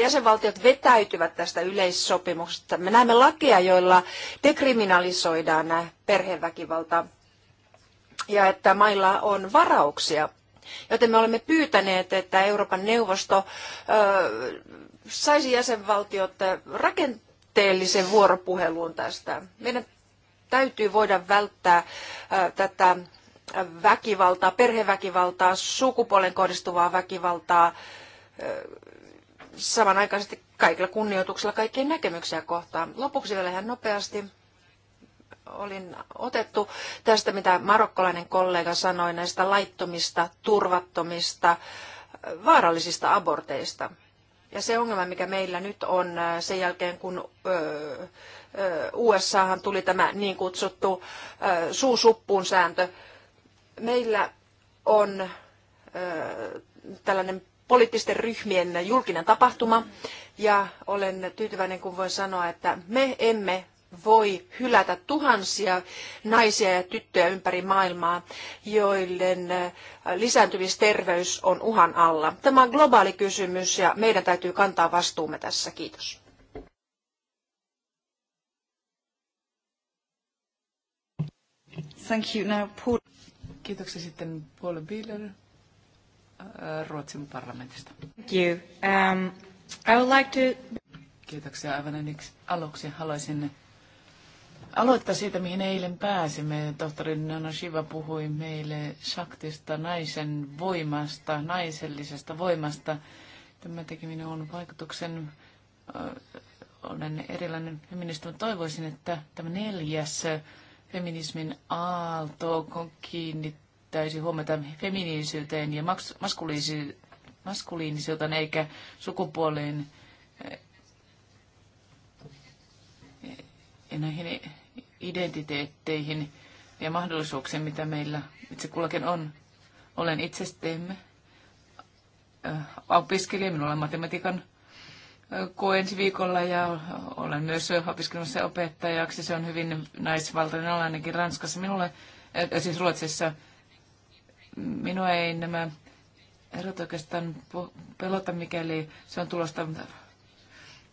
jäsenvaltiot vetäytyvät tästä yleissopimuksesta. Me näemme lakeja, joilla dekriminalisoidaan perheväkivalta ja että mailla on varauksia. Joten me olemme pyytäneet, että Euroopan neuvosto äh, saisi jäsenvaltiot rakentaa puutteelliseen vuoropuheluun tästä. Meidän täytyy voida välttää tätä väkivaltaa, perheväkivaltaa, sukupuolen kohdistuvaa väkivaltaa samanaikaisesti kaikilla kunnioituksella kaikkien näkemyksiä kohtaan. Lopuksi vielä ihan nopeasti olin otettu tästä, mitä marokkolainen kollega sanoi näistä laittomista, turvattomista, vaarallisista aborteista. Ja se ongelma, mikä meillä nyt on äh, sen jälkeen, kun USAhan tuli tämä niin kutsuttu suusuppuun sääntö, meillä on tällainen poliittisten ryhmien julkinen tapahtuma. Ja olen tyytyväinen, kun voin sanoa, että me emme voi hylätä tuhansia naisia ja tyttöjä ympäri maailmaa, joiden äh, lisääntymisterveys on uhan alla. Tämä on globaali kysymys ja meidän täytyy kantaa vastuumme tässä. Kiitos. Thank you. Now, Paul. Kiitoksia sitten Paul Bieler äh, Ruotsin parlamentista. Thank you. Um, I would like to... Kiitoksia aivan aluksi. Haluaisin aloittaa siitä, mihin eilen pääsimme. Tohtori Nana Shiva puhui meille shaktista, naisen voimasta, naisellisesta voimasta. Tämä teki minun vaikutuksen. Olen erilainen feministi, mutta toivoisin, että tämä neljäs feminismin aalto kiinnittäisi huomiota feminiisyyteen ja maskuliinisyyteen eikä sukupuoleen ja näihin identiteetteihin ja mahdollisuuksiin, mitä meillä itse kullakin on. Olen itsestämme opiskelija, minulla on matematiikan koe ensi viikolla ja olen myös opiskelemassa opettajaksi. Se on hyvin naisvaltainen ala ainakin Ranskassa minulle, siis Ruotsissa. Minua ei nämä erot oikeastaan pelota, mikäli se on tulosta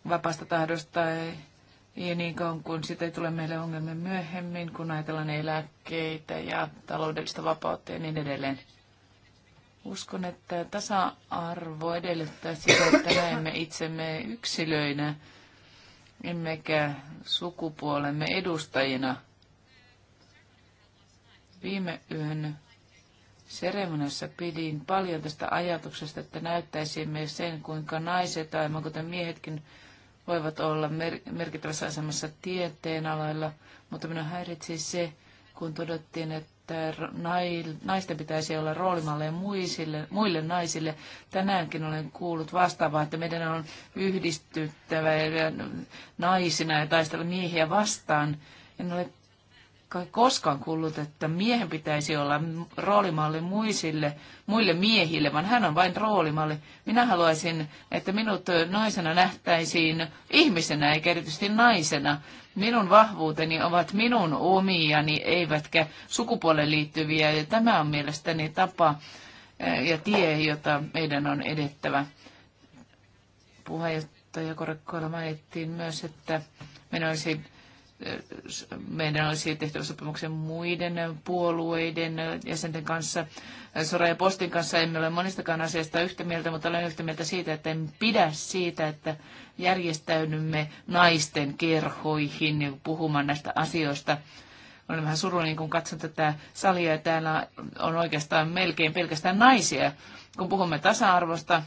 vapaasta tahdosta. Ei ja niin kauan kuin sitä ei tule meille ongelmia myöhemmin, kun ajatellaan eläkkeitä ja taloudellista vapautta ja niin edelleen. Uskon, että tasa-arvo edellyttää sitä, että näemme itsemme yksilöinä, emmekä sukupuolemme edustajina. Viime yön seremoniassa pidin paljon tästä ajatuksesta, että näyttäisimme sen, kuinka naiset, aivan kuten miehetkin, voivat olla merkittävässä asemassa tieteen aloilla, mutta minua häiritsi se, kun todettiin, että naisten pitäisi olla roolimalleja muisille, muille naisille. Tänäänkin olen kuullut vastaavaa, että meidän on yhdistyttävä naisina ja taistella miehiä vastaan. En ole kai koskaan kuullut, että miehen pitäisi olla roolimalli muisille, muille miehille, vaan hän on vain roolimalli. Minä haluaisin, että minut naisena nähtäisiin ihmisenä, eikä erityisesti naisena. Minun vahvuuteni ovat minun omiani, eivätkä sukupuoleen liittyviä, ja tämä on mielestäni tapa ja tie, jota meidän on edettävä. Puheenjohtaja Korkkoilla mainittiin myös, että minä olisin meidän olisi tehtävä sopimuksen muiden puolueiden jäsenten kanssa. Sora ja Postin kanssa emme ole monistakaan asiasta yhtä mieltä, mutta olen yhtä mieltä siitä, että en pidä siitä, että järjestäydymme naisten kerhoihin puhumaan näistä asioista. Olen vähän surullinen, niin kun katson tätä salia ja täällä on oikeastaan melkein pelkästään naisia. Kun puhumme tasa-arvosta,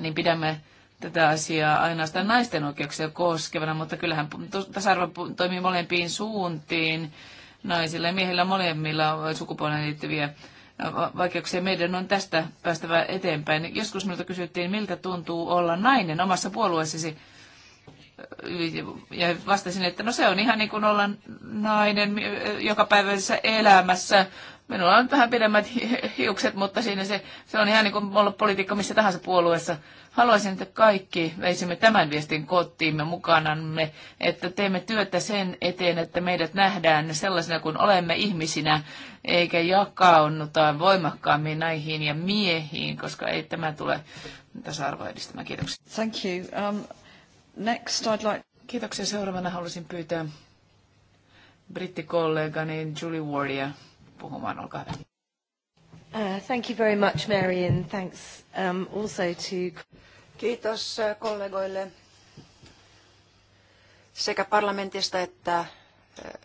niin pidämme tätä asiaa ainoastaan naisten oikeuksia koskevana, mutta kyllähän tasa-arvo toimii molempiin suuntiin. Naisilla ja miehillä molemmilla on sukupuoleen liittyviä vaikeuksia. Meidän on tästä päästävä eteenpäin. Joskus minulta kysyttiin, miltä tuntuu olla nainen omassa puolueessasi. Ja vastasin, että no se on ihan niin kuin olla nainen jokapäiväisessä elämässä. Minulla on vähän pidemmät hiukset, mutta siinä se, se on ihan niin kuin olla poliitikko missä tahansa puolueessa. Haluaisin, että kaikki veisimme tämän viestin kotiimme mukanamme, että teemme työtä sen eteen, että meidät nähdään sellaisena kuin olemme ihmisinä, eikä jakaunnuta voimakkaammin näihin ja miehiin, koska ei tämä tule tasa-arvoa edistämään. Kiitoksia. Thank you. Um, next I'd like... Kiitoksia. Seuraavana haluaisin pyytää brittikollegani Julie Wardia puhumaan. Olkaa hyvä. Uh, thank you very much, Mary, and thanks um, also to... Kiitos uh, kollegoille sekä parlamentista että uh,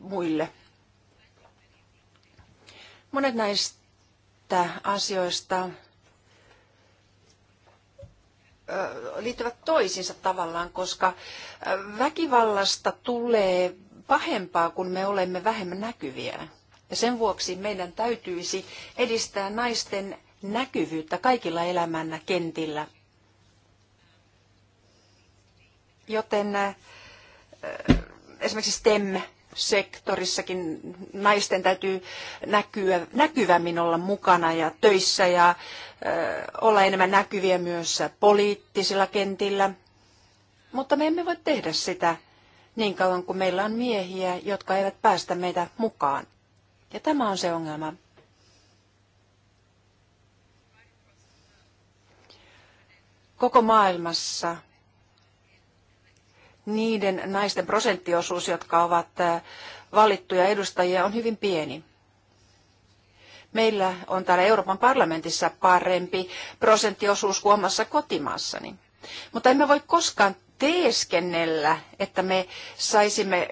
muille. Monet näistä asioista liittyvät toisiinsa tavallaan, koska väkivallasta tulee pahempaa, kun me olemme vähemmän näkyviä. Ja sen vuoksi meidän täytyisi edistää naisten näkyvyyttä kaikilla elämän kentillä. Joten äh, äh, esimerkiksi STEM-sektorissakin naisten täytyy näkyä, näkyvämmin olla mukana ja töissä ja äh, olla enemmän näkyviä myös poliittisilla kentillä. Mutta me emme voi tehdä sitä niin kauan kuin meillä on miehiä, jotka eivät päästä meitä mukaan. Ja tämä on se ongelma. Koko maailmassa niiden naisten prosenttiosuus, jotka ovat äh, valittuja edustajia, on hyvin pieni. Meillä on täällä Euroopan parlamentissa parempi prosenttiosuus kuin omassa kotimaassani. Mutta emme voi koskaan teeskennellä, että me saisimme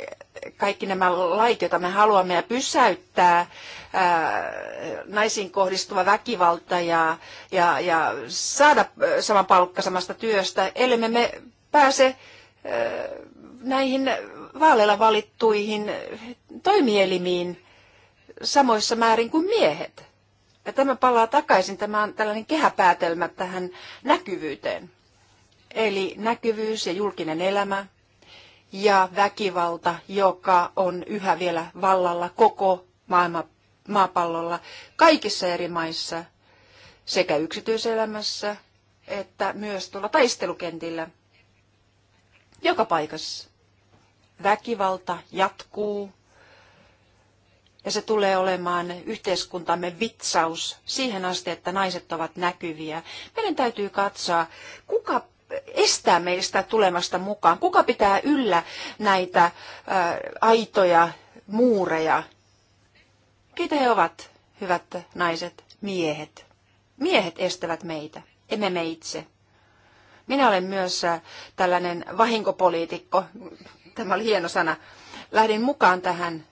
kaikki nämä lait, joita me haluamme, ja pysäyttää ää, naisiin kohdistuva väkivalta ja, ja, ja saada sama palkka samasta työstä, ellei me pääse ää, näihin vaaleilla valittuihin toimielimiin samoissa määrin kuin miehet. Ja tämä palaa takaisin, tämä on tällainen kehäpäätelmä tähän näkyvyyteen. Eli näkyvyys ja julkinen elämä ja väkivalta, joka on yhä vielä vallalla koko maailma, maapallolla, kaikissa eri maissa, sekä yksityiselämässä että myös tuolla taistelukentillä, joka paikassa. Väkivalta jatkuu ja se tulee olemaan yhteiskuntamme vitsaus siihen asti, että naiset ovat näkyviä. Meidän täytyy katsoa, kuka estää meistä tulemasta mukaan? Kuka pitää yllä näitä aitoja muureja? Keitä he ovat, hyvät naiset, miehet? Miehet estävät meitä, emme me itse. Minä olen myös tällainen vahinkopoliitikko, tämä oli hieno sana. Lähdin mukaan tähän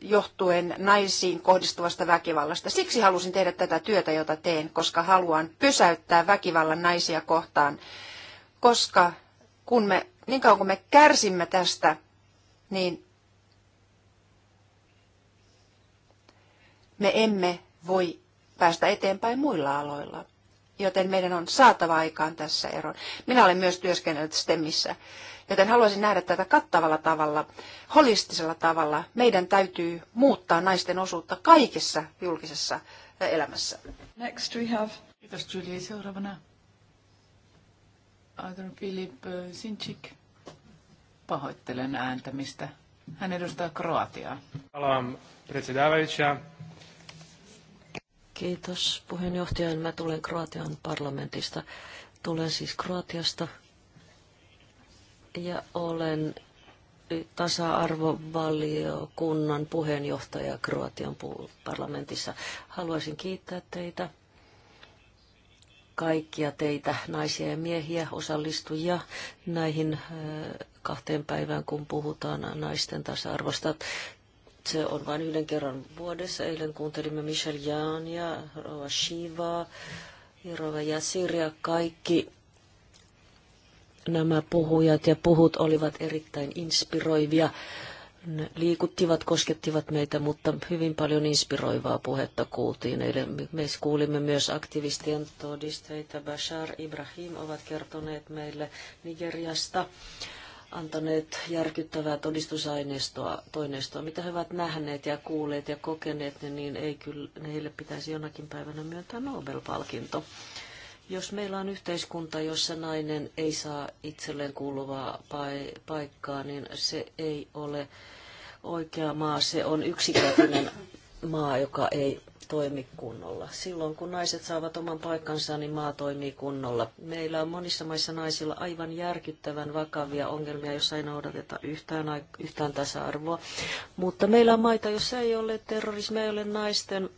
johtuen naisiin kohdistuvasta väkivallasta. Siksi halusin tehdä tätä työtä, jota teen, koska haluan pysäyttää väkivallan naisia kohtaan. Koska kun me, niin kauan kuin me kärsimme tästä, niin me emme voi päästä eteenpäin muilla aloilla. Joten meidän on saatava aikaan tässä eron. Minä olen myös työskennellyt STEMissä Joten haluaisin nähdä tätä kattavalla tavalla, holistisella tavalla. Meidän täytyy muuttaa naisten osuutta kaikessa julkisessa elämässä. Next we have... Kiitos Julie. Seuraavana Arthur Filip Sinchik. Pahoittelen ääntämistä. Hän edustaa Kroatiaa. Alam Kiitos puheenjohtaja. Mä tulen Kroatian parlamentista. Tulen siis Kroatiasta, ja olen tasa-arvovaliokunnan puheenjohtaja Kroatian parlamentissa. Haluaisin kiittää teitä, kaikkia teitä, naisia ja miehiä, osallistujia näihin kahteen päivään, kun puhutaan naisten tasa-arvosta. Se on vain yhden kerran vuodessa. Eilen kuuntelimme Jaan ja Rova ja Rova ja kaikki Nämä puhujat ja puhut olivat erittäin inspiroivia. Ne liikuttivat, koskettivat meitä, mutta hyvin paljon inspiroivaa puhetta kuultiin. Eilen me kuulimme myös aktivistien todisteita. Bashar Ibrahim ovat kertoneet meille Nigeriasta antaneet järkyttävää todistusaineistoa, toineistoa, mitä he ovat nähneet ja kuulleet ja kokeneet, niin ei kyllä, heille pitäisi jonakin päivänä myöntää Nobel-palkinto. Jos meillä on yhteiskunta, jossa nainen ei saa itselleen kuuluvaa paikkaa, niin se ei ole oikea maa. Se on yksikäinen maa, joka ei toimi kunnolla. Silloin kun naiset saavat oman paikkansa, niin maa toimii kunnolla. Meillä on monissa maissa naisilla aivan järkyttävän vakavia ongelmia, joissa ei noudateta yhtään, yhtään tasa-arvoa. Mutta meillä on maita, joissa ei ole terrorismia, ei ole naisten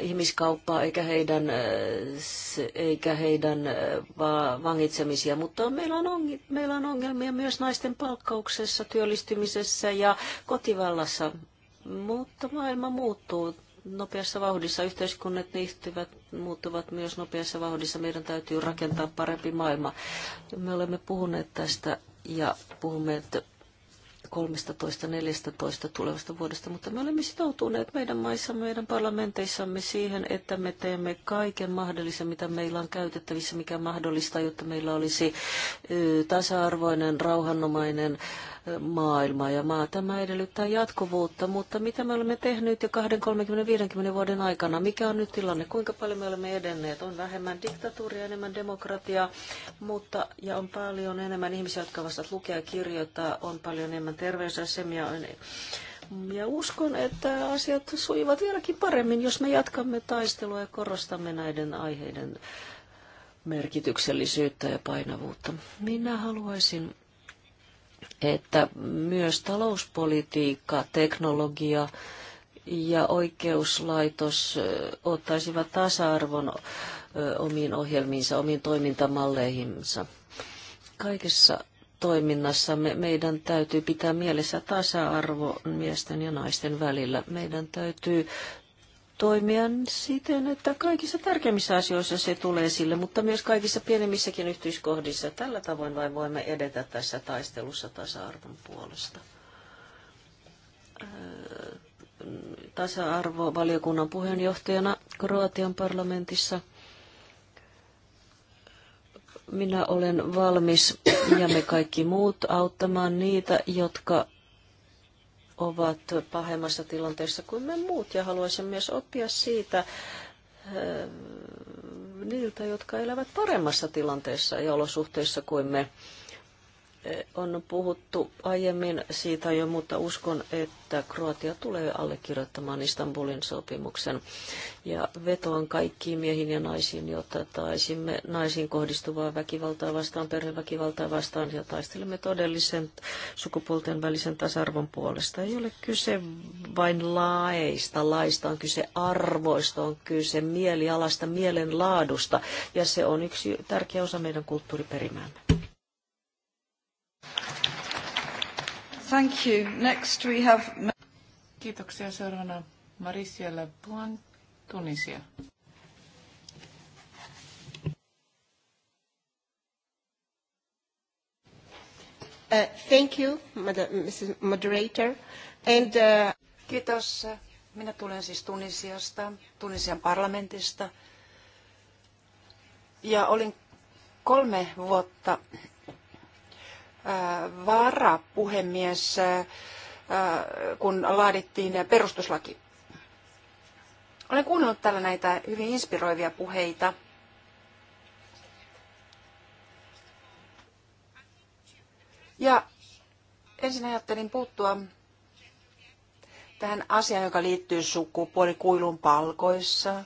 ihmiskauppaa eikä heidän, äh, eikä heidän äh, vangitsemisia, mutta meillä on, ongi, meillä on ongelmia myös naisten palkkauksessa, työllistymisessä ja kotivallassa. Mutta maailma muuttuu nopeassa vauhdissa. Yhteiskunnat niihtyvät, muuttuvat myös nopeassa vauhdissa. Meidän täytyy rakentaa parempi maailma. Me olemme puhuneet tästä ja puhumme, että 2013-2014 tulevasta vuodesta, mutta me olemme sitoutuneet meidän maissa, meidän parlamenteissamme siihen, että me teemme kaiken mahdollisen, mitä meillä on käytettävissä, mikä mahdollista, jotta meillä olisi tasa-arvoinen, rauhanomainen maailmaa ja maa. Tämä edellyttää jatkuvuutta, mutta mitä me olemme tehneet jo 20 30, 50 vuoden aikana? Mikä on nyt tilanne? Kuinka paljon me olemme edenneet? On vähemmän diktatuuria, enemmän demokratiaa, mutta ja on paljon enemmän ihmisiä, jotka vastaavat lukea ja kirjoittaa, on paljon enemmän terveysasemia, ja uskon, että asiat sujuvat vieläkin paremmin, jos me jatkamme taistelua ja korostamme näiden aiheiden merkityksellisyyttä ja painavuutta. Minä haluaisin että myös talouspolitiikka, teknologia ja oikeuslaitos ottaisivat tasa-arvon omiin ohjelmiinsa, omiin toimintamalleihinsa. Kaikessa toiminnassamme meidän täytyy pitää mielessä tasa-arvo miesten ja naisten välillä. Meidän täytyy toimia siten, että kaikissa tärkeimmissä asioissa se tulee sille, mutta myös kaikissa pienemmissäkin yhtyiskohdissa. Tällä tavoin vain voimme edetä tässä taistelussa tasa-arvon puolesta. tasa valiokunnan puheenjohtajana Kroatian parlamentissa minä olen valmis ja me kaikki muut auttamaan niitä, jotka ovat pahemmassa tilanteessa kuin me muut ja haluaisin myös oppia siitä äh, niiltä, jotka elävät paremmassa tilanteessa ja olosuhteissa kuin me on puhuttu aiemmin siitä jo, mutta uskon, että Kroatia tulee allekirjoittamaan Istanbulin sopimuksen. Ja vetoan kaikkiin miehiin ja naisiin, jotta taisimme naisiin kohdistuvaa väkivaltaa vastaan, perheväkivaltaa vastaan ja taistelemme todellisen sukupuolten välisen tasa-arvon puolesta. Ei ole kyse vain laeista, laista on kyse arvoista, on kyse mielialasta, mielenlaadusta ja se on yksi tärkeä osa meidän kulttuuriperimäämme. Thank you. Next we have... Kiitoksia. Seuraavana Marisia Labuan, Tunisia. Uh, thank you, Mrs. Moderator. And, uh, Kiitos. Minä tulen siis Tunisiasta, Tunisian parlamentista. Ja olin kolme vuotta Äh, varapuhemies, äh, kun laadittiin perustuslaki. Olen kuunnellut täällä näitä hyvin inspiroivia puheita. Ja ensin ajattelin puuttua tähän asiaan, joka liittyy sukupuolikuilun palkoissa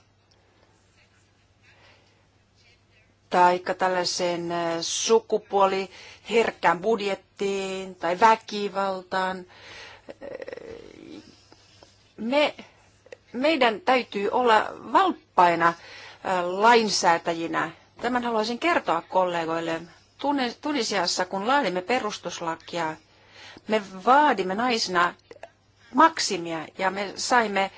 tai tällaiseen äh, sukupuoliherkkään budjettiin tai väkivaltaan. Äh, me, meidän täytyy olla valppaina äh, lainsäätäjinä. Tämän haluaisin kertoa kollegoille. Tunisiassa, kun laadimme perustuslakia, me vaadimme naisina maksimia ja me saimme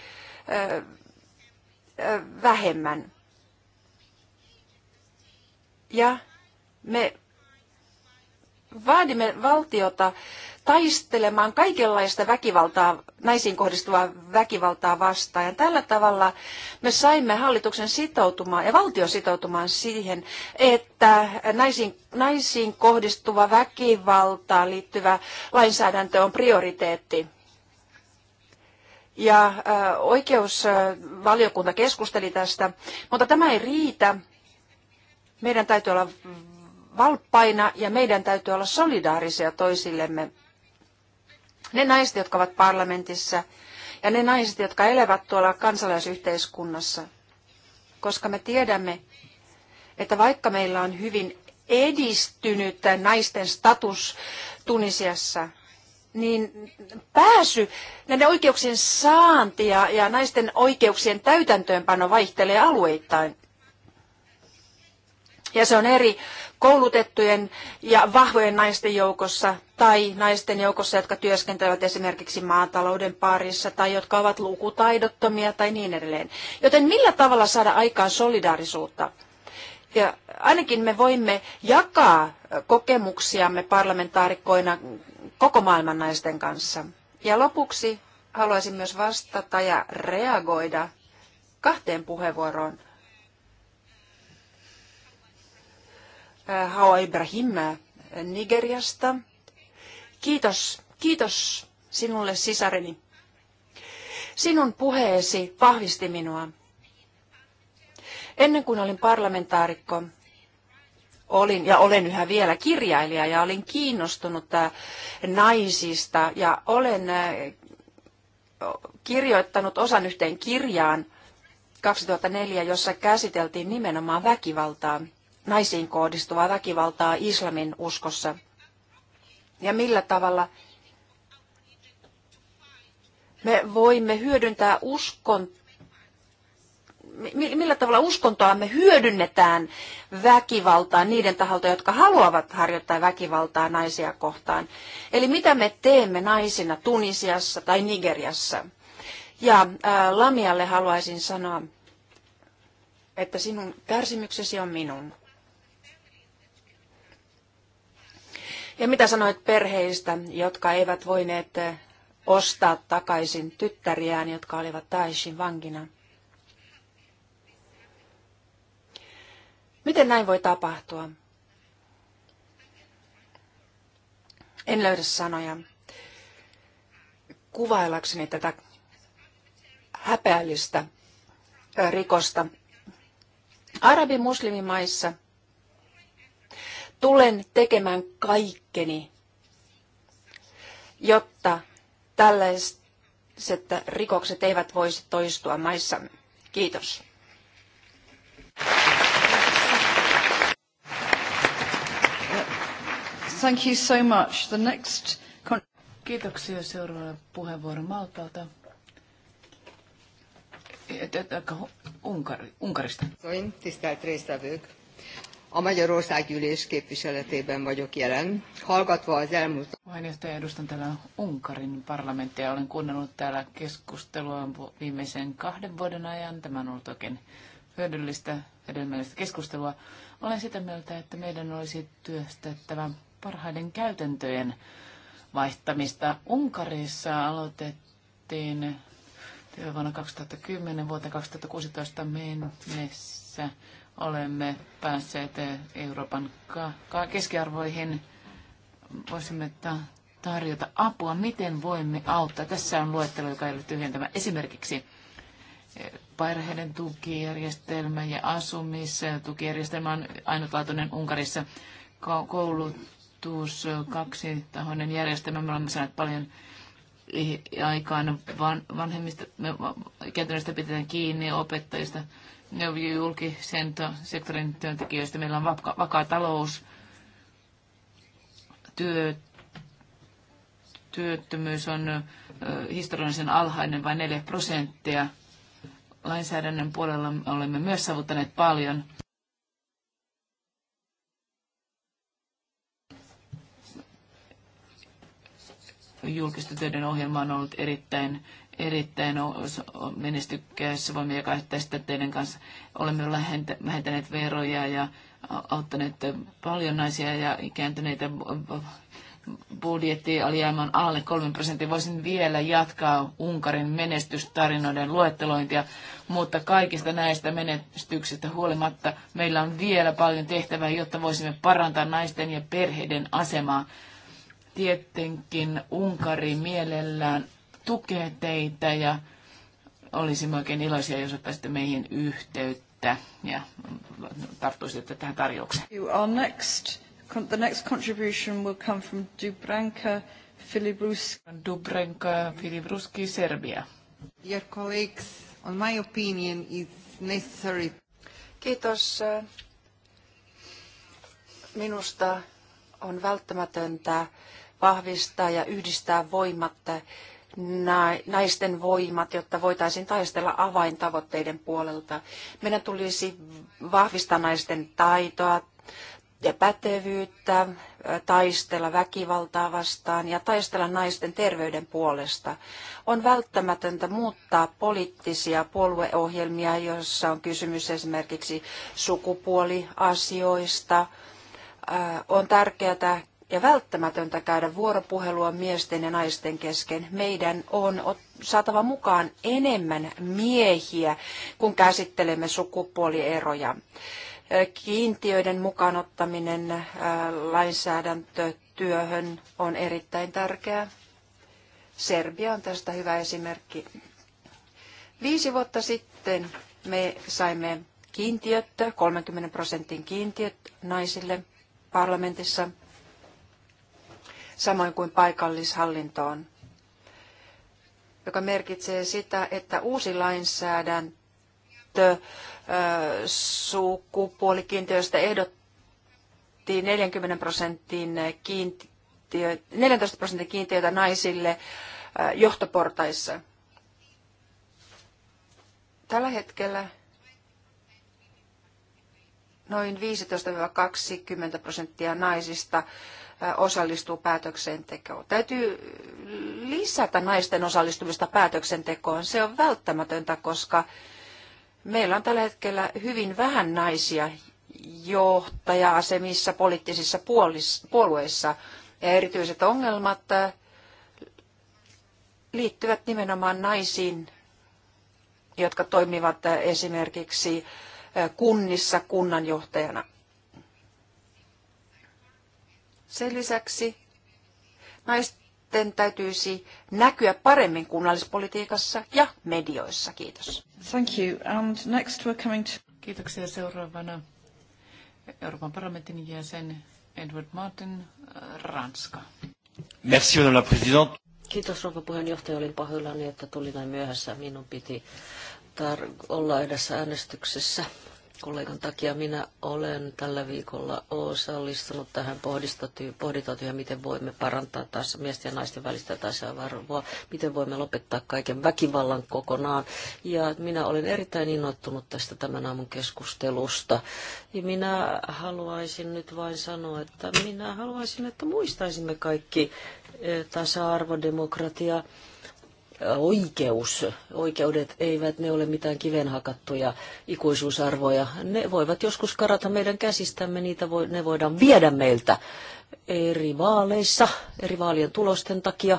vähemmän. Ja me vaadimme valtiota taistelemaan kaikenlaista väkivaltaa, naisiin kohdistuvaa väkivaltaa vastaan. Ja tällä tavalla me saimme hallituksen sitoutumaan ja valtio sitoutumaan siihen, että naisiin, naisiin kohdistuva väkivaltaa liittyvä lainsäädäntö on prioriteetti. Ja oikeusvaliokunta keskusteli tästä, mutta tämä ei riitä meidän täytyy olla valppaina ja meidän täytyy olla solidaarisia toisillemme. Ne naiset, jotka ovat parlamentissa ja ne naiset, jotka elävät tuolla kansalaisyhteiskunnassa. Koska me tiedämme, että vaikka meillä on hyvin edistynyt naisten status Tunisiassa, niin pääsy näiden oikeuksien saanti ja, ja naisten oikeuksien täytäntöönpano vaihtelee alueittain. Ja se on eri koulutettujen ja vahvojen naisten joukossa tai naisten joukossa, jotka työskentelevät esimerkiksi maatalouden parissa tai jotka ovat lukutaidottomia tai niin edelleen. Joten millä tavalla saada aikaan solidaarisuutta? Ja ainakin me voimme jakaa kokemuksiamme parlamentaarikkoina koko maailman naisten kanssa. Ja lopuksi haluaisin myös vastata ja reagoida kahteen puheenvuoroon Eh, Hawa Ibrahim eh, Nigeriasta. Kiitos, kiitos sinulle sisareni. Sinun puheesi vahvisti minua. Ennen kuin olin parlamentaarikko, olin ja olen yhä vielä kirjailija ja olin kiinnostunut eh, naisista ja olen kirjoittanut osan yhteen kirjaan 2004, jossa käsiteltiin nimenomaan väkivaltaa naisiin kohdistuvaa väkivaltaa islamin uskossa ja millä tavalla me voimme hyödyntää uskon, millä tavalla uskontoa me hyödynnetään väkivaltaa niiden taholta, jotka haluavat harjoittaa väkivaltaa naisia kohtaan. Eli mitä me teemme naisina Tunisiassa tai Nigeriassa? Ja ää, Lamialle haluaisin sanoa, että sinun kärsimyksesi on minun. Ja mitä sanoit perheistä, jotka eivät voineet eh, ostaa takaisin tyttäriään, jotka olivat Daeshin vankina? Miten näin voi tapahtua? En löydä sanoja kuvaillakseni tätä häpeällistä eh, rikosta. Arabi-muslimimaissa – tulen tekemään kaikkeni, jotta tällaiset rikokset eivät voisi toistua maissamme. Kiitos. Thank you so much. The next... Kiitoksia. Seuraava puheenvuoro Maltalta. Eh, eh, eh, Unkari, Unkarista. Soin tisztelt résztvevők. A Magyarország gyűlés képviseletében vagyok jelen. Hallgatva az elmúlt... Puheenjohtaja edustan täällä Unkarin parlamenttia. Olen kuunnellut täällä keskustelua viimeisen kahden vuoden ajan. Tämä on ollut oikein hyödyllistä, hedelmällistä keskustelua. Olen sitä mieltä, että meidän olisi työstettävä parhaiden käytäntöjen vaihtamista. Unkarissa aloitettiin vuonna 2010 vuoteen 2016 mennessä olemme päässeet Euroopan keskiarvoihin. Voisimme tarjota apua, miten voimme auttaa. Tässä on luettelo, joka ei ole tyhjentävä. Esimerkiksi eh, perheiden tukijärjestelmä ja asumistukijärjestelmä on ainutlaatuinen Unkarissa. Koulutus, kaksitahoinen järjestelmä. Me olemme saaneet paljon aikaan van, vanhemmista, me, ikääntyneistä pidetään kiinni opettajista julkisen sektorin työntekijöistä. Meillä on vaka- vakaa talous, työ, työttömyys on historiallisen alhainen, vain 4 prosenttia. Lainsäädännön puolella olemme myös saavuttaneet paljon. julkisten töiden ohjelma on ollut erittäin erittäin menestykkäys. Voimme jakaa tästä teidän kanssa. Olemme vähentäneet veroja ja auttaneet paljon naisia ja ikääntyneitä budjetti alijäämän alle 3 prosenttia. Voisin vielä jatkaa Unkarin menestystarinoiden luettelointia, mutta kaikista näistä menestyksistä huolimatta meillä on vielä paljon tehtävää, jotta voisimme parantaa naisten ja perheiden asemaa. Tietenkin Unkari mielellään tukee teitä ja olisimme oikein iloisia, jos ottaisitte meihin yhteyttä ja tarttuisitte tähän tarjoukseen. Our next, the next contribution will come from Dubranka Filibruski. Dubranka Filibruski, Serbia. Dear colleagues, on my opinion, is necessary. Kiitos. Minusta on välttämätöntä vahvistaa ja yhdistää voimat naisten voimat, jotta voitaisiin taistella avaintavoitteiden puolelta. Meidän tulisi vahvistaa naisten taitoa ja pätevyyttä, taistella väkivaltaa vastaan ja taistella naisten terveyden puolesta. On välttämätöntä muuttaa poliittisia puolueohjelmia, joissa on kysymys esimerkiksi sukupuoliasioista. On tärkeää ja välttämätöntä käydä vuoropuhelua miesten ja naisten kesken. Meidän on saatava mukaan enemmän miehiä, kun käsittelemme sukupuolieroja. Kiintiöiden mukaanottaminen lainsäädäntötyöhön on erittäin tärkeää. Serbia on tästä hyvä esimerkki. Viisi vuotta sitten me saimme kiintiöt, 30 prosentin kiintiöt naisille parlamentissa – samoin kuin paikallishallintoon, joka merkitsee sitä, että uusi lainsäädäntö sukupuolikiintiöistä ehdotti 40 prosentin kiintiö, 14 prosentin kiintiötä naisille johtoportaissa. Tällä hetkellä noin 15-20 prosenttia naisista osallistuu päätöksentekoon. Täytyy lisätä naisten osallistumista päätöksentekoon. Se on välttämätöntä, koska meillä on tällä hetkellä hyvin vähän naisia johtaja-asemissa poliittisissa puolueissa. Ja erityiset ongelmat äh, liittyvät nimenomaan naisiin, jotka toimivat äh, esimerkiksi äh, kunnissa kunnanjohtajana – sen lisäksi naisten täytyisi näkyä paremmin kunnallispolitiikassa ja medioissa. Kiitos. Thank you. And next we're coming to... Kiitoksia seuraavana Euroopan parlamentin jäsen Edward Martin, Ranska. Merci, madame la présidente. Kiitos rouva puheenjohtaja. Olin pahoillani, että tuli näin myöhässä. Minun piti tar- olla edessä äänestyksessä kollegan takia minä olen tällä viikolla osallistunut tähän pohdintatyöhön, miten voimme parantaa taas miesten ja naisten välistä tasa-arvoa, miten voimme lopettaa kaiken väkivallan kokonaan. Ja minä olen erittäin innoittunut tästä tämän aamun keskustelusta. Ja minä haluaisin nyt vain sanoa, että minä haluaisin, että muistaisimme kaikki eh, tasa arvodemokratiaa demokratia oikeus. Oikeudet eivät ne ole mitään kivenhakattuja ikuisuusarvoja. Ne voivat joskus karata meidän käsistämme, niitä voi, ne voidaan viedä meiltä eri vaaleissa, eri vaalien tulosten takia,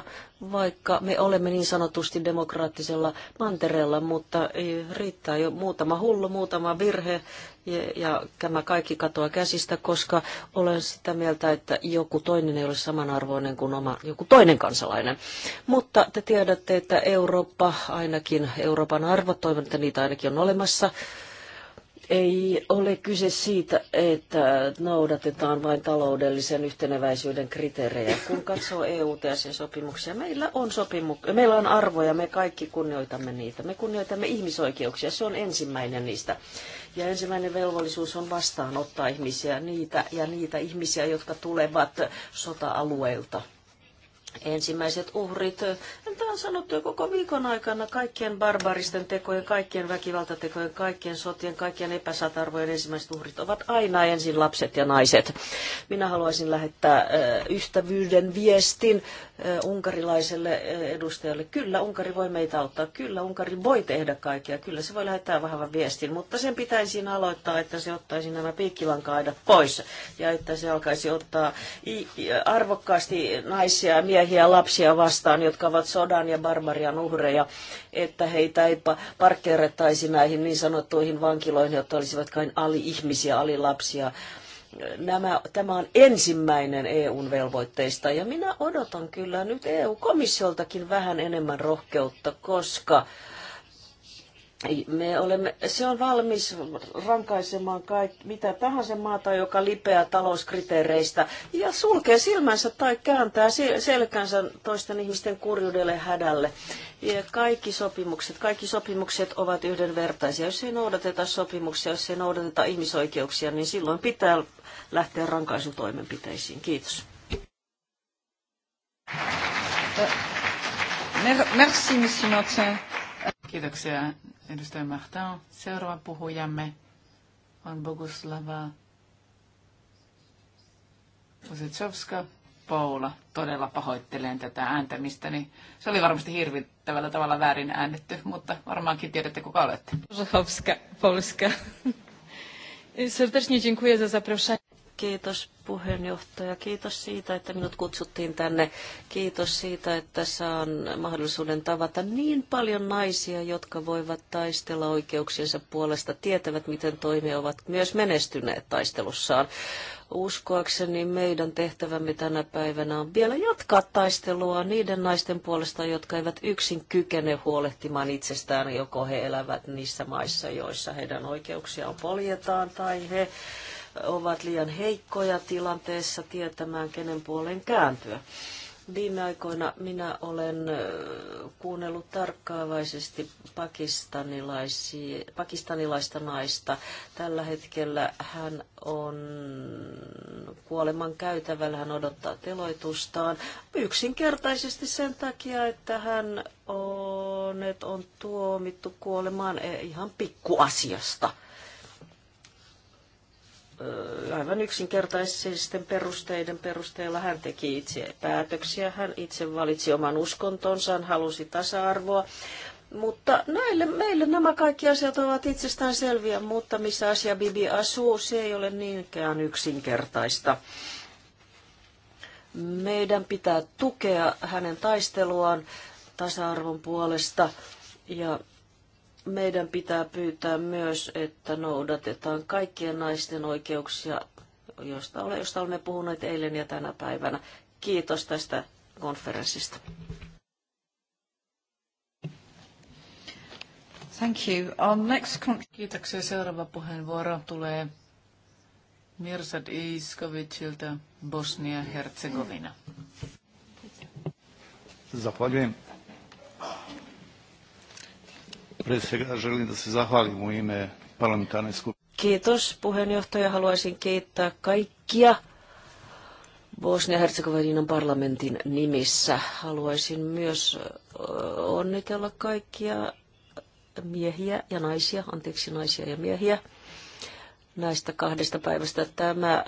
vaikka me olemme niin sanotusti demokraattisella mantereella, mutta riittää jo muutama hullu, muutama virhe, ja tämä kaikki katoaa käsistä, koska olen sitä mieltä, että joku toinen ei ole samanarvoinen kuin oma joku toinen kansalainen. Mutta te tiedätte, että Eurooppa, ainakin Euroopan arvot, toivon, että niitä ainakin on olemassa, ei ole kyse siitä, että noudatetaan vain taloudellisen yhteneväisyyden kriteerejä. Kun katsoo EU- ja sen sopimuksia, meillä on, sopimuksia. meillä on arvoja, me kaikki kunnioitamme niitä. Me kunnioitamme ihmisoikeuksia, se on ensimmäinen niistä. Ja ensimmäinen velvollisuus on vastaanottaa ihmisiä, niitä ja niitä ihmisiä, jotka tulevat sota-alueilta ensimmäiset uhrit. Tämä on sanottu jo koko viikon aikana kaikkien barbaristen tekojen, kaikkien väkivaltatekojen, kaikkien sotien, kaikkien epäsatarvojen ensimmäiset uhrit ovat aina ensin lapset ja naiset. Minä haluaisin lähettää äh, ystävyyden viestin äh, unkarilaiselle äh, edustajalle. Kyllä Unkari voi meitä auttaa, kyllä Unkari voi tehdä kaikkea, kyllä se voi lähettää vahvan viestin, mutta sen pitäisi aloittaa, että se ottaisi nämä piikkilankaidat pois ja että se alkaisi ottaa arvokkaasti naisia ja miehiä miehiä ja lapsia vastaan, jotka ovat sodan ja barbarian uhreja, että heitä ei parkkeerettaisi näihin niin sanottuihin vankiloihin, jotka olisivat kain ali-ihmisiä, alilapsia. Nämä, tämä on ensimmäinen EUn velvoitteista ja minä odotan kyllä nyt EU-komissioltakin vähän enemmän rohkeutta, koska me olemme, se on valmis rankaisemaan kaik, mitä tahansa maata, joka lipeää talouskriteereistä ja sulkee silmänsä tai kääntää selkänsä toisten ihmisten kurjuudelle hädälle. Ja kaikki sopimukset, kaikki sopimukset ovat yhdenvertaisia. Jos ei noudateta sopimuksia, jos ei noudateta ihmisoikeuksia, niin silloin pitää lähteä rankaisutoimenpiteisiin. Kiitos. Merci, Monsieur Martin. Kiitoksia, edustaja Martin, Seuraava puhujamme on Boguslava Osetsovska Paula, Todella pahoittelen tätä ääntämistä, niin se oli varmasti hirvittävällä tavalla väärin äännetty, mutta varmaankin tiedätte kuka olette. Osetsovska Polska. Serdecznie dziękuję za zaproszenie. Kiitos puheenjohtaja. Kiitos siitä, että minut kutsuttiin tänne. Kiitos siitä, että saan mahdollisuuden tavata niin paljon naisia, jotka voivat taistella oikeuksiensa puolesta, tietävät miten toimia, ovat myös menestyneet taistelussaan. Uskoakseni meidän tehtävämme tänä päivänä on vielä jatkaa taistelua niiden naisten puolesta, jotka eivät yksin kykene huolehtimaan itsestään, joko he elävät niissä maissa, joissa heidän oikeuksiaan poljetaan tai he ovat liian heikkoja tilanteessa tietämään, kenen puolen kääntyä. Viime aikoina minä olen kuunnellut tarkkaavaisesti pakistanilaista naista. Tällä hetkellä hän on kuoleman käytävällä, hän odottaa teloitustaan yksinkertaisesti sen takia, että hän on, on tuomittu kuolemaan e, ihan pikkuasiasta aivan yksinkertaisisten perusteiden perusteella hän teki itse päätöksiä. Hän itse valitsi oman uskontonsa, hän halusi tasa-arvoa. Mutta näille, meille nämä kaikki asiat ovat itsestään selviä, mutta missä asia Bibi asuu, se ei ole niinkään yksinkertaista. Meidän pitää tukea hänen taisteluaan tasa-arvon puolesta ja meidän pitää pyytää myös, että noudatetaan kaikkien naisten oikeuksia, josta, ole, josta olemme puhuneet eilen ja tänä päivänä. Kiitos tästä konferenssista. Thank you. Our next Kiitoksia. Seuraava puheenvuoro tulee Mirsad Iskovicilta Bosnia-Herzegovina. Zahvaljujem. Prije svega želim da se zahvalim u ime parlamentarne skupine. Kiitos puheenjohtaja. Haluaisin kiittää kaikkia Bosnia-Herzegovinan parlamentin nimissä. Haluaisin myös onnitella kaikkia miehiä ja naisia, anteeksi naisia ja miehiä, näistä kahdesta päivästä. Tämä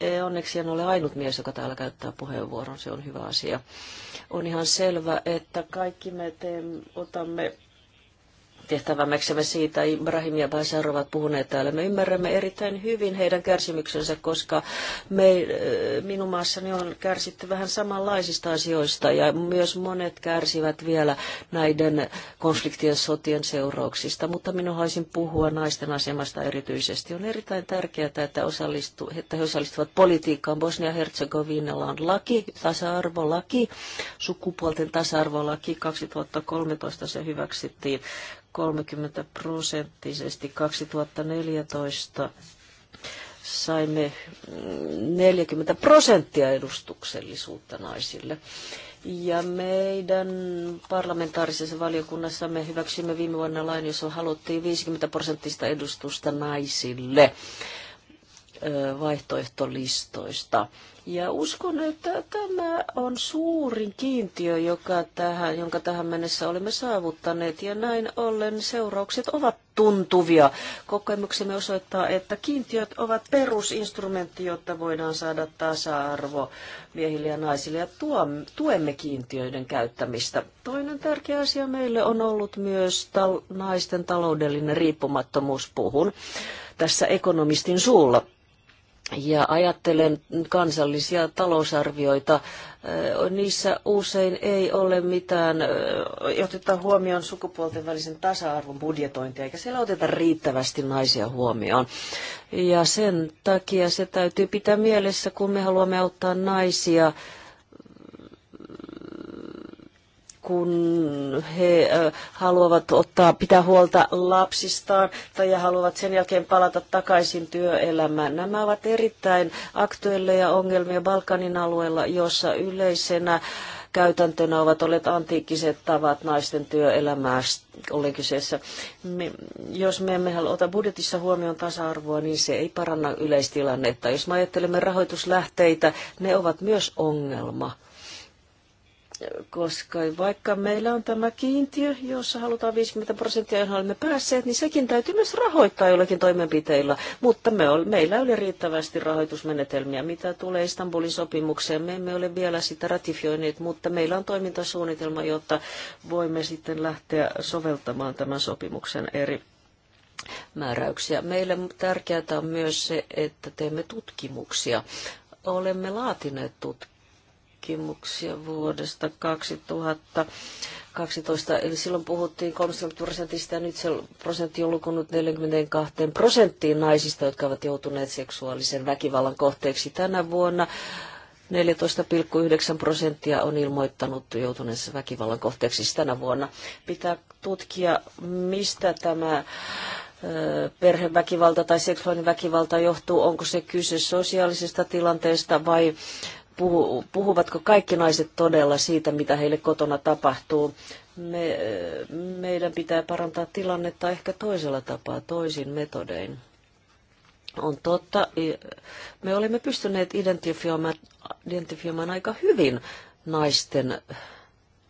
e, onneksi en ole ainut mies, joka täällä käyttää puheenvuoron, se on hyvä asia. On ihan selvä, että kaikki me teemme, otamme tehtävämeksemme siitä. Ibrahim ja Baisar ovat puhuneet täällä. Me ymmärrämme erittäin hyvin heidän kärsimyksensä, koska me, eh, minun maassani on kärsitty vähän samanlaisista asioista ja myös monet kärsivät vielä näiden konfliktien sotien seurauksista. Mutta minun haluaisin puhua naisten asemasta erityisesti. On erittäin tärkeää, että, osallistu, että he osallistuvat politiikkaan. Bosnia-Herzegovinalla on laki, tasa-arvolaki, sukupuolten tasa-arvolaki 2013 se hyväksyttiin 30 prosenttisesti 2014 saimme 40 prosenttia edustuksellisuutta naisille. Ja meidän parlamentaarisessa valiokunnassa me hyväksymme viime vuonna lain, jossa haluttiin 50 prosenttista edustusta naisille vaihtoehtolistoista. Ja uskon, että tämä on suurin kiintiö, joka tähän, jonka tähän mennessä olemme saavuttaneet. Ja näin ollen seuraukset ovat tuntuvia. Kokemuksemme osoittaa, että kiintiöt ovat perusinstrumentti, jotta voidaan saada tasa-arvo miehille ja naisille ja tuemme kiintiöiden käyttämistä. Toinen tärkeä asia meille on ollut myös tal- naisten taloudellinen riippumattomuus. Puhun tässä ekonomistin suulla ja ajattelen kansallisia talousarvioita. Niissä usein ei ole mitään, oteta huomioon sukupuolten välisen tasa-arvon budjetointia, eikä siellä oteta riittävästi naisia huomioon. Ja sen takia se täytyy pitää mielessä, kun me haluamme auttaa naisia kun he haluavat ottaa, pitää huolta lapsistaan tai haluavat sen jälkeen palata takaisin työelämään. Nämä ovat erittäin aktuelleja ongelmia Balkanin alueella, jossa yleisenä käytäntönä ovat olleet antiikkiset tavat naisten työelämää oli kyseessä. Me, jos me emme ota budjetissa huomioon tasa-arvoa, niin se ei paranna yleistilannetta. Jos me ajattelemme rahoituslähteitä, ne ovat myös ongelma koska vaikka meillä on tämä kiintiö, jossa halutaan 50 prosenttia, johon olemme päässeet, niin sekin täytyy myös rahoittaa jollakin toimenpiteillä. Mutta me ol, meillä oli riittävästi rahoitusmenetelmiä, mitä tulee Istanbulin sopimukseen. Me emme ole vielä sitä ratifioineet, mutta meillä on toimintasuunnitelma, jotta voimme sitten lähteä soveltamaan tämän sopimuksen eri määräyksiä. Meille tärkeää on myös se, että teemme tutkimuksia olemme laatineet tutkimuksia tutkimuksia vuodesta 2012, eli silloin puhuttiin 30 prosentista ja nyt se prosentti on lukunut 42 prosenttiin naisista, jotka ovat joutuneet seksuaalisen väkivallan kohteeksi tänä vuonna. 14,9 prosenttia on ilmoittanut joutuneensa väkivallan kohteeksi siis tänä vuonna. Pitää tutkia, mistä tämä perheväkivalta tai seksuaalinen väkivalta johtuu, onko se kyse sosiaalisesta tilanteesta vai puhu, puhuvatko kaikki naiset todella siitä, mitä heille kotona tapahtuu. Me, meidän pitää parantaa tilannetta ehkä toisella tapaa, toisin metodein. On totta, me olemme pystyneet identifioimaan, identifioimaan aika hyvin naisten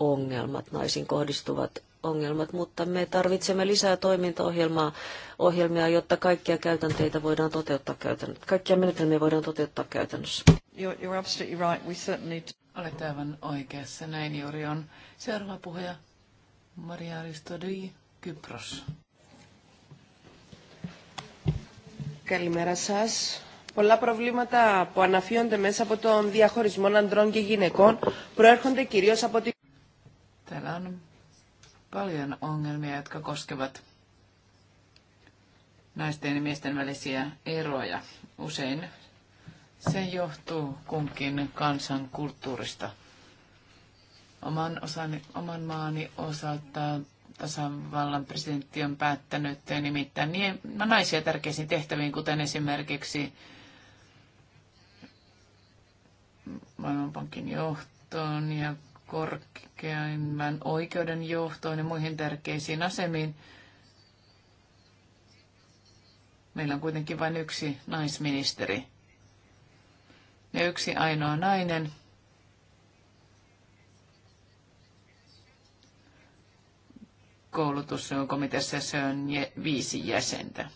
ongelmat, naisiin kohdistuvat ongelmat, mutta me tarvitsemme lisää toimintaohjelmaa, ohjelmia, jotta kaikkia käytänteitä voidaan toteuttaa käytännössä. Kaikkia menetelmiä voidaan toteuttaa käytännössä. You're, absolutely right. We certainly Olet aivan oikeassa. Näin juuri on. Seuraava puhuja, Maria aristodi Kypros. Καλημέρα σας. Πολλά προβλήματα που αναφύονται μέσα από τον διαχωρισμό ανδρών και γυναικών προέρχονται κυρίως από την... Täällä on paljon ongelmia, jotka koskevat naisten ja miesten välisiä eroja. Usein se johtuu kunkin kansan kulttuurista. Oman, osani, oman maani osalta tasavallan presidentti on päättänyt nimittäin niin, naisia tärkeisiin tehtäviin, kuten esimerkiksi Maailmanpankin johtoon ja korkeimman oikeuden johtoon ja muihin tärkeisiin asemiin. Meillä on kuitenkin vain yksi naisministeri ja yksi ainoa nainen. komiteassa se on viisi jäsentä.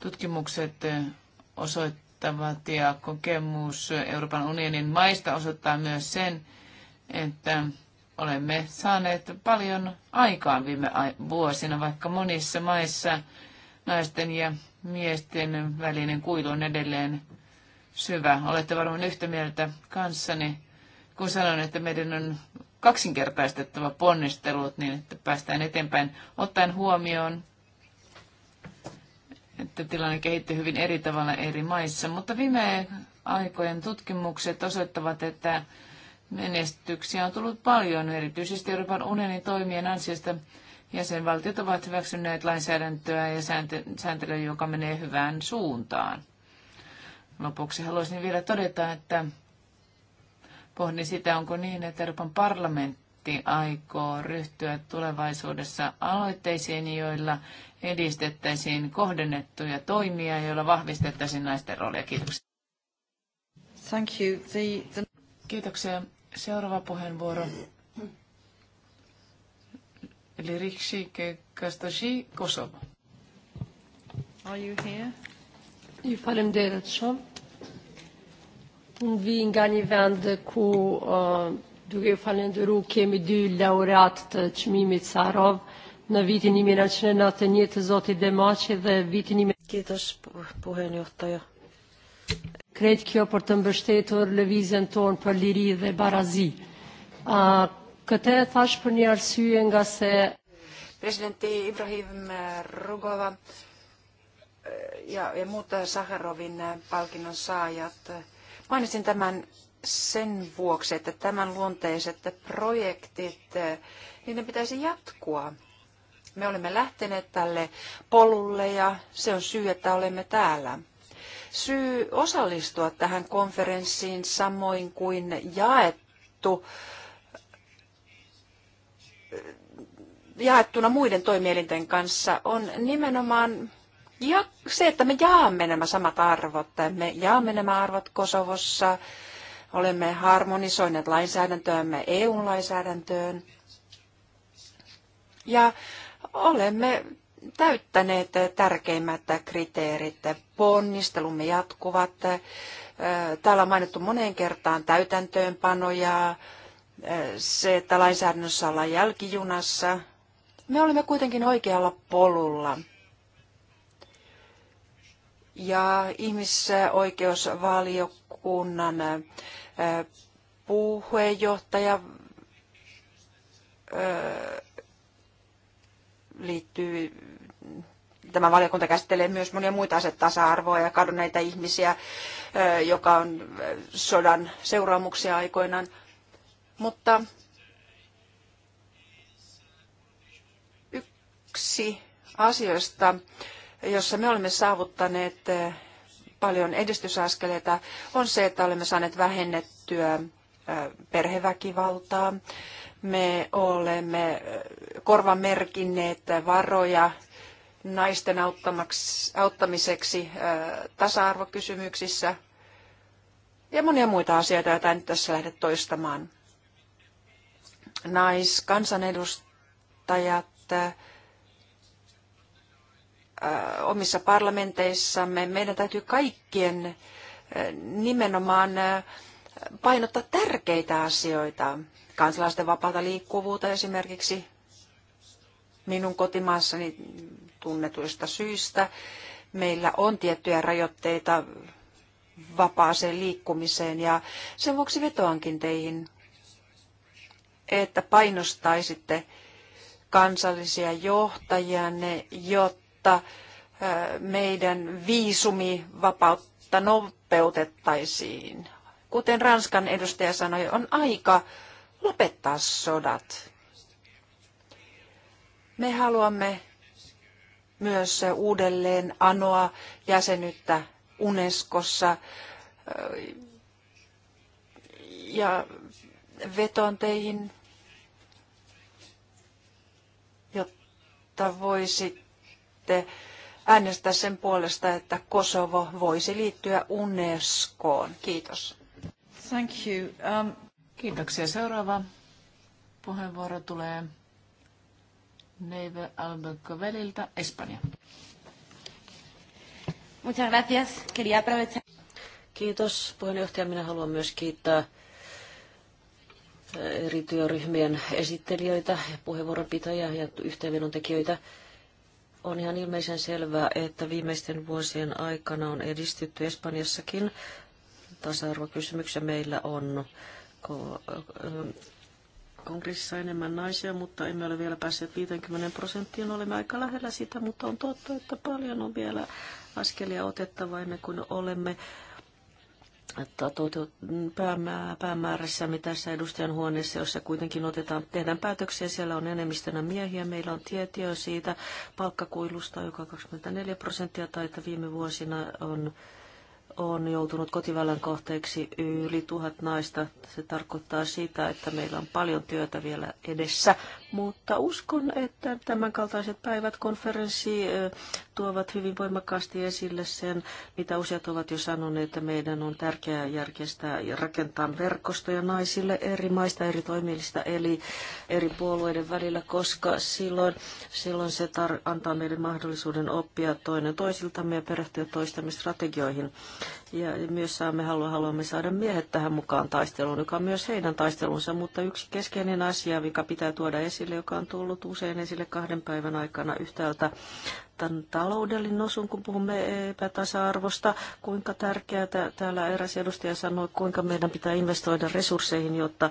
Tutkimukset osoittavat ja kokemus Euroopan unionin maista osoittaa myös sen, että olemme saaneet paljon aikaan viime vuosina, vaikka monissa maissa naisten ja miesten välinen kuilu on edelleen syvä. Olette varmaan yhtä mieltä kanssani, kun sanon, että meidän on kaksinkertaistettava ponnistelut niin, että päästään eteenpäin, ottaen huomioon, että tilanne kehittyy hyvin eri tavalla eri maissa. Mutta viime aikojen tutkimukset osoittavat, että menestyksiä on tullut paljon, erityisesti Euroopan unionin toimien ansiosta jäsenvaltiot ovat hyväksyneet lainsäädäntöä ja sääntelyä, joka menee hyvään suuntaan. Lopuksi haluaisin vielä todeta, että pohdin sitä, onko niin, että Euroopan parlamentti aikoo ryhtyä tulevaisuudessa aloitteisiin, joilla edistettäisiin kohdennettuja toimia, joilla vahvistettaisiin naisten roolia. Kiitoksia. Thank you. The, the... Kiitoksia. Seuraava puheenvuoro Eli Rikshike Kastashi, Kosovo. Are you here? Ju faleminderit shumë. Unë vi nga një vend ku uh, duke ju falenderu kemi dy laureat të qmimit Sarov në vitin 1991 të Zotit Demaci dhe vitin 1991. Kiitos puheenjohtaja. Kretë kjo për të mbështetur lëvizjen tonë për liri dhe barazi. Uh, Këtë e thash për një arsye nga se... Presidentti Ibrahim Rugova eh, ja, ja muut eh, Saharovin eh, palkinnon saajat. Mainitsin tämän sen vuoksi, että tämän luonteiset projektit, niiden pitäisi jatkua. Me olemme lähteneet tälle polulle ja se on syy, että olemme täällä. Syy osallistua tähän konferenssiin samoin kuin jaettu äh, jaettuna muiden toimielinten kanssa on nimenomaan ja se, että me jaamme nämä samat arvot, me jaamme nämä arvot Kosovossa, olemme harmonisoineet lainsäädäntöämme EU-lainsäädäntöön ja olemme täyttäneet tärkeimmät kriteerit. Ponnistelumme jatkuvat. Täällä on mainittu moneen kertaan täytäntöönpanoja, se, että lainsäädännössä ollaan jälkijunassa, me olemme kuitenkin oikealla polulla. Ja ihmisoikeusvaliokunnan puheenjohtaja liittyy, tämä valiokunta käsittelee myös monia muita asioita, tasa-arvoa ja kadonneita ihmisiä, joka on sodan seuraamuksia aikoinaan. Mutta yksi asioista, jossa me olemme saavuttaneet eh, paljon edistysaskeleita, on se, että olemme saaneet vähennettyä eh, perheväkivaltaa. Me olemme eh, korvamerkinneet varoja naisten auttamiseksi tasa-arvokysymyksissä ja monia muita asioita, joita en tässä lähde toistamaan. Naiskansanedustajat kansanedustajat Äh, omissa parlamenteissamme. Meidän täytyy kaikkien äh, nimenomaan äh, painottaa tärkeitä asioita. Kansalaisten vapaata liikkuvuutta esimerkiksi minun kotimaassani tunnetuista syistä. Meillä on tiettyjä rajoitteita vapaaseen liikkumiseen ja sen vuoksi vetoankin teihin, että painostaisitte kansallisia johtajianne, jotta jotta meidän viisumivapautta nopeutettaisiin. Kuten Ranskan edustaja sanoi, on aika lopettaa sodat. Me haluamme myös uudelleen anoa jäsenyyttä Unescossa ja vetoan teihin, jotta voisit äänestää sen puolesta, että Kosovo voisi liittyä Unescoon. Kiitos. Thank you. Um, kiitoksia. Seuraava puheenvuoro tulee Neve Alberto Veliltä, Espanja. Muchas gracias. Quería aprovechar. Kiitos puheenjohtaja. Minä haluan myös kiittää eh, eri työryhmien esittelijöitä, puheenvuoronpitäjiä ja yhteenvedon tekijöitä on ihan ilmeisen selvää, että viimeisten vuosien aikana on edistytty Espanjassakin tasa-arvokysymyksiä. Meillä on kongressissa enemmän naisia, mutta emme ole vielä päässeet 50 prosenttiin. Olemme aika lähellä sitä, mutta on totta, että paljon on vielä askelia otettava ennen kuin olemme päämäärässä me tässä edustajan huoneessa, jossa kuitenkin otetaan, tehdään päätöksiä. Siellä on enemmistönä miehiä. Meillä on tietoa siitä palkkakuilusta, joka 24 prosenttia tai että viime vuosina on, on joutunut kotivallan kohteeksi yli tuhat naista. Se tarkoittaa sitä, että meillä on paljon työtä vielä edessä. Mutta uskon, että tämänkaltaiset päivät, konferenssi, tuovat hyvin voimakkaasti esille sen, mitä useat ovat jo sanoneet, että meidän on tärkeää järkeistää ja rakentaa verkostoja naisille eri maista, eri toimielistä, eli eri puolueiden välillä, koska silloin, silloin se tar- antaa meille mahdollisuuden oppia toinen toisiltamme ja perehtyä toistamme strategioihin. Ja myös saamme, haluamme saada miehet tähän mukaan taisteluun, joka on myös heidän taistelunsa, mutta yksi keskeinen asia, mikä pitää tuoda esille, joka on tullut usein esille kahden päivän aikana yhtäältä tämän taloudellinen osun, kun puhumme epätasa-arvosta, kuinka tärkeää täällä eräs edustaja sanoi, kuinka meidän pitää investoida resursseihin, jotta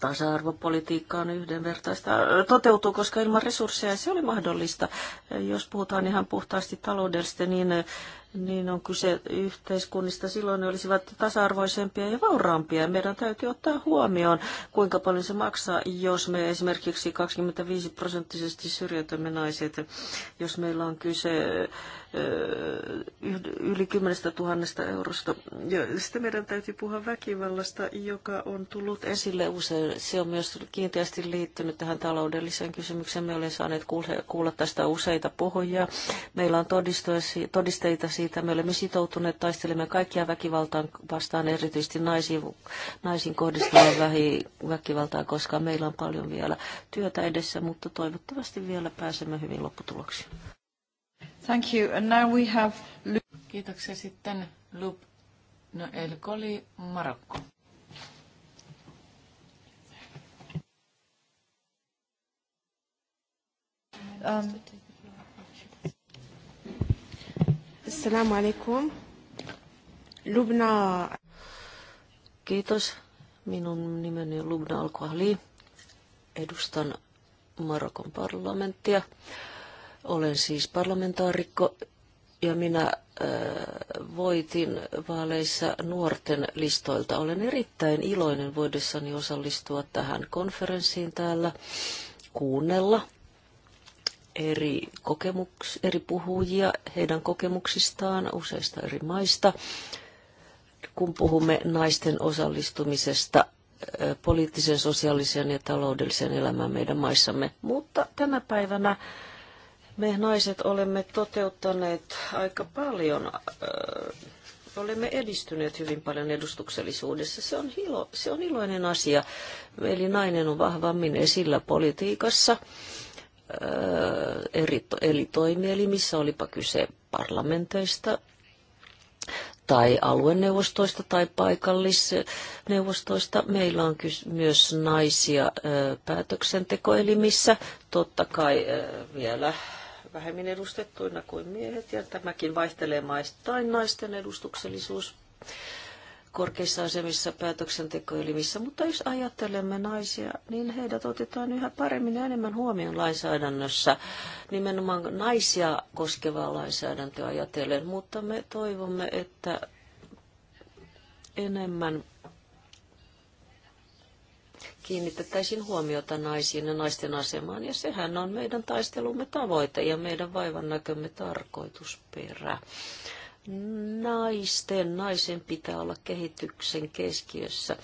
tasa-arvopolitiikka on yhdenvertaista toteutuu, koska ilman resursseja se oli mahdollista. Jos puhutaan ihan puhtaasti taloudellisesti, niin niin on kyse yhteiskunnista, silloin ne olisivat tasa-arvoisempia ja vauraampia. Meidän täytyy ottaa huomioon, kuinka paljon se maksaa, jos me esimerkiksi 25 prosenttisesti syrjäytämme naiset, jos meillä on kyse yli 10 000 eurosta. Ja sitten meidän täytyy puhua väkivallasta, joka on tullut esille usein. Se on myös kiinteästi liittynyt tähän taloudelliseen kysymykseen. Me olemme saaneet kuulla tästä useita puhujia. Meillä on todisteita siitä. Me olemme sitoutuneet taistelemme kaikkia väkivaltaan vastaan, erityisesti naisiin, naisiin kohdistuvan väkivaltaa, koska meillä on paljon vielä työtä edessä, mutta toivottavasti vielä pääsemme hyvin lopputuloksiin. Thank you. And now we have Kiitoksia sitten Lup no, El Marokko. Um, Assalamu alaikum. Lubna. Kiitos. Minun nimeni on Lubna al Edustan Marokon parlamenttia. Olen siis parlamentaarikko ja minä äh, voitin vaaleissa nuorten listoilta. Olen erittäin iloinen voidessani osallistua tähän konferenssiin täällä, kuunnella eri, kokemuks, eri puhujia heidän kokemuksistaan useista eri maista, kun puhumme naisten osallistumisesta poliittisen, sosiaalisen ja taloudellisen elämään meidän maissamme. Mutta tänä päivänä me naiset olemme toteuttaneet aika paljon, olemme edistyneet hyvin paljon edustuksellisuudessa. Se on, ilo, se on iloinen asia. Eli nainen on vahvammin esillä politiikassa eri, eli toimielimissä, olipa kyse parlamenteista tai alueneuvostoista tai paikallisneuvostoista. Meillä on myös naisia päätöksentekoelimissä, totta kai vielä vähemmin edustettuina kuin miehet, ja tämäkin vaihtelee maistain naisten edustuksellisuus korkeissa asemissa päätöksentekoelimissä, mutta jos ajattelemme naisia, niin heidät otetaan yhä paremmin ja enemmän huomioon lainsäädännössä, nimenomaan naisia koskevaa lainsäädäntöä ajatellen, mutta me toivomme, että enemmän kiinnitettäisiin huomiota naisiin ja naisten asemaan, ja sehän on meidän taistelumme tavoite ja meidän vaivan näkömme tarkoitusperä naisten, naisen pitää olla kehityksen keskiössä.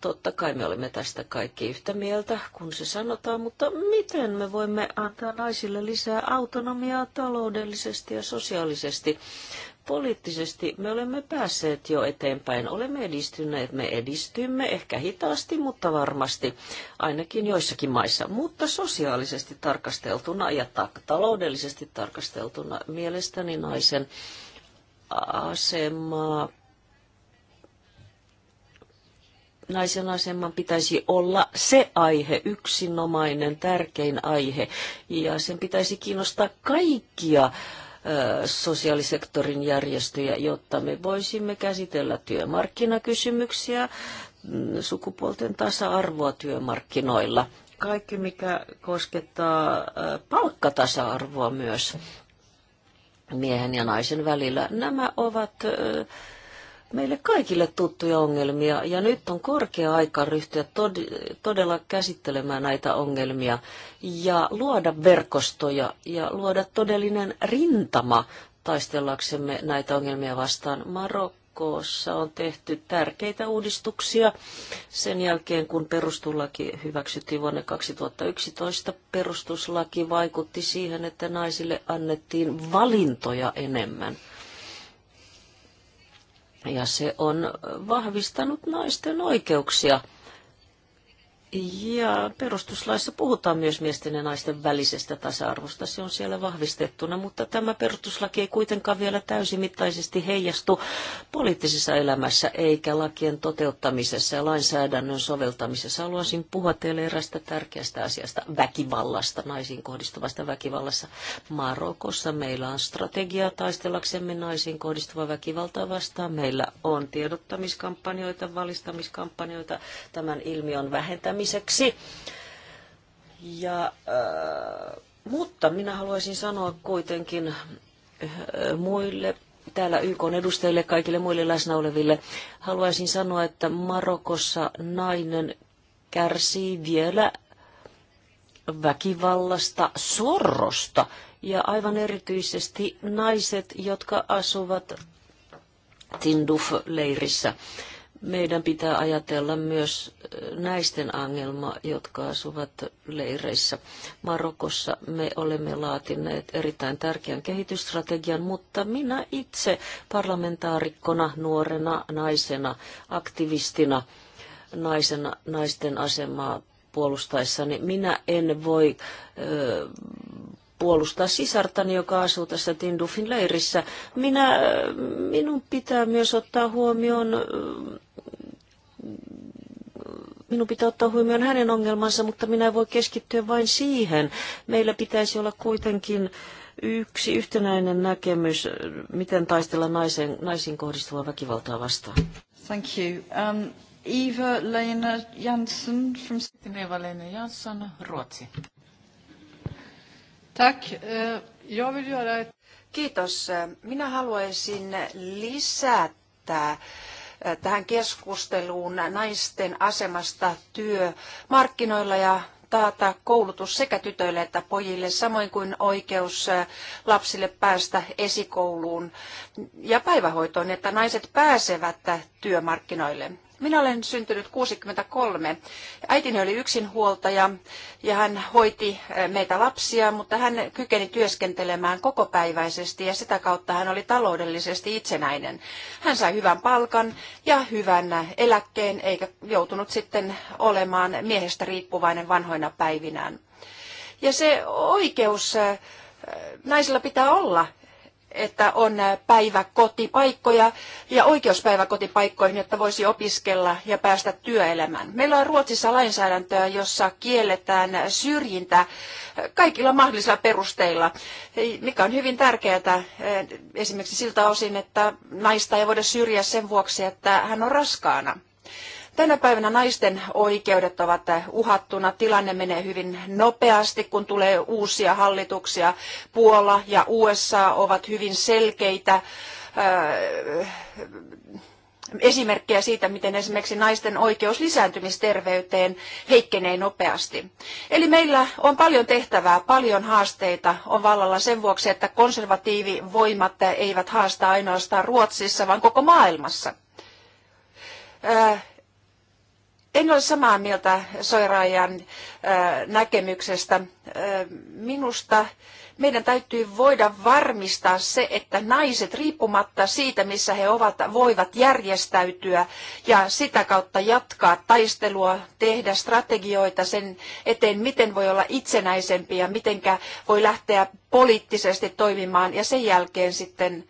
Totta kai me olemme tästä kaikki yhtä mieltä, kun se sanotaan, mutta miten me voimme antaa naisille lisää autonomiaa taloudellisesti ja sosiaalisesti? Poliittisesti me olemme päässeet jo eteenpäin, olemme edistyneet, me edistymme ehkä hitaasti, mutta varmasti ainakin joissakin maissa. Mutta sosiaalisesti tarkasteltuna ja ta- taloudellisesti tarkasteltuna mielestäni naisen asemaa naisen aseman pitäisi olla se aihe, yksinomainen, tärkein aihe, ja sen pitäisi kiinnostaa kaikkia sosiaalisektorin järjestöjä, jotta me voisimme käsitellä työmarkkinakysymyksiä, mm, sukupuolten tasa-arvoa työmarkkinoilla. Kaikki, mikä koskettaa palkkatasa-arvoa myös miehen ja naisen välillä. Nämä ovat meille kaikille tuttuja ongelmia ja nyt on korkea aika ryhtyä tod- todella käsittelemään näitä ongelmia ja luoda verkostoja ja luoda todellinen rintama taistellaksemme näitä ongelmia vastaan. Marokko YKssa on tehty tärkeitä uudistuksia sen jälkeen, kun perustuslaki hyväksyttiin vuonna 2011. Perustuslaki vaikutti siihen, että naisille annettiin valintoja enemmän. Ja se on vahvistanut naisten oikeuksia – ja perustuslaissa puhutaan myös miesten ja naisten välisestä tasa-arvosta. Se on siellä vahvistettuna, mutta tämä perustuslaki ei kuitenkaan vielä täysimittaisesti heijastu poliittisessa elämässä eikä lakien toteuttamisessa ja lainsäädännön soveltamisessa. Haluaisin puhua teille erästä tärkeästä asiasta, väkivallasta, naisiin kohdistuvasta väkivallassa. Marokossa meillä on strategia taistellaksemme naisiin kohdistuva väkivaltaa vastaan. Meillä on tiedottamiskampanjoita, valistamiskampanjoita tämän ilmiön vähentämiseksi edistämiseksi. Ja, äh, mutta minä haluaisin sanoa kuitenkin äh, muille täällä YK edustajille, kaikille muille läsnä oleville, haluaisin sanoa, että Marokossa nainen kärsii vielä väkivallasta, sorrosta ja aivan erityisesti naiset, jotka asuvat Tinduf-leirissä meidän pitää ajatella myös äh, naisten angelma, jotka asuvat leireissä. Marokossa me olemme laatineet erittäin tärkeän kehitysstrategian, mutta minä itse parlamentaarikkona, nuorena naisena, aktivistina, naisena, naisten asemaa puolustaessani, minä en voi ö, äh, puolustaa sisartani, joka asuu tässä Tindufin leirissä. Minä, minun pitää myös ottaa huomioon minun pitää ottaa huomioon hänen ongelmansa, mutta minä voi keskittyä vain siihen. Meillä pitäisi olla kuitenkin yksi yhtenäinen näkemys, miten taistella naisen, naisiin kohdistuvaa väkivaltaa vastaan. Thank you. Um, Eva-Leena Jansson from... eva Lena Jansson, Ruotsi. Tack. Eh, jag vill göra ett... Kiitos. Minä haluaisin lisätä eh, tähän keskusteluun naisten asemasta työmarkkinoilla ja taata koulutus sekä tytöille että pojille, samoin kuin oikeus eh, lapsille päästä esikouluun ja päivähoitoon, että naiset pääsevät työmarkkinoille. Minä olen syntynyt 63. Äitini oli yksinhuoltaja ja hän hoiti eh, meitä lapsia, mutta hän kykeni työskentelemään kokopäiväisesti ja sitä kautta hän oli taloudellisesti itsenäinen. Hän sai hyvän palkan ja hyvän eh, eläkkeen eikä joutunut sitten olemaan miehestä riippuvainen vanhoina päivinään. Ja se oikeus eh, naisilla pitää olla että on päiväkotipaikkoja ja oikeus päiväkotipaikkoihin, jotta voisi opiskella ja päästä työelämään. Meillä on Ruotsissa lainsäädäntöä, jossa kielletään syrjintä kaikilla mahdollisilla perusteilla, mikä on hyvin tärkeää eh, esimerkiksi siltä osin, että naista ei voida syrjiä sen vuoksi, että hän on raskaana. Tänä päivänä naisten oikeudet ovat uhattuna. Tilanne menee hyvin nopeasti, kun tulee uusia hallituksia. Puola ja USA ovat hyvin selkeitä äh, esimerkkejä siitä, miten esimerkiksi naisten oikeus lisääntymisterveyteen heikkenee nopeasti. Eli meillä on paljon tehtävää, paljon haasteita on vallalla sen vuoksi, että konservatiivivoimat eivät haasta ainoastaan Ruotsissa, vaan koko maailmassa. Äh, en ole samaa mieltä Soiraajan äh, näkemyksestä. Äh, minusta meidän täytyy voida varmistaa se, että naiset riippumatta siitä, missä he ovat, voivat järjestäytyä ja sitä kautta jatkaa taistelua, tehdä strategioita sen eteen, miten voi olla itsenäisempi ja miten voi lähteä poliittisesti toimimaan ja sen jälkeen sitten,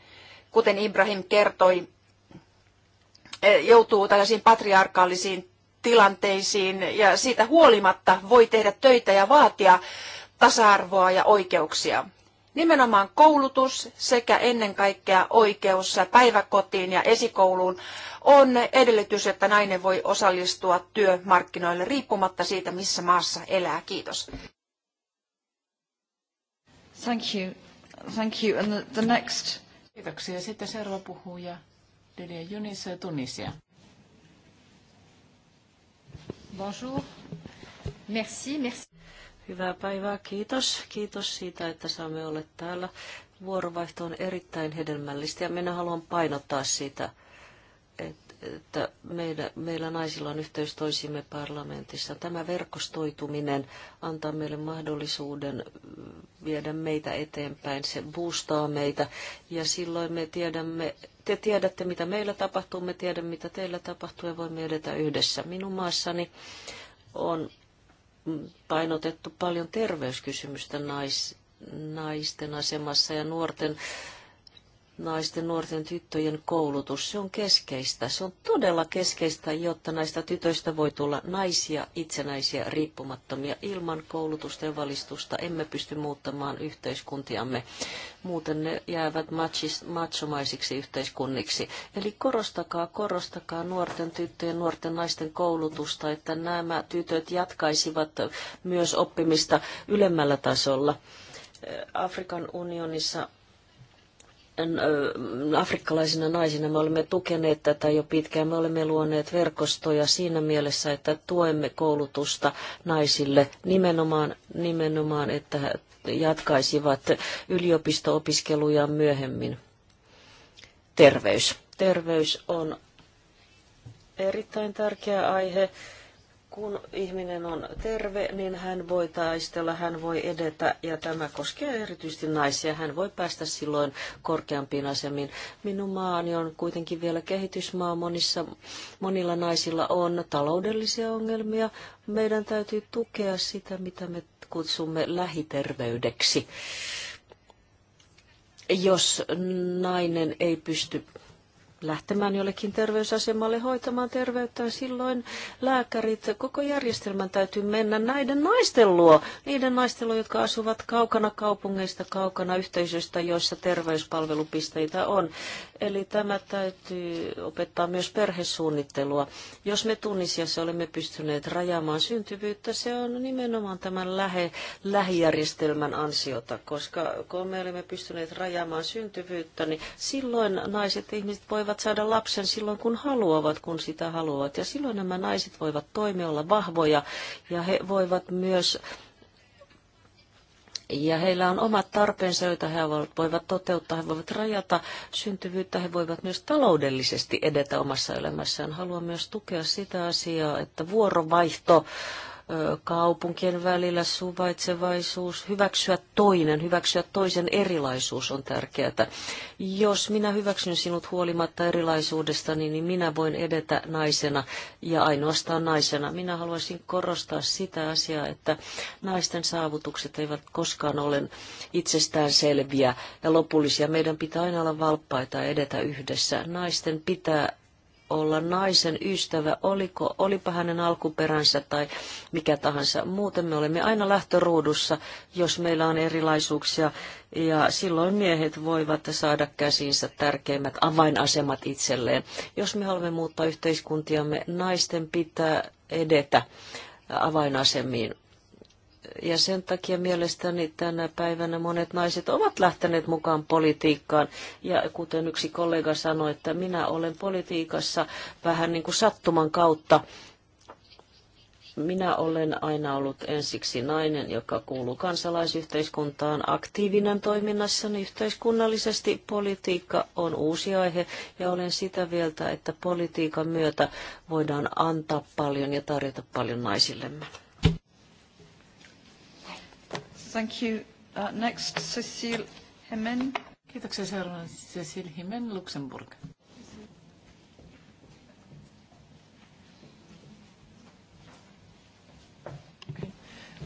kuten Ibrahim kertoi, äh, joutuu tällaisiin patriarkaalisiin tilanteisiin ja siitä huolimatta voi tehdä töitä ja vaatia tasa-arvoa ja oikeuksia. Nimenomaan koulutus sekä ennen kaikkea oikeus päiväkotiin ja esikouluun on edellytys, että nainen voi osallistua työmarkkinoille riippumatta siitä, missä maassa elää. Kiitos. Thank you. Thank you. And the, the next... Kiitoksia. Sitten seuraava puhuja Junissa ja Tunisia. Bonjour. Merci, merci. Hyvää päivää, kiitos. Kiitos siitä, että saamme olla täällä. Vuorovaihto on erittäin hedelmällistä ja minä haluan painottaa sitä, että että meillä, meillä naisilla on yhteys toisimme parlamentissa. Tämä verkostoituminen antaa meille mahdollisuuden viedä meitä eteenpäin, se boostaa meitä ja silloin me tiedämme, te tiedätte mitä meillä tapahtuu, me tiedämme mitä teillä tapahtuu ja voimme edetä yhdessä. Minun maassani on painotettu paljon terveyskysymystä nais, naisten asemassa ja nuorten naisten, nuorten tyttöjen koulutus, se on keskeistä. Se on todella keskeistä, jotta näistä tytöistä voi tulla naisia, itsenäisiä, riippumattomia. Ilman koulutusta ja valistusta emme pysty muuttamaan yhteiskuntiamme. Muuten ne jäävät machis, machomaisiksi yhteiskunniksi. Eli korostakaa, korostakaa nuorten tyttöjen, nuorten naisten koulutusta, että nämä tytöt jatkaisivat myös oppimista ylemmällä tasolla. Afrikan unionissa afrikkalaisina naisina me olemme tukeneet tätä jo pitkään. Me olemme luoneet verkostoja siinä mielessä, että tuemme koulutusta naisille nimenomaan, nimenomaan että he jatkaisivat yliopisto-opiskeluja myöhemmin. Terveys. Terveys on erittäin tärkeä aihe kun ihminen on terve, niin hän voi taistella, hän voi edetä ja tämä koskee erityisesti naisia. Hän voi päästä silloin korkeampiin asemiin. Minun maani on kuitenkin vielä kehitysmaa. Monissa, monilla naisilla on taloudellisia ongelmia. Meidän täytyy tukea sitä, mitä me kutsumme lähiterveydeksi. Jos nainen ei pysty lähtemään jollekin terveysasemalle hoitamaan terveyttään, silloin lääkärit, koko järjestelmän täytyy mennä näiden naisten luo. Niiden naisten luo, jotka asuvat kaukana kaupungeista, kaukana yhteisöstä, joissa terveyspalvelupisteitä on. Eli tämä täytyy opettaa myös perhesuunnittelua. Jos me Tunisiassa olemme pystyneet rajaamaan syntyvyyttä, se on nimenomaan tämän lähe, lähijärjestelmän ansiota, koska kun me olemme pystyneet rajaamaan syntyvyyttä, niin silloin naiset ihmiset voivat voivat saada lapsen silloin, kun haluavat, kun sitä haluavat. Ja silloin nämä naiset voivat toimia, olla vahvoja ja he voivat myös ja heillä on omat tarpeensa, joita he voivat toteuttaa, he voivat rajata syntyvyyttä, he voivat myös taloudellisesti edetä omassa elämässään. Haluan myös tukea sitä asiaa, että vuorovaihto kaupunkien välillä suvaitsevaisuus, hyväksyä toinen, hyväksyä toisen erilaisuus on tärkeää. Jos minä hyväksyn sinut huolimatta erilaisuudesta, niin, niin minä voin edetä naisena ja ainoastaan naisena. Minä haluaisin korostaa sitä asiaa, että naisten saavutukset eivät koskaan ole itsestään selviä ja lopullisia. Meidän pitää aina olla valppaita ja edetä yhdessä. Naisten pitää olla naisen ystävä, oliko, olipa hänen alkuperänsä tai mikä tahansa. Muuten me olemme aina lähtöruudussa, jos meillä on erilaisuuksia, ja silloin miehet voivat saada käsiinsä tärkeimmät avainasemat itselleen. Jos me haluamme muuttaa yhteiskuntiamme, naisten pitää edetä avainasemiin ja sen takia mielestäni tänä päivänä monet naiset ovat lähteneet mukaan politiikkaan. Ja kuten yksi kollega sanoi, että minä olen politiikassa vähän niin kuin sattuman kautta. Minä olen aina ollut ensiksi nainen, joka kuuluu kansalaisyhteiskuntaan aktiivinen toiminnassani yhteiskunnallisesti. Politiikka on uusi aihe ja olen sitä vielä, että politiikan myötä voidaan antaa paljon ja tarjota paljon naisillemme. Thank you. Uh, next, Cecile Hemen. Kiitoksia seuraavana Cecile Luxemburg.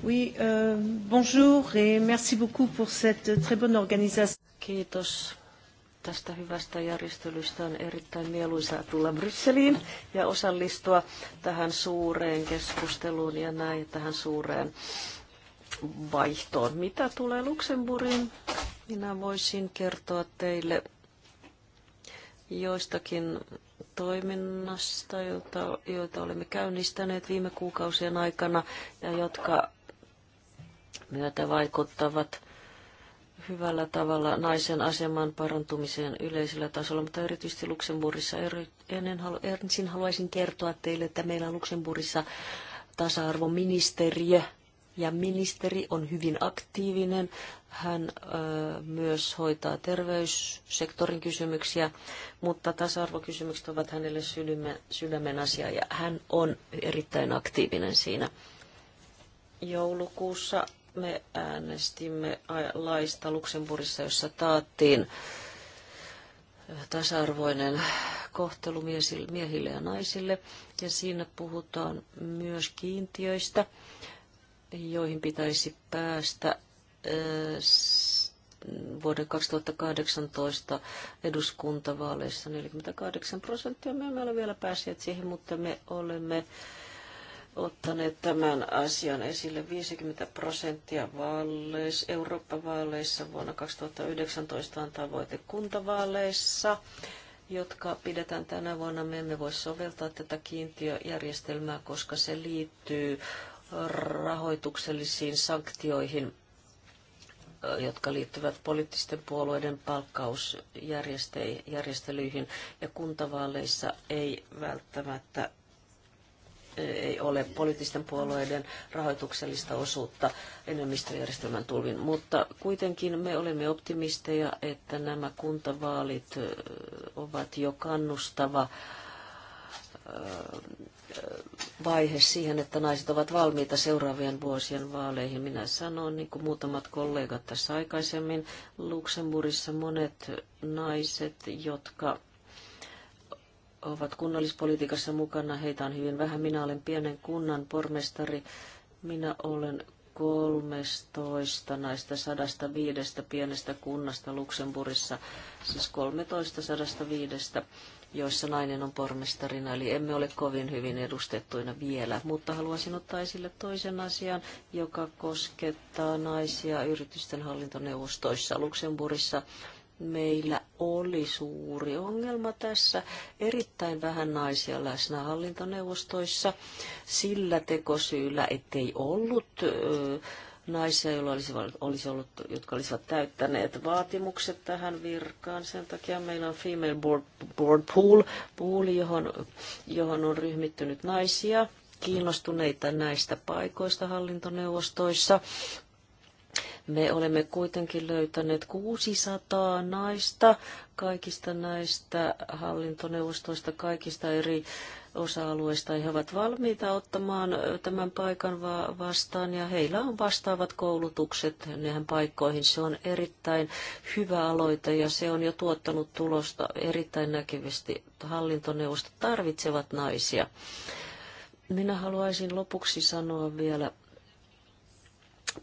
Oui, euh, bonjour et merci beaucoup pour cette très bonne organisation. Kiitos tästä hyvästä järjestelystä. On erittäin mieluisaa tulla Brysseliin ja osallistua tähän suureen keskusteluun ja näin tähän suureen vaihtoon. Mitä tulee Luxemburgin, minä voisin kertoa teille joistakin toiminnasta, jota, joita olemme käynnistäneet viime kuukausien aikana ja jotka myötä vaikuttavat hyvällä tavalla naisen aseman parantumiseen yleisellä tasolla, mutta erityisesti Luxemburgissa. Ennen halu, ensin haluaisin kertoa teille, että meillä Luxemburgissa tasa-arvoministeriö, ja ministeri on hyvin aktiivinen. Hän ö, myös hoitaa terveyssektorin kysymyksiä, mutta tasa-arvokysymykset ovat hänelle sydämen, sydämen asia ja hän on erittäin aktiivinen siinä. Joulukuussa me äänestimme laista Luxemburgissa, jossa taattiin tasa-arvoinen kohtelu miehille ja naisille. Ja siinä puhutaan myös kiintiöistä joihin pitäisi päästä vuoden 2018 eduskuntavaaleissa 48 prosenttia. Me emme ole vielä päässeet siihen, mutta me olemme ottaneet tämän asian esille 50 prosenttia vaaleissa, Eurooppa-vaaleissa vuonna 2019 on tavoite kuntavaaleissa jotka pidetään tänä vuonna. Me emme voi soveltaa tätä kiintiöjärjestelmää, koska se liittyy rahoituksellisiin sanktioihin, jotka liittyvät poliittisten puolueiden palkkausjärjestelyihin ja kuntavaaleissa ei välttämättä ei ole poliittisten puolueiden rahoituksellista osuutta enemmistöjärjestelmän tulvin. Mutta kuitenkin me olemme optimisteja, että nämä kuntavaalit ovat jo kannustava vaihe siihen, että naiset ovat valmiita seuraavien vuosien vaaleihin. Minä sanon, niin kuin muutamat kollegat tässä aikaisemmin, Luxemburgissa monet naiset, jotka ovat kunnallispolitiikassa mukana, heitä on hyvin vähän. Minä olen pienen kunnan pormestari. Minä olen 13 näistä 105 pienestä kunnasta Luxemburgissa, siis 13 105 joissa nainen on pormestarina, eli emme ole kovin hyvin edustettuina vielä. Mutta haluaisin ottaa esille toisen asian, joka koskettaa naisia yritysten hallintoneuvostoissa Luxemburgissa. Meillä oli suuri ongelma tässä. Erittäin vähän naisia läsnä hallintoneuvostoissa sillä tekosyyllä, ettei ollut... Öö, naisia, joilla olisi, olisi ollut, jotka olisivat täyttäneet vaatimukset tähän virkaan. Sen takia meillä on Female Board, board Pool, pool johon, johon on ryhmittynyt naisia kiinnostuneita näistä paikoista hallintoneuvostoissa, me olemme kuitenkin löytäneet 600 naista kaikista näistä hallintoneuvostoista, kaikista eri osa-alueista. He ovat valmiita ottamaan tämän paikan vastaan ja heillä on vastaavat koulutukset näihin paikkoihin. Se on erittäin hyvä aloite ja se on jo tuottanut tulosta erittäin näkyvästi. Hallintoneuvostot tarvitsevat naisia. Minä haluaisin lopuksi sanoa vielä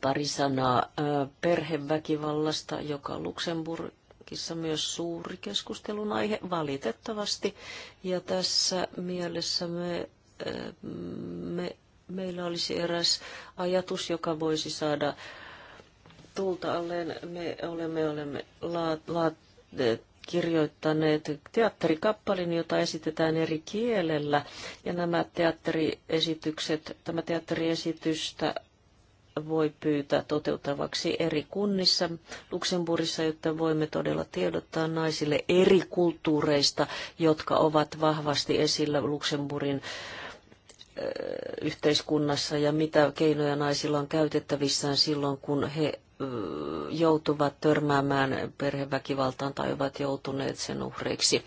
Pari sanaa perheväkivallasta, joka Luxemburgissa myös suuri keskustelun aihe valitettavasti. Ja tässä mielessä me, me, meillä olisi eräs ajatus, joka voisi saada tulta alleen. Me olemme, olemme laat, laat, kirjoittaneet teatterikappalin, jota esitetään eri kielellä. Ja nämä teatteriesitykset, tämä teatteriesitystä voi pyytää toteuttavaksi eri kunnissa Luxemburgissa, jotta voimme todella tiedottaa naisille eri kulttuureista, jotka ovat vahvasti esillä Luxemburgin eh, yhteiskunnassa ja mitä keinoja naisilla on käytettävissään silloin, kun he eh, joutuvat törmäämään perheväkivaltaan tai ovat joutuneet sen uhreiksi.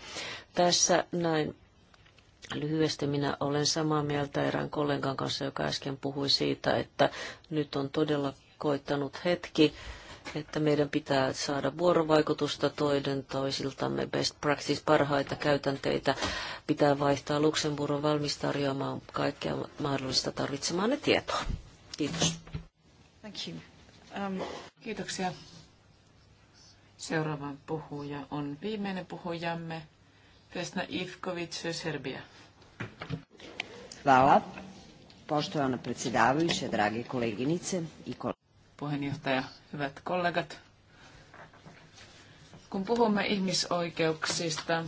Tässä näin Lyhyesti minä olen samaa mieltä erään kollegan kanssa, joka äsken puhui siitä, että nyt on todella koittanut hetki, että meidän pitää saada vuorovaikutusta toiden toisiltamme, best practice, parhaita käytänteitä, pitää vaihtaa Luxemburgon valmis tarjoamaan kaikkea mahdollista tarvitsemaan ne tietoa. Kiitos. Thank you. Um, kiitoksia. Seuraavan puhuja on viimeinen puhujamme, Vesna Ivkovic, Serbia. Hvala. Poštovana predsjedavajuća, dragi koleginice i kolegi. Puheenjohtaja, hyvät kollegat. Kun puhumme ihmisoikeuksista,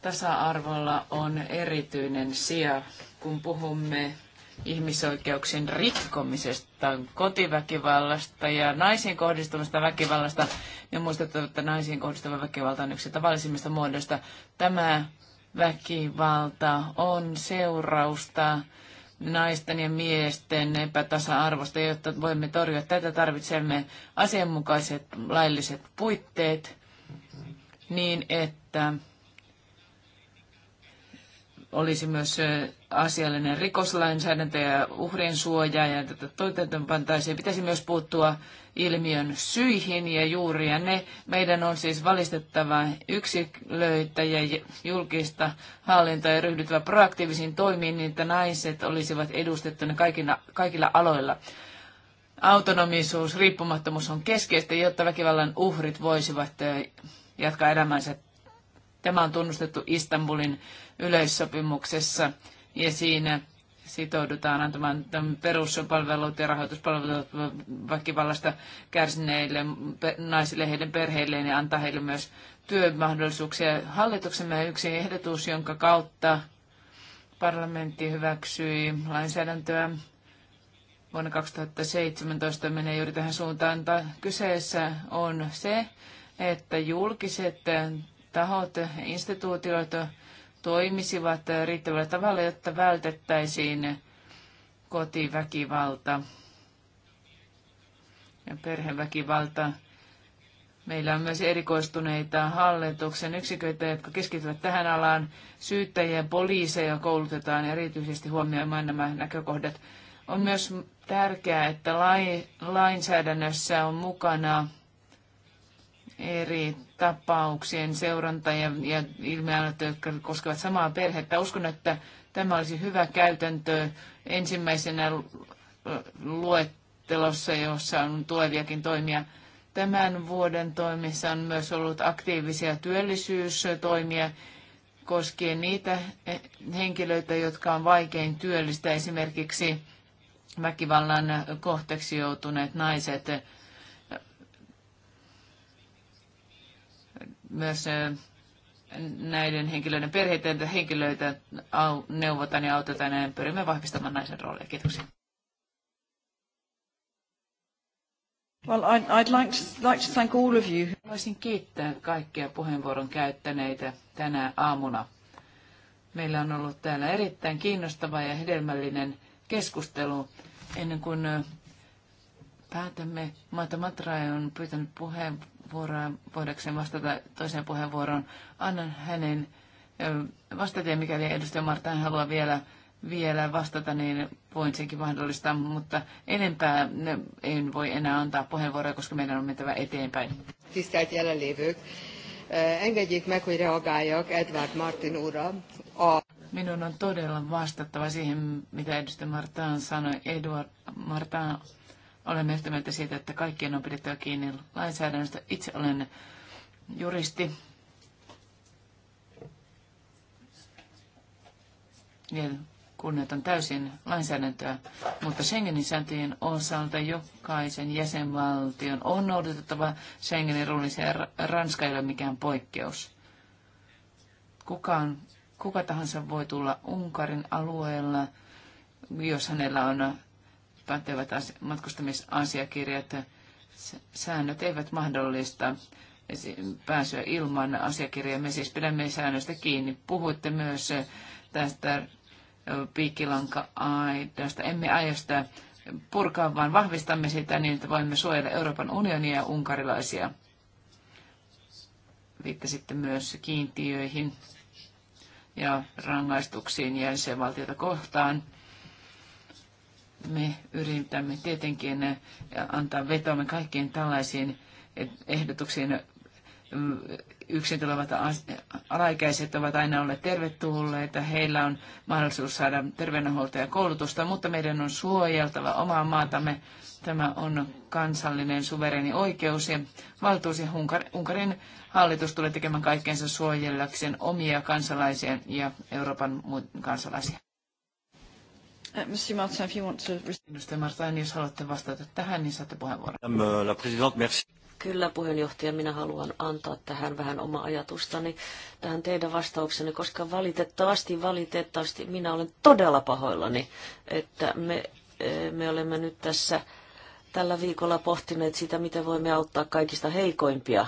tasa-arvolla on erityinen sija, kun puhumme ihmisoikeuksien rikkomisesta, kotiväkivallasta ja naisiin kohdistuvasta väkivallasta. Ja muistettava, että naisiin kohdistuva väkivalta on yksi tavallisimmista muodoista. Tämä väkivalta on seurausta naisten ja miesten epätasa-arvosta, jotta voimme torjua tätä, tarvitsemme asianmukaiset lailliset puitteet niin, että olisi myös asiallinen rikoslainsäädäntö ja uhrien suoja ja tätä toiteenpantaisiin. Pitäisi myös puuttua ilmiön syihin ja juuri ja ne. Meidän on siis valistettava yksilöitä ja julkista hallintoa ja ryhdyttävä proaktiivisiin toimiin, niin että naiset olisivat edustettuna kaikina, kaikilla aloilla. Autonomisuus, riippumattomuus on keskeistä, jotta väkivallan uhrit voisivat jatkaa elämänsä. Tämä on tunnustettu Istanbulin yleissopimuksessa ja siinä sitoudutaan antamaan peruspalvelut ja rahoituspalvelut väkivallasta kärsineille naisille, heidän perheilleen ja antaa heille myös työmahdollisuuksia. Hallituksemme yksi ehdotus, jonka kautta parlamentti hyväksyi lainsäädäntöä vuonna 2017 menee juuri tähän suuntaan. Kyseessä on se, että julkiset tahot, instituutiot toimisivat riittävällä tavalla, jotta vältettäisiin kotiväkivalta ja perheväkivalta. Meillä on myös erikoistuneita hallituksen yksiköitä, jotka keskittyvät tähän alaan. Syyttäjiä ja poliiseja koulutetaan erityisesti huomioimaan nämä näkökohdat. On myös tärkeää, että lainsäädännössä on mukana eri tapauksien seuranta ja, ja ilmiöitä, jotka koskevat samaa perhettä. Uskon, että tämä olisi hyvä käytäntö ensimmäisenä luettelossa, jossa on tuleviakin toimia. Tämän vuoden toimissa on myös ollut aktiivisia työllisyystoimia koskien niitä henkilöitä, jotka on vaikein työllistä, esimerkiksi väkivallan kohteeksi joutuneet naiset – myös näiden henkilöiden perheitä henkilöitä neuvotaan ja autetaan ja pyrimme vahvistamaan naisen roolia. Kiitoksia. Well, I'd like to, like to thank all of you. Haluaisin kiittää kaikkia puheenvuoron käyttäneitä tänä aamuna. Meillä on ollut täällä erittäin kiinnostava ja hedelmällinen keskustelu. Ennen kuin päätämme, Mata Matra on pyytänyt puheenvuoron puheenvuoroa voidakseen vastata toiseen puheenvuoroon. Annan hänen vastata ja mikäli edustaja Marta haluaa vielä, vielä vastata, niin voin senkin mahdollistaa, mutta enempää en voi enää antaa puheenvuoroa, koska meidän on mentävä eteenpäin. Tiskäät jelenlévők, Engedjik meg, hogy reagáljak Edward Martin ura. A... Minun on todella vastattava siihen, mitä edustaja Martaan sanoi. Edward Martaan Olemme yhtä mieltä siitä, että kaikkien on pidettävä kiinni lainsäädännöstä. Itse olen juristi. Ja kunnioitan täysin lainsäädäntöä, mutta Schengenin sääntöjen osalta jokaisen jäsenvaltion on noudatettava Schengenin ruulisia ja Ranska ei ole mikään poikkeus. Kukaan, kuka tahansa voi tulla Unkarin alueella, jos hänellä on pätevät matkustamisasiakirjat. Säännöt eivät mahdollista pääsyä ilman asiakirjaa. Me siis pidämme säännöstä kiinni. Puhuitte myös eh, tästä eh, piikkilanka-aidasta. Emme aio sitä purkaa, vaan vahvistamme sitä niin, että voimme suojella Euroopan unionia ja unkarilaisia. Viittasitte myös kiintiöihin ja rangaistuksiin jäsenvaltiota kohtaan me yritämme tietenkin eh, antaa vetoamme kaikkiin tällaisiin eh, ehdotuksiin. Mm, yksin tulevat alaikäiset ovat aina olleet tervetulleita. Heillä on mahdollisuus saada terveydenhuolto ja koulutusta, mutta meidän on suojeltava omaa maatamme. Tämä on kansallinen suvereni oikeus ja valtuus ja Unkarin hallitus tulee tekemään kaikkeensa suojellakseen omia kansalaisia ja Euroopan kansalaisia. Uh, Monsieur Martin, if you want to... Edustaja Martin, jos haluatte vastata tähän, niin saatte puheenvuoron. Uh, la merci. Kyllä puheenjohtaja, minä haluan antaa tähän vähän oma ajatustani, tähän teidän vastauksenne, koska valitettavasti, valitettavasti minä olen todella pahoillani, että me, eh, me olemme nyt tässä tällä viikolla pohtineet sitä, miten voimme auttaa kaikista heikoimpia,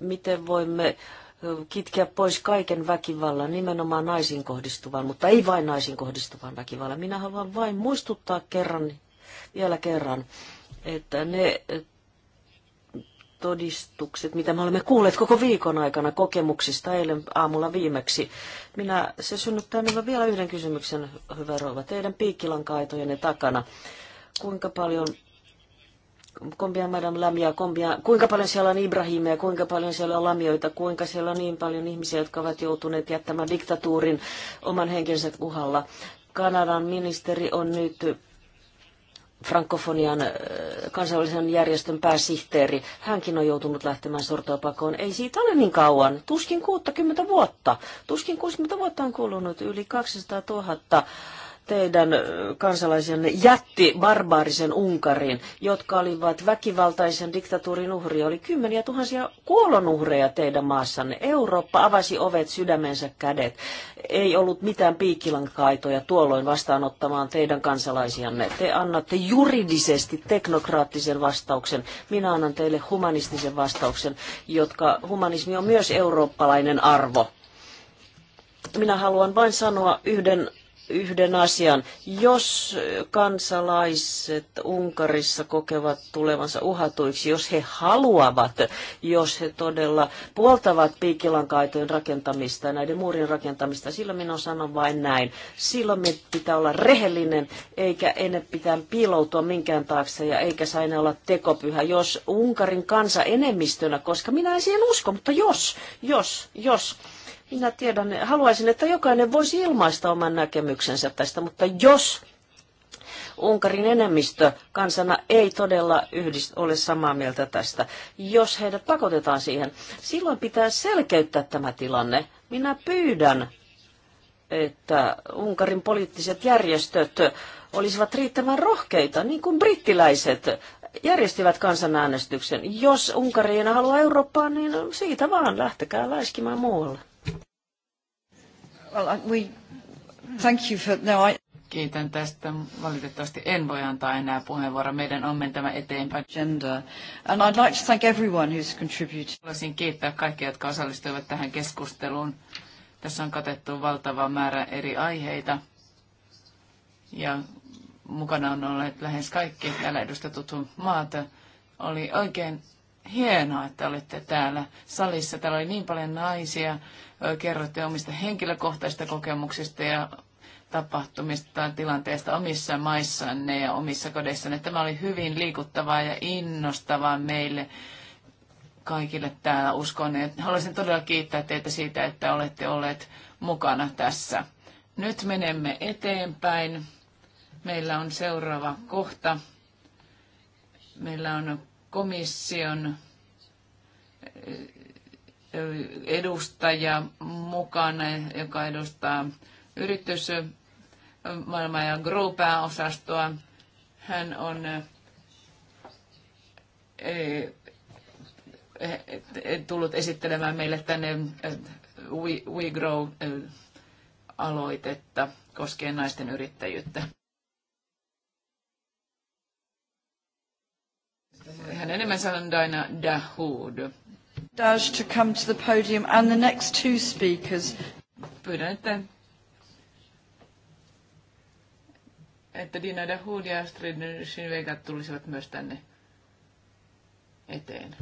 miten voimme kitkeä pois kaiken väkivallan, nimenomaan naisiin kohdistuvan, mutta ei vain naisiin kohdistuvan väkivallan. Minä haluan vain muistuttaa kerran, vielä kerran, että ne todistukset, mitä me olemme kuulleet koko viikon aikana kokemuksista eilen aamulla viimeksi. Minä, se synnyttää minulle vielä yhden kysymyksen, hyvä rouva, teidän piikkilankaitojenne takana. Kuinka paljon Kombia Madame Lamia, kombia, kuinka paljon siellä on Ibrahimia, kuinka paljon siellä on lamioita, kuinka siellä on niin paljon ihmisiä, jotka ovat joutuneet jättämään diktatuurin oman henkensä uhalla. Kanadan ministeri on nyt frankofonian äh, kansainvälisen järjestön pääsihteeri. Hänkin on joutunut lähtemään sortoapakoon. Ei siitä ole niin kauan. Tuskin 60 vuotta. Tuskin 60 vuotta on kulunut yli 200 000 teidän kansalaisenne jätti barbaarisen Unkarin, jotka olivat väkivaltaisen diktatuurin uhria. Oli kymmeniä tuhansia kuolonuhreja teidän maassanne. Eurooppa avasi ovet sydämensä kädet. Ei ollut mitään piikkilankaitoja tuolloin vastaanottamaan teidän kansalaisianne. Te annatte juridisesti teknokraattisen vastauksen. Minä annan teille humanistisen vastauksen, jotka humanismi on myös eurooppalainen arvo minä haluan vain sanoa yhden yhden asian. Jos kansalaiset Unkarissa kokevat tulevansa uhatuiksi, jos he haluavat, jos he todella puoltavat piikilankaitojen rakentamista ja näiden muurin rakentamista, silloin minä sanon vain näin. Silloin me pitää olla rehellinen, eikä ennen pitää piiloutua minkään taakse ja eikä saa olla tekopyhä, jos Unkarin kansa enemmistönä, koska minä en siihen usko, mutta jos, jos, jos minä tiedän, haluaisin, että jokainen voisi ilmaista oman näkemyksensä tästä, mutta jos Unkarin enemmistö kansana ei todella yhdist, ole samaa mieltä tästä, jos heidät pakotetaan siihen. Silloin pitää selkeyttää tämä tilanne. Minä pyydän, että Unkarin poliittiset järjestöt olisivat riittävän rohkeita, niin kuin brittiläiset järjestivät kansanäänestyksen. Jos Unkari ei halua Eurooppaan, niin siitä vaan lähtekää läiskimään muualle. Uh, no, Kiitän tästä. Valitettavasti en voi antaa enää puheenvuoroa. Meidän on mentävä eteenpäin. agenda. And I'd like to thank everyone who's contributed. Haluaisin kiittää kaikkia, jotka osallistuivat tähän keskusteluun. Tässä on katettu valtava määrä eri aiheita. Ja mukana on olleet lähes kaikki täällä edustetut maat. Oli oikein hienoa, että olette täällä salissa. Täällä oli niin paljon naisia. Kerrotte omista henkilökohtaisista kokemuksista ja tapahtumista, tilanteesta omissa maissanne ja omissa kodeissanne. Tämä oli hyvin liikuttavaa ja innostavaa meille kaikille täällä uskon. Haluaisin todella kiittää teitä siitä, että olette olleet mukana tässä. Nyt menemme eteenpäin. Meillä on seuraava kohta. Meillä on komission edustaja mukana, joka edustaa yritysmaailmaa ja groupää osastoa, Hän on tullut esittelemään meille tänne We, We Grow-aloitetta koskien naisten yrittäjyyttä. Hänen nimensä on Daina Dahoud. Dash to come to the podium and the next two speakers. Pyydän, että, että Dina Dahoud ja Astrid Sinveikat tulisivat myös tänne eteen.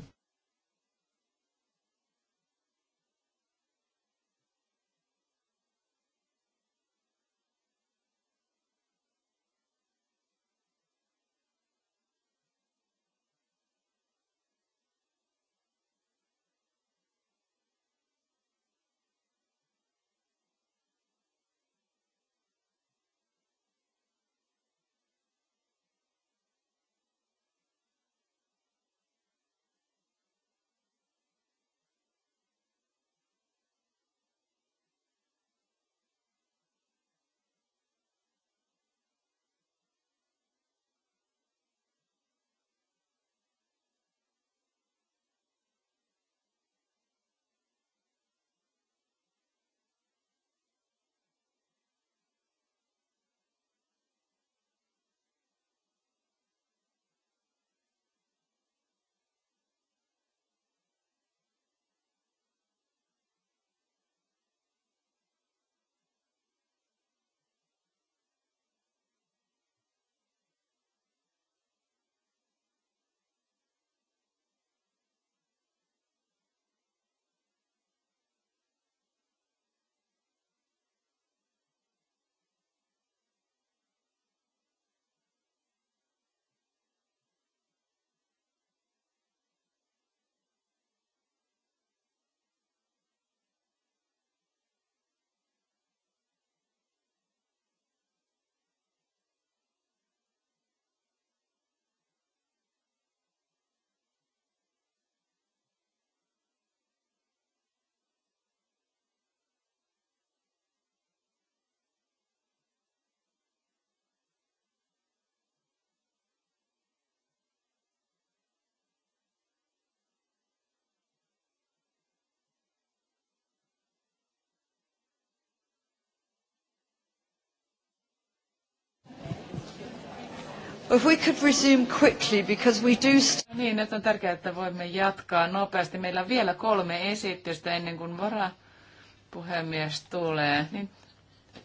If we could resume quickly, because we do... No niin, nyt on tärkeää, että voimme jatkaa nopeasti. Meillä on vielä kolme esitystä ennen kuin varapuhemies tulee. Niin,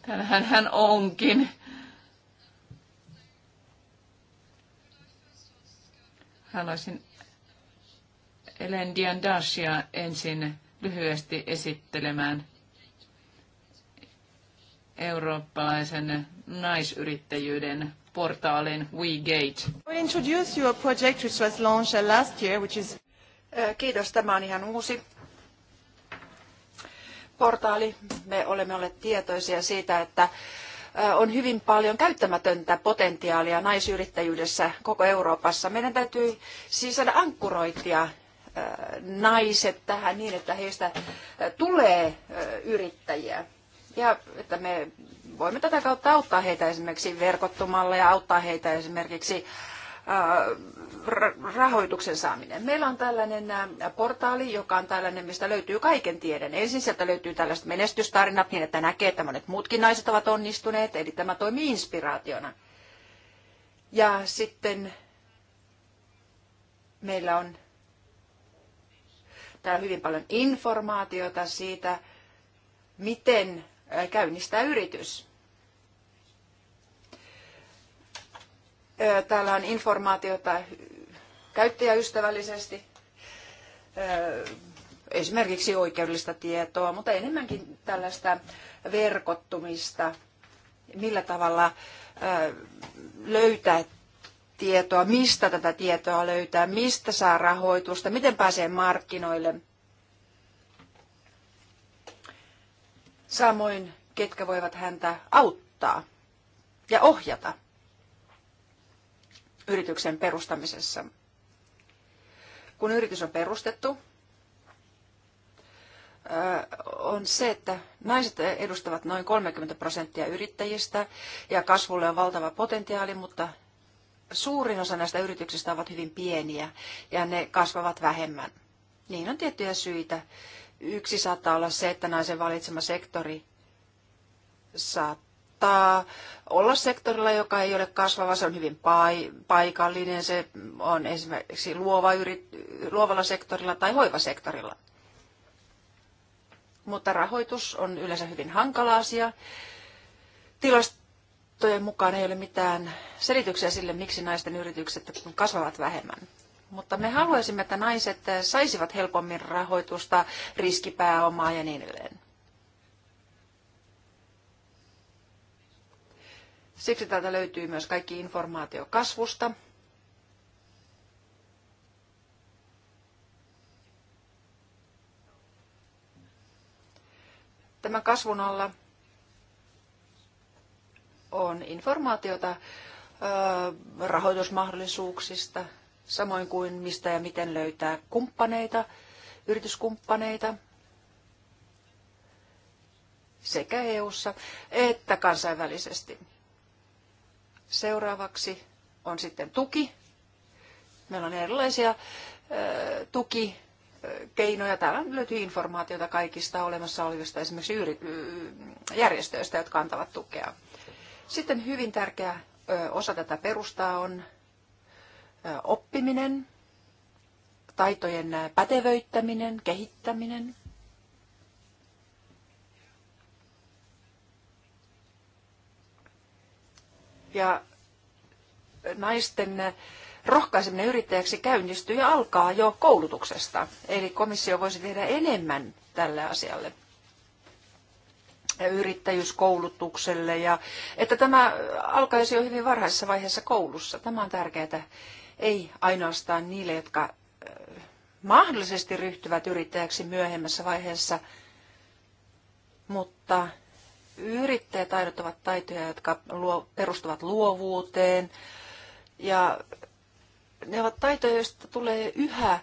täällähän hän onkin. Haluaisin Ellen Diandasia ensin lyhyesti esittelemään eurooppalaisen naisyrittäjyyden portaalin WeGate. Kiitos, tämä on ihan uusi portaali. Me olemme olleet tietoisia siitä, että on hyvin paljon käyttämätöntä potentiaalia naisyrittäjyydessä koko Euroopassa. Meidän täytyy siis saada ankkurointia naiset tähän niin, että heistä tulee yrittäjiä ja että me voimme tätä kautta auttaa heitä esimerkiksi verkottumalla ja auttaa heitä esimerkiksi rahoituksen saaminen. Meillä on tällainen portaali, joka on tällainen, mistä löytyy kaiken tieden. Ensin sieltä löytyy tällaiset menestystarinat niin, että näkee, että monet muutkin naiset ovat onnistuneet, eli tämä toimii inspiraationa. Ja sitten meillä on täällä hyvin paljon informaatiota siitä, miten käynnistää yritys. Täällä on informaatiota käyttäjäystävällisesti, esimerkiksi oikeudellista tietoa, mutta enemmänkin tällaista verkottumista, millä tavalla löytää tietoa, mistä tätä tietoa löytää, mistä saa rahoitusta, miten pääsee markkinoille. Samoin ketkä voivat häntä auttaa ja ohjata yrityksen perustamisessa. Kun yritys on perustettu, on se, että naiset edustavat noin 30 prosenttia yrittäjistä ja kasvulle on valtava potentiaali, mutta suurin osa näistä yrityksistä ovat hyvin pieniä ja ne kasvavat vähemmän. Niin on tiettyjä syitä. Yksi saattaa olla se, että naisen valitsema sektori saattaa saattaa olla sektorilla, joka ei ole kasvava, se on hyvin paikallinen, se on esimerkiksi luova yrit, luovalla sektorilla tai hoivasektorilla. Mutta rahoitus on yleensä hyvin hankala asia. Tilastojen mukaan ei ole mitään selityksiä sille, miksi naisten yritykset kasvavat vähemmän. Mutta me haluaisimme, että naiset saisivat helpommin rahoitusta, riskipääomaa ja niin edelleen. Siksi täältä löytyy myös kaikki informaatio kasvusta. Tämän kasvun alla on informaatiota rahoitusmahdollisuuksista, samoin kuin mistä ja miten löytää kumppaneita, yrityskumppaneita sekä EU-ssa että kansainvälisesti. Seuraavaksi on sitten tuki. Meillä on erilaisia tuki keinoja. Täällä löytyy informaatiota kaikista olemassa olevista esimerkiksi järjestöistä, jotka antavat tukea. Sitten hyvin tärkeä osa tätä perustaa on oppiminen, taitojen pätevöittäminen, kehittäminen – ja naisten rohkaiseminen yrittäjäksi käynnistyy ja alkaa jo koulutuksesta. Eli komissio voisi tehdä enemmän tälle asialle yrittäjyyskoulutukselle ja että tämä alkaisi jo hyvin varhaisessa vaiheessa koulussa. Tämä on tärkeää, ei ainoastaan niille, jotka mahdollisesti ryhtyvät yrittäjäksi myöhemmässä vaiheessa, mutta yrittäjätaidot ovat taitoja, jotka luo, perustuvat luovuuteen ja ne ovat taitoja, joista tulee yhä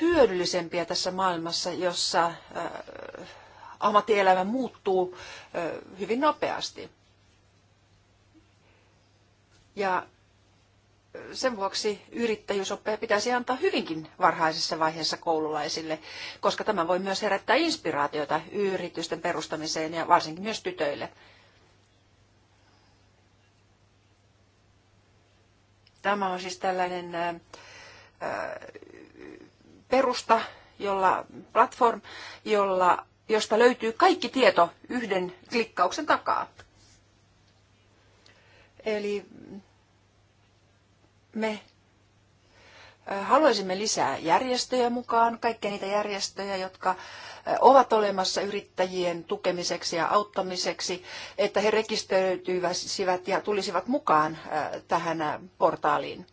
hyödyllisempiä tässä maailmassa, jossa äh, ammattielämä muuttuu äh, hyvin nopeasti. Ja sen vuoksi yrittäjyysoppeja pitäisi antaa hyvinkin varhaisessa vaiheessa koululaisille, koska tämä voi myös herättää inspiraatiota yritysten perustamiseen ja varsinkin myös tytöille. Tämä on siis tällainen perusta, jolla, platform, jolla, josta löytyy kaikki tieto yhden klikkauksen takaa. Eli me haluaisimme lisää järjestöjä mukaan, kaikkia niitä järjestöjä, jotka ovat olemassa yrittäjien tukemiseksi ja auttamiseksi, että he rekisteröityisivät ja tulisivat mukaan tähän portaaliin.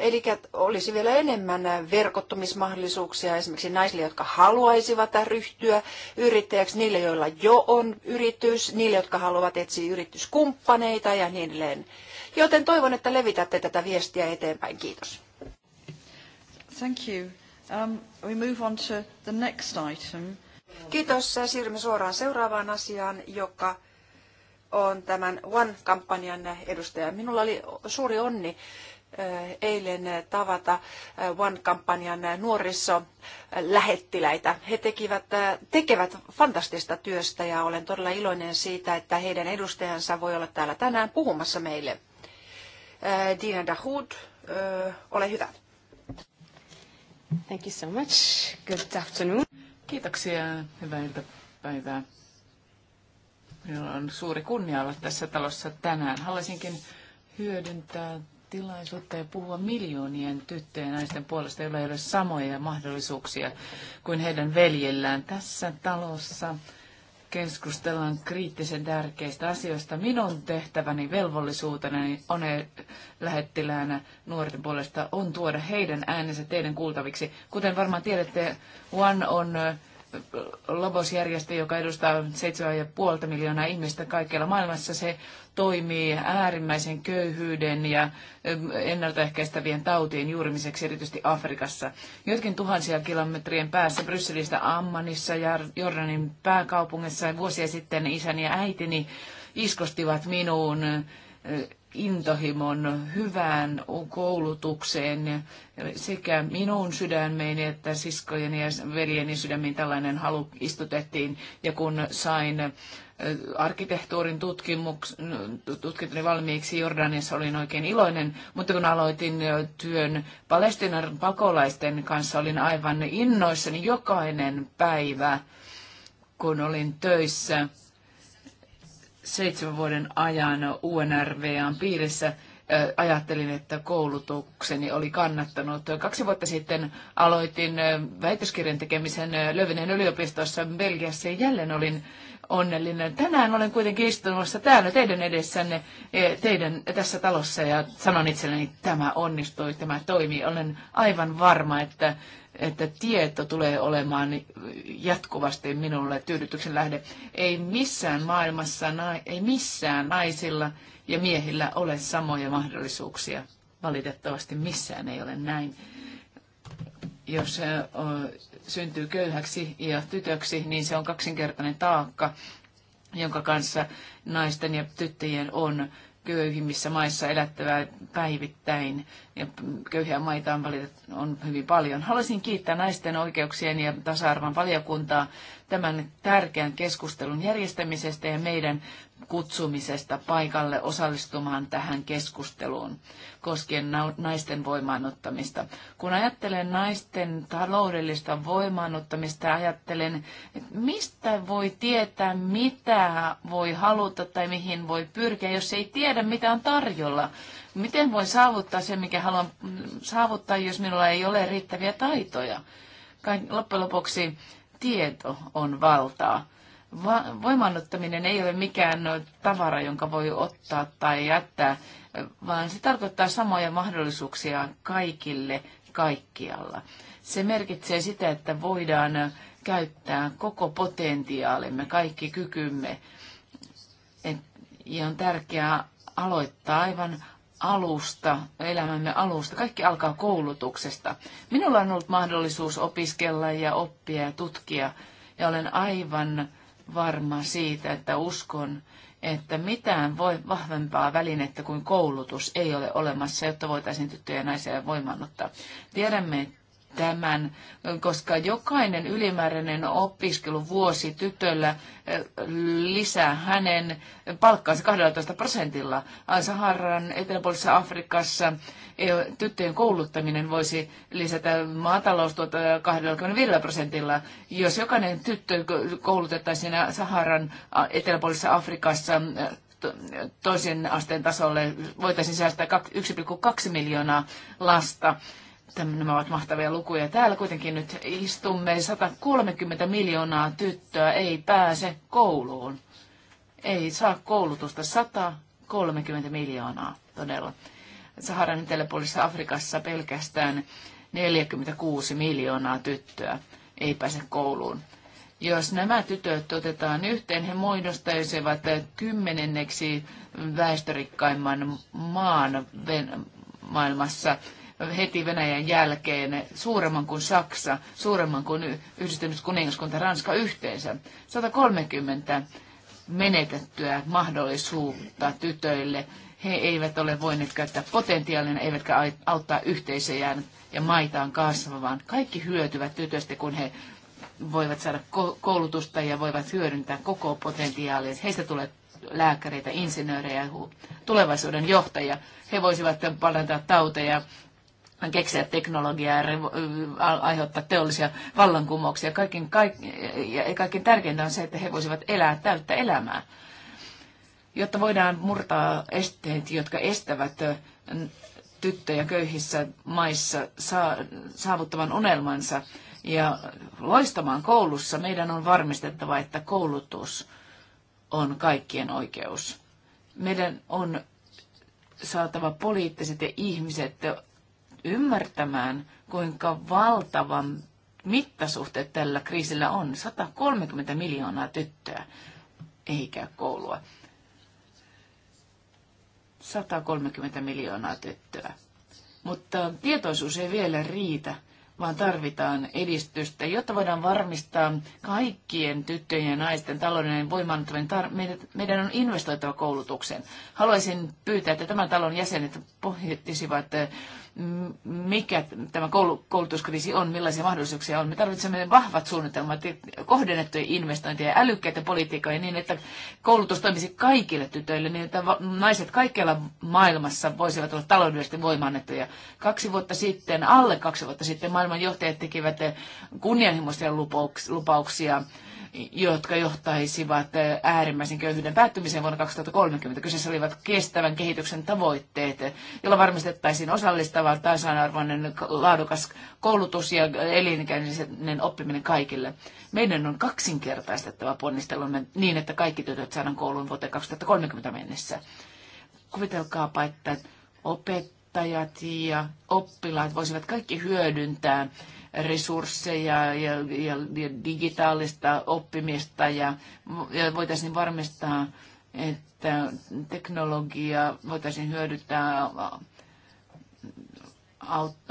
Eli olisi vielä enemmän verkottumismahdollisuuksia esimerkiksi naisille, jotka haluaisivat ryhtyä yrittäjäksi, niille, joilla jo on yritys, niille, jotka haluavat etsiä yrityskumppaneita ja niin edelleen. Joten toivon, että levitätte tätä viestiä eteenpäin. Kiitos. Thank you. Um, we move on to the next item. Kiitos. Siirrymme suoraan seuraavaan asiaan, joka on tämän One-kampanjan edustaja. Minulla oli suuri onni eh, eilen tavata eh, One-kampanjan nuorisolähettiläitä. He tekivät, eh, tekevät fantastista työstä ja olen todella iloinen siitä, että heidän edustajansa voi olla täällä tänään puhumassa meille. Eh, Dina Dahoud, eh, ole hyvä. Thank you so much. Good afternoon. Kiitoksia. Hyvää iltapäivää. Minulla on suuri kunnia olla tässä talossa tänään. Haluaisinkin hyödyntää tilaisuutta ja puhua miljoonien tyttöjen ja naisten puolesta, joilla ei ole samoja mahdollisuuksia kuin heidän veljellään tässä talossa keskustellaan kriittisen tärkeistä asioista. Minun tehtäväni, velvollisuuteni on e- lähettiläänä nuorten puolesta on tuoda heidän äänensä teidän kuultaviksi. Kuten varmaan tiedätte, One on Lobos-järjestö, joka edustaa 7,5 miljoonaa ihmistä kaikkialla maailmassa, se toimii äärimmäisen köyhyyden ja ennaltaehkäistävien tautien juurimiseksi erityisesti Afrikassa. Jotkin tuhansia kilometrien päässä Brysselistä Ammanissa ja Jordanin pääkaupungissa vuosia sitten isäni ja äitini iskostivat minuun intohimon hyvään koulutukseen. Sekä minun sydämeeni että siskojeni ja veljeni sydämiin tällainen halu istutettiin. Ja kun sain arkkitehtuurin tutkintoni valmiiksi Jordaniassa olin oikein iloinen, mutta kun aloitin työn Palestinan pakolaisten kanssa, olin aivan innoissani jokainen päivä, kun olin töissä seitsemän vuoden ajan UNRVAn piirissä ajattelin, että koulutukseni oli kannattanut. Kaksi vuotta sitten aloitin väitöskirjan tekemisen Lövinen yliopistossa Belgiassa ja jälleen olin onnellinen. Tänään olen kuitenkin istumassa täällä teidän edessänne, e, teidän tässä talossa ja sanon itselleni, että tämä onnistui, tämä toimii. Olen aivan varma, että, että tieto tulee olemaan jatkuvasti minulle tyydytyksen lähde. Ei missään maailmassa, ei missään naisilla ja miehillä ole samoja mahdollisuuksia. Valitettavasti missään ei ole näin jos syntyy köyhäksi ja tytöksi, niin se on kaksinkertainen taakka, jonka kanssa naisten ja tyttöjen on köyhimmissä maissa elättävää päivittäin. Ja köyhiä maita on, valitettu, on hyvin paljon. Haluaisin kiittää naisten oikeuksien ja tasa-arvon valiokuntaa tämän tärkeän keskustelun järjestämisestä ja meidän kutsumisesta paikalle osallistumaan tähän keskusteluun koskien naisten voimaanottamista. Kun ajattelen naisten taloudellista voimaanottamista, ajattelen, että mistä voi tietää, mitä voi haluta tai mihin voi pyrkiä, jos ei tiedä, mitä on tarjolla. Miten voi saavuttaa se, mikä haluan saavuttaa, jos minulla ei ole riittäviä taitoja? Loppujen lopuksi tieto on valtaa voimannuttaminen ei ole mikään tavara, jonka voi ottaa tai jättää, vaan se tarkoittaa samoja mahdollisuuksia kaikille kaikkialla. Se merkitsee sitä, että voidaan käyttää koko potentiaalimme, kaikki kykymme. Et, ja on tärkeää aloittaa aivan alusta, elämämme alusta. Kaikki alkaa koulutuksesta. Minulla on ollut mahdollisuus opiskella ja oppia ja tutkia, ja olen aivan varma siitä, että uskon, että mitään voi vahvempaa välinettä kuin koulutus ei ole olemassa, jotta voitaisiin tyttöjä ja naisia voimannuttaa. Tiedämme, tämän, koska jokainen ylimääräinen opiskeluvuosi tytöllä eh, lisää hänen palkkaansa 12 prosentilla. Saharan eteläpuolisessa Afrikassa eh, tyttöjen kouluttaminen voisi lisätä maataloustuota 25 prosentilla. Jos jokainen tyttö koulutettaisiin Saharan eh, eteläpuolisessa Afrikassa toisen asteen tasolle voitaisiin säästää 1,2 miljoonaa lasta Nämä ovat mahtavia lukuja. Täällä kuitenkin nyt istumme. 130 miljoonaa tyttöä ei pääse kouluun. Ei saa koulutusta. 130 miljoonaa todella. Saharan telepolissa Afrikassa pelkästään 46 miljoonaa tyttöä ei pääse kouluun. Jos nämä tytöt otetaan yhteen, he muodostaisivat kymmenenneksi väestörikkaimman maan maailmassa heti Venäjän jälkeen suuremman kuin Saksa, suuremman kuin yhdistynyt kuningaskunta Ranska yhteensä. 130 menetettyä mahdollisuutta tytöille. He eivät ole voineet käyttää potentiaalina, eivätkä auttaa yhteisöjään ja maitaan kasvavaan. Kaikki hyötyvät tytöstä, kun he voivat saada koulutusta ja voivat hyödyntää koko potentiaalia. Heistä tulee lääkäreitä, insinöörejä, tulevaisuuden johtajia. He voisivat parantaa tauteja, Äh, keksiä teknologiaa ja äh, aiheuttaa teollisia vallankumouksia. Kaikin, kaik, ja kaikkein tärkeintä on se, että he voisivat elää täyttä elämää, jotta voidaan murtaa esteet, jotka estävät äh, tyttöjä köyhissä maissa saavuttavan unelmansa ja loistamaan koulussa. Meidän on varmistettava, että koulutus on kaikkien oikeus. Meidän on saatava poliittiset ja ihmiset ymmärtämään, kuinka valtavan mittasuhteet tällä kriisillä on. 130 miljoonaa tyttöä ei käy koulua. 130 miljoonaa tyttöä. Mutta tietoisuus ei vielä riitä, vaan tarvitaan edistystä, jotta voidaan varmistaa kaikkien tyttöjen ja naisten taloudellinen voimaanottaminen. Tar- meidän on investoitava koulutukseen. Haluaisin pyytää, että tämän talon jäsenet pohjittisivat mikä tämä koulutuskriisi on, millaisia mahdollisuuksia on. Me tarvitsemme vahvat suunnitelmat, kohdennettuja investointeja, älykkäitä politiikkoja niin, että koulutus toimisi kaikille tytöille, niin että naiset kaikkialla maailmassa voisivat olla taloudellisesti voimannettuja. Kaksi vuotta sitten, alle kaksi vuotta sitten maailman johtajat tekivät kunnianhimoisia lupauksia jotka johtaisivat eh, äärimmäisen köyhyyden päättymiseen vuonna 2030. Kyseessä olivat kestävän kehityksen tavoitteet, jolla varmistettaisiin osallistava, tasa-arvoinen, laadukas koulutus ja elinikäinen oppiminen kaikille. Meidän on kaksinkertaistettava ponnistelumme niin, että kaikki tytöt saadaan kouluun vuoteen 2030 mennessä. Kuvitelkaapa, että opettajat ja oppilaat voisivat kaikki hyödyntää resursseja ja, ja, ja digitaalista oppimista ja, ja voitaisiin varmistaa, että teknologia voitaisiin hyödyntää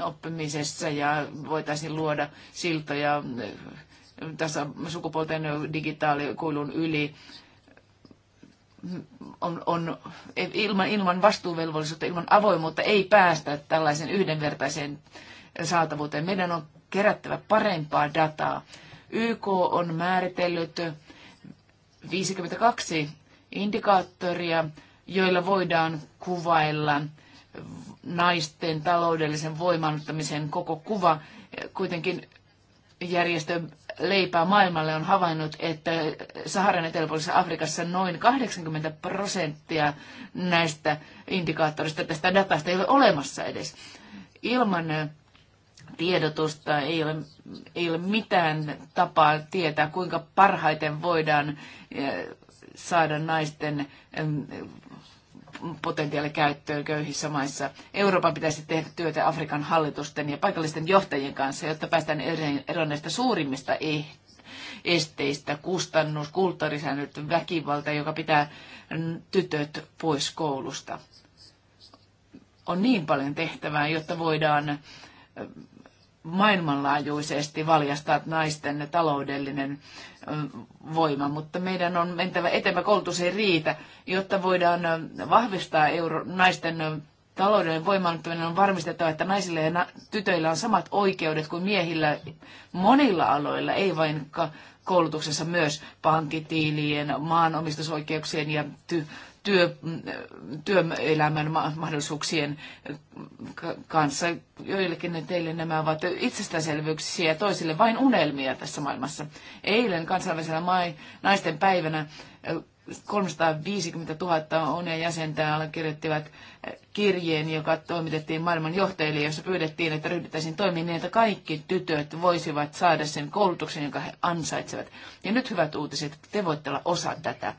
oppimisessa ja voitaisiin luoda siltoja äh, tässä sukupuolten digitaalikuilun yli on, on ilman, ilman vastuuvelvollisuutta, ilman avoimuutta ei päästä tällaisen yhdenvertaisen saatavuuteen. Meidän on kerättävä parempaa dataa. YK on määritellyt 52 indikaattoria, joilla voidaan kuvailla naisten taloudellisen voimannuttamisen koko kuva. Kuitenkin järjestö Leipää maailmalle on havainnut, että Saharan eteläpuolisessa Afrikassa noin 80 prosenttia näistä indikaattorista tästä datasta ei ole olemassa edes. Ilman tiedotusta, ei ole, ei ole mitään tapaa tietää, kuinka parhaiten voidaan eh, saada naisten potentiaali käyttöön köyhissä maissa. Euroopan pitäisi tehdä työtä Afrikan hallitusten ja paikallisten johtajien kanssa, jotta päästään eroon näistä suurimmista eh-, esteistä, kustannus, kulttuurisäännöt, väkivalta, joka pitää mm, tytöt pois koulusta. On niin paljon tehtävää, jotta voidaan maailmanlaajuisesti valjastaa naisten taloudellinen voima, mutta meidän on mentävä eteenpäin. Koulutus ei riitä, jotta voidaan vahvistaa euro, naisten taloudellinen voima, meidän on varmistettava, että naisille ja tytöillä on samat oikeudet kuin miehillä monilla aloilla, ei vain koulutuksessa myös pankkitiilien, maanomistusoikeuksien ja ty- työ, työelämän mahdollisuuksien kanssa. Joillekin teille nämä ovat itsestäänselvyyksiä ja toisille vain unelmia tässä maailmassa. Eilen kansainvälisellä mai, naisten päivänä 350 000 onen jäsentä allekirjoittivat äh, kirjeen, joka toimitettiin maailman johtajille, jossa pyydettiin, että ryhdyttäisiin toimiin niin, että kaikki tytöt voisivat saada sen koulutuksen, jonka he ansaitsevat. Ja nyt hyvät uutiset, te voitte olla osa tätä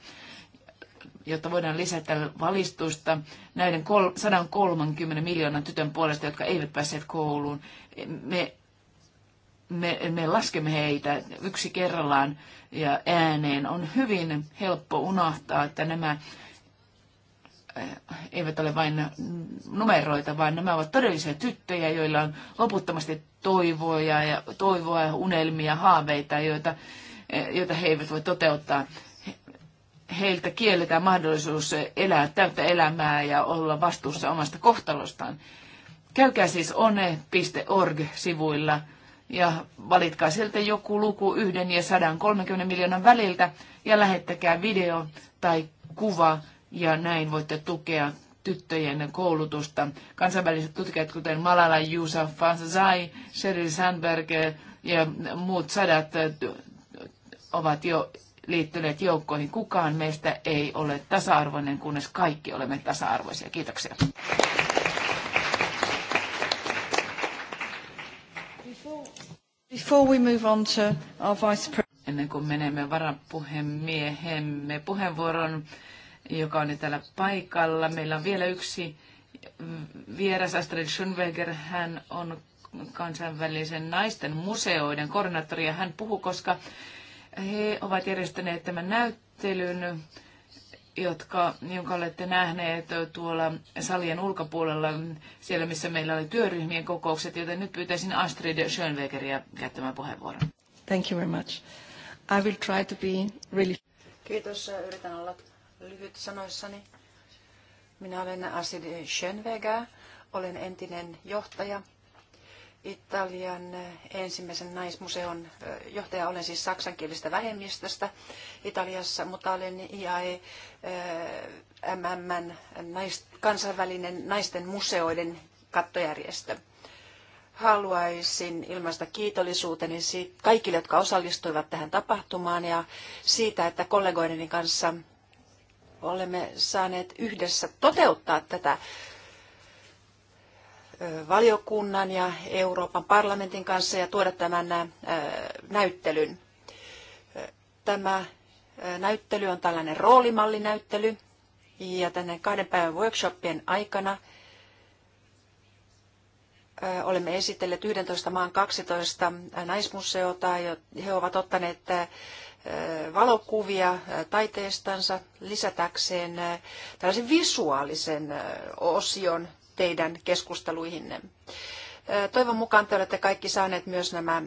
jotta voidaan lisätä valistusta näiden 130 miljoonan tytön puolesta, jotka eivät päässeet kouluun. Me, me, me laskemme heitä yksi kerrallaan ja ääneen. On hyvin helppo unohtaa, että nämä eh, eivät ole vain numeroita, vaan nämä ovat todellisia tyttöjä, joilla on loputtomasti toivoa ja, toivoa ja unelmia, haaveita, joita, eh, joita he eivät voi toteuttaa heiltä kielletään mahdollisuus elää täyttä elämää ja olla vastuussa omasta kohtalostaan. Käykää siis one.org-sivuilla ja valitkaa sieltä joku luku yhden ja 130 miljoonan väliltä ja lähettäkää video tai kuva ja näin voitte tukea tyttöjen koulutusta. Kansainväliset tutkijat, kuten Malala Yousafzai, Sheryl Sandberg ja muut sadat ovat jo liittyneet joukkoihin. Kukaan meistä ei ole tasa-arvoinen, kunnes kaikki olemme tasa-arvoisia. Kiitoksia. Before we move on to our vice Ennen kuin menemme varapuhemiehemme puheenvuoron, joka on nyt täällä paikalla, meillä on vielä yksi vieras Astrid Schönweger. Hän on kansainvälisen naisten museoiden koordinaattori ja hän puhuu, koska he ovat järjestäneet tämän näyttelyn, jotka, jonka olette nähneet tuolla salien ulkopuolella, siellä missä meillä oli työryhmien kokoukset, joten nyt pyytäisin Astrid Schönwegeria käyttämään puheenvuoron. Thank you very much. I will try to be really... Kiitos, yritän olla lyhyt sanoissani. Minä olen Astrid Schönweger, olen entinen johtaja Italian ensimmäisen naismuseon johtaja. Olen siis saksankielistä vähemmistöstä Italiassa, mutta olen IAE MM kansainvälinen naisten museoiden kattojärjestö. Haluaisin ilmaista kiitollisuuteni siitä, kaikille, jotka osallistuivat tähän tapahtumaan ja siitä, että kollegoideni kanssa olemme saaneet yhdessä toteuttaa tätä valiokunnan ja Euroopan parlamentin kanssa ja tuoda tämän näyttelyn. Tämä näyttely on tällainen roolimallinäyttely ja tänne kahden päivän workshopien aikana olemme esitelleet 11 maan 12 naismuseota. He ovat ottaneet valokuvia taiteestansa lisätäkseen tällaisen visuaalisen osion teidän keskusteluihinne. Toivon mukaan te olette kaikki saaneet myös nämä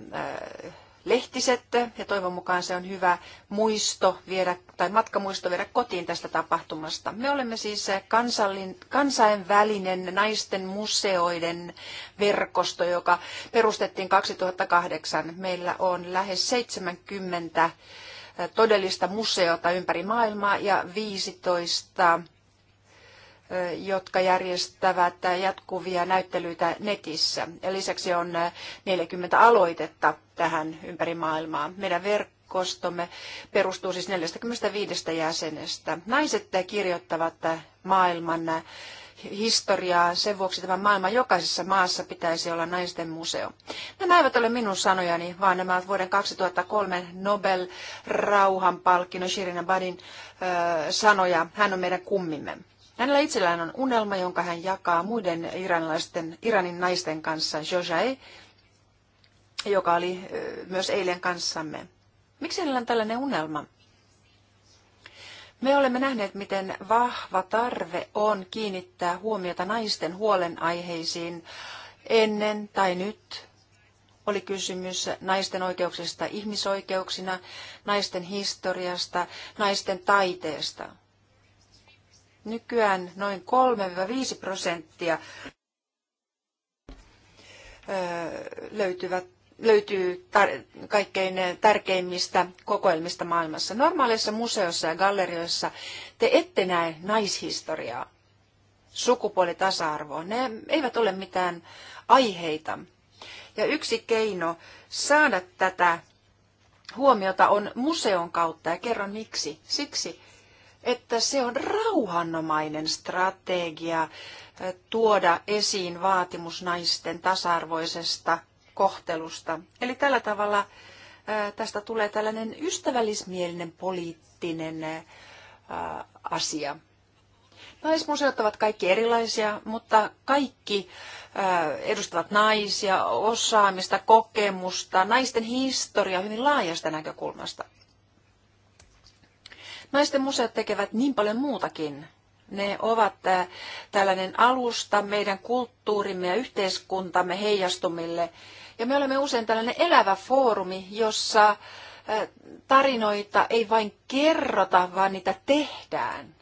lehtiset ja toivon mukaan se on hyvä muisto viedä, tai matkamuisto viedä kotiin tästä tapahtumasta. Me olemme siis kansallin, kansainvälinen naisten museoiden verkosto, joka perustettiin 2008. Meillä on lähes 70 todellista museota ympäri maailmaa ja 15 jotka järjestävät jatkuvia näyttelyitä netissä. Ja lisäksi on 40 aloitetta tähän ympäri maailmaa. Meidän verkostomme perustuu siis 45 jäsenestä. Naiset kirjoittavat maailman historiaa. Sen vuoksi tämä maailman jokaisessa maassa pitäisi olla naisten museo. Nämä eivät ole minun sanojani, vaan nämä ovat vuoden 2003 Nobel-rauhanpalkinnon Shirin Badin sanoja. Hän on meidän kummimme. Hänellä itsellään on unelma, jonka hän jakaa muiden iranilaisten, Iranin naisten kanssa, Jojai, joka oli myös eilen kanssamme. Miksi hänellä on tällainen unelma? Me olemme nähneet, miten vahva tarve on kiinnittää huomiota naisten huolenaiheisiin ennen tai nyt. Oli kysymys naisten oikeuksista ihmisoikeuksina, naisten historiasta, naisten taiteesta – nykyään noin 3-5 prosenttia löytyvät löytyy tar- kaikkein tärkeimmistä kokoelmista maailmassa. Normaaleissa museoissa ja gallerioissa te ette näe naishistoriaa, sukupuolitasa-arvoa. Ne eivät ole mitään aiheita. Ja yksi keino saada tätä huomiota on museon kautta, ja kerron miksi. Siksi, että se on rauhanomainen strategia eh, tuoda esiin vaatimus naisten tasa-arvoisesta kohtelusta. Eli tällä tavalla eh, tästä tulee tällainen ystävällismielinen poliittinen eh, asia. Naismuseot ovat kaikki erilaisia, mutta kaikki edustavat naisia, osaamista, kokemusta, naisten historiaa hyvin laajasta näkökulmasta. Naisten museot tekevät niin paljon muutakin. Ne ovat tällainen alusta meidän kulttuurimme ja yhteiskuntamme heijastumille. Ja me olemme usein tällainen elävä foorumi, jossa tarinoita ei vain kerrota, vaan niitä tehdään.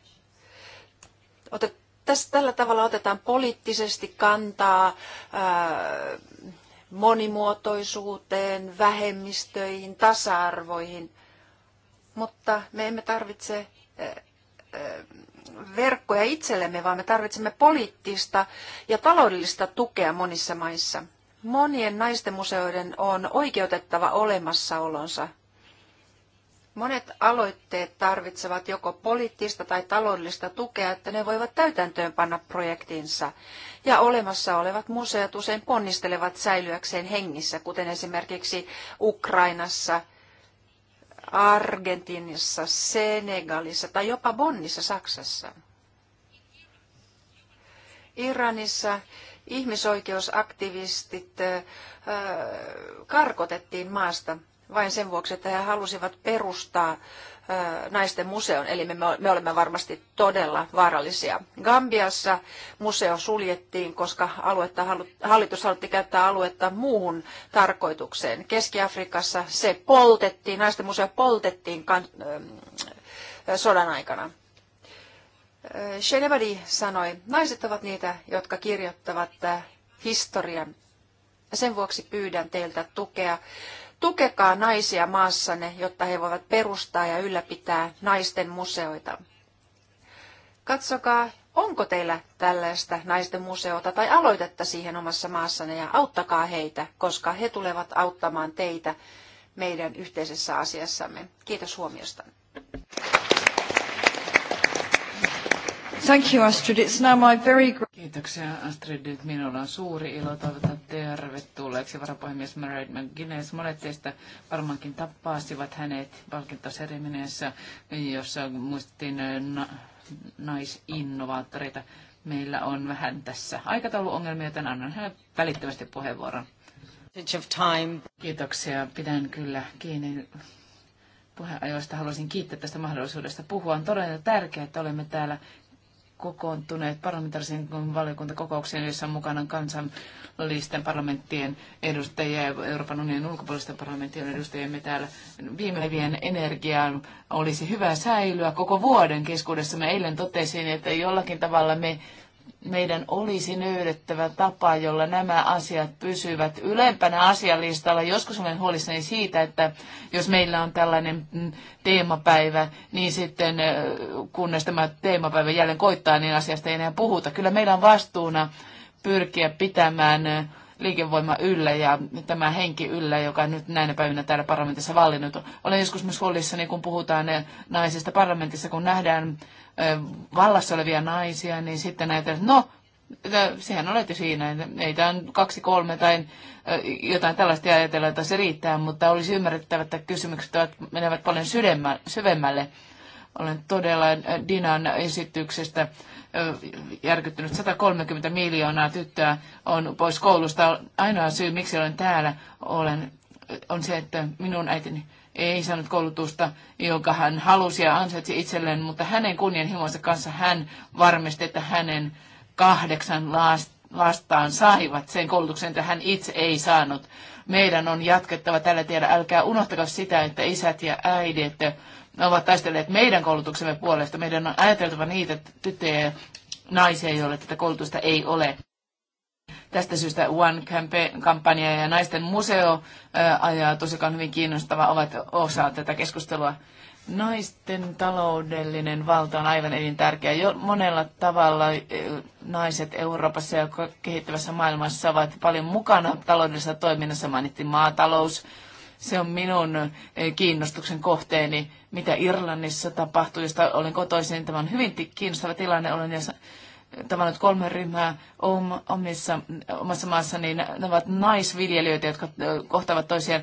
Otet, tässä, tällä tavalla otetaan poliittisesti kantaa ää, monimuotoisuuteen, vähemmistöihin, tasa-arvoihin – mutta me emme tarvitse eh, eh, verkkoja itsellemme, vaan me tarvitsemme poliittista ja taloudellista tukea monissa maissa. Monien naisten museoiden on oikeutettava olemassaolonsa. Monet aloitteet tarvitsevat joko poliittista tai taloudellista tukea, että ne voivat täytäntöön panna projektinsa. Ja olemassa olevat museot usein ponnistelevat säilyäkseen hengissä, kuten esimerkiksi Ukrainassa – Argentiinissa, Senegalissa tai jopa Bonnissa Saksassa. Iranissa ihmisoikeusaktivistit karkotettiin maasta vain sen vuoksi, että he halusivat perustaa naisten museon, eli me, me olemme varmasti todella vaarallisia. Gambiassa museo suljettiin, koska aluetta, hallitus halutti käyttää aluetta muuhun tarkoitukseen. Keski-Afrikassa se poltettiin, naisten museo poltettiin kan, sodan aikana. Shenebadi sanoi, naiset ovat niitä, jotka kirjoittavat historian. Sen vuoksi pyydän teiltä tukea Tukekaa naisia maassanne, jotta he voivat perustaa ja ylläpitää naisten museoita. Katsokaa, onko teillä tällaista naisten museota tai aloitetta siihen omassa maassanne ja auttakaa heitä, koska he tulevat auttamaan teitä meidän yhteisessä asiassamme. Kiitos huomiosta. Thank you, Astrid. It's now my very... Kiitoksia, Astrid. Nyt minulla on suuri ilo toivottaa tervetulleeksi varapuhemies Mary McGuinness. Monet teistä varmaankin tappaasivat hänet palkintoseremoniassa, jossa muistettiin äh, na- naisinnovaattoreita. Meillä on vähän tässä aikatauluongelmia, joten annan hänelle välittömästi puheenvuoron. Of time. Kiitoksia. Pidän kyllä kiinni puheenajoista haluaisin kiittää tästä mahdollisuudesta puhua. On todella tärkeää, että olemme täällä kokoontuneet parlamentaarisen valiokuntakokoukseen, jossa on mukana kansallisten parlamenttien edustajia ja Euroopan unionin ulkopuolisten parlamenttien edustajia. Me täällä viime levien energiaan olisi hyvä säilyä koko vuoden keskuudessa. Me eilen totesin, että jollakin tavalla me meidän olisi löydettävä tapa, jolla nämä asiat pysyvät ylempänä asialistalla. Joskus olen huolissani siitä, että jos meillä on tällainen mm, teemapäivä, niin sitten kunnes tämä teemapäivä jälleen koittaa, niin asiasta ei enää puhuta. Kyllä meillä on vastuuna pyrkiä pitämään liikevoima yllä ja tämä henki yllä, joka nyt näinä päivinä täällä parlamentissa vallinnut. Olen joskus myös huolissani, kun puhutaan naisista parlamentissa, kun nähdään vallassa olevia naisia, niin sitten näitä, no, sehän olet jo siinä, ei tämä on kaksi, kolme tai jotain tällaista ajatella, että se riittää, mutta olisi ymmärrettävä, että kysymykset menevät paljon syvemmälle. Olen todella Dinan esityksestä järkyttynyt. 130 miljoonaa tyttöä on pois koulusta. Ainoa syy, miksi olen täällä, olen, on se, että minun äitini ei saanut koulutusta, jonka hän halusi ja ansaitsi itselleen, mutta hänen kunnianhimonsa kanssa hän varmisti, että hänen kahdeksan lastaan saivat sen koulutuksen, että hän itse ei saanut. Meidän on jatkettava tällä tiellä. Älkää unohtakaa sitä, että isät ja äidit ovat taistelleet meidän koulutuksemme puolesta. Meidän on ajateltava niitä tyttöjä naisia, joille tätä koulutusta ei ole. Tästä syystä One-kampanja ja naisten museo ajaa tosiaan hyvin kiinnostava, ovat osa tätä keskustelua. Naisten taloudellinen valta on aivan elintärkeä. Jo monella tavalla naiset Euroopassa ja kehittävässä maailmassa ovat paljon mukana taloudellisessa toiminnassa. Mainittiin maatalous, se on minun eh, kiinnostuksen kohteeni, mitä Irlannissa tapahtuu, josta olen kotoisin. Tämä on hyvin kiinnostava tilanne. Olen jo tavannut kolme ryhmää omissa, omassa maassa, niin ne ovat naisviljelijöitä, jotka eh, kohtaavat toisiaan.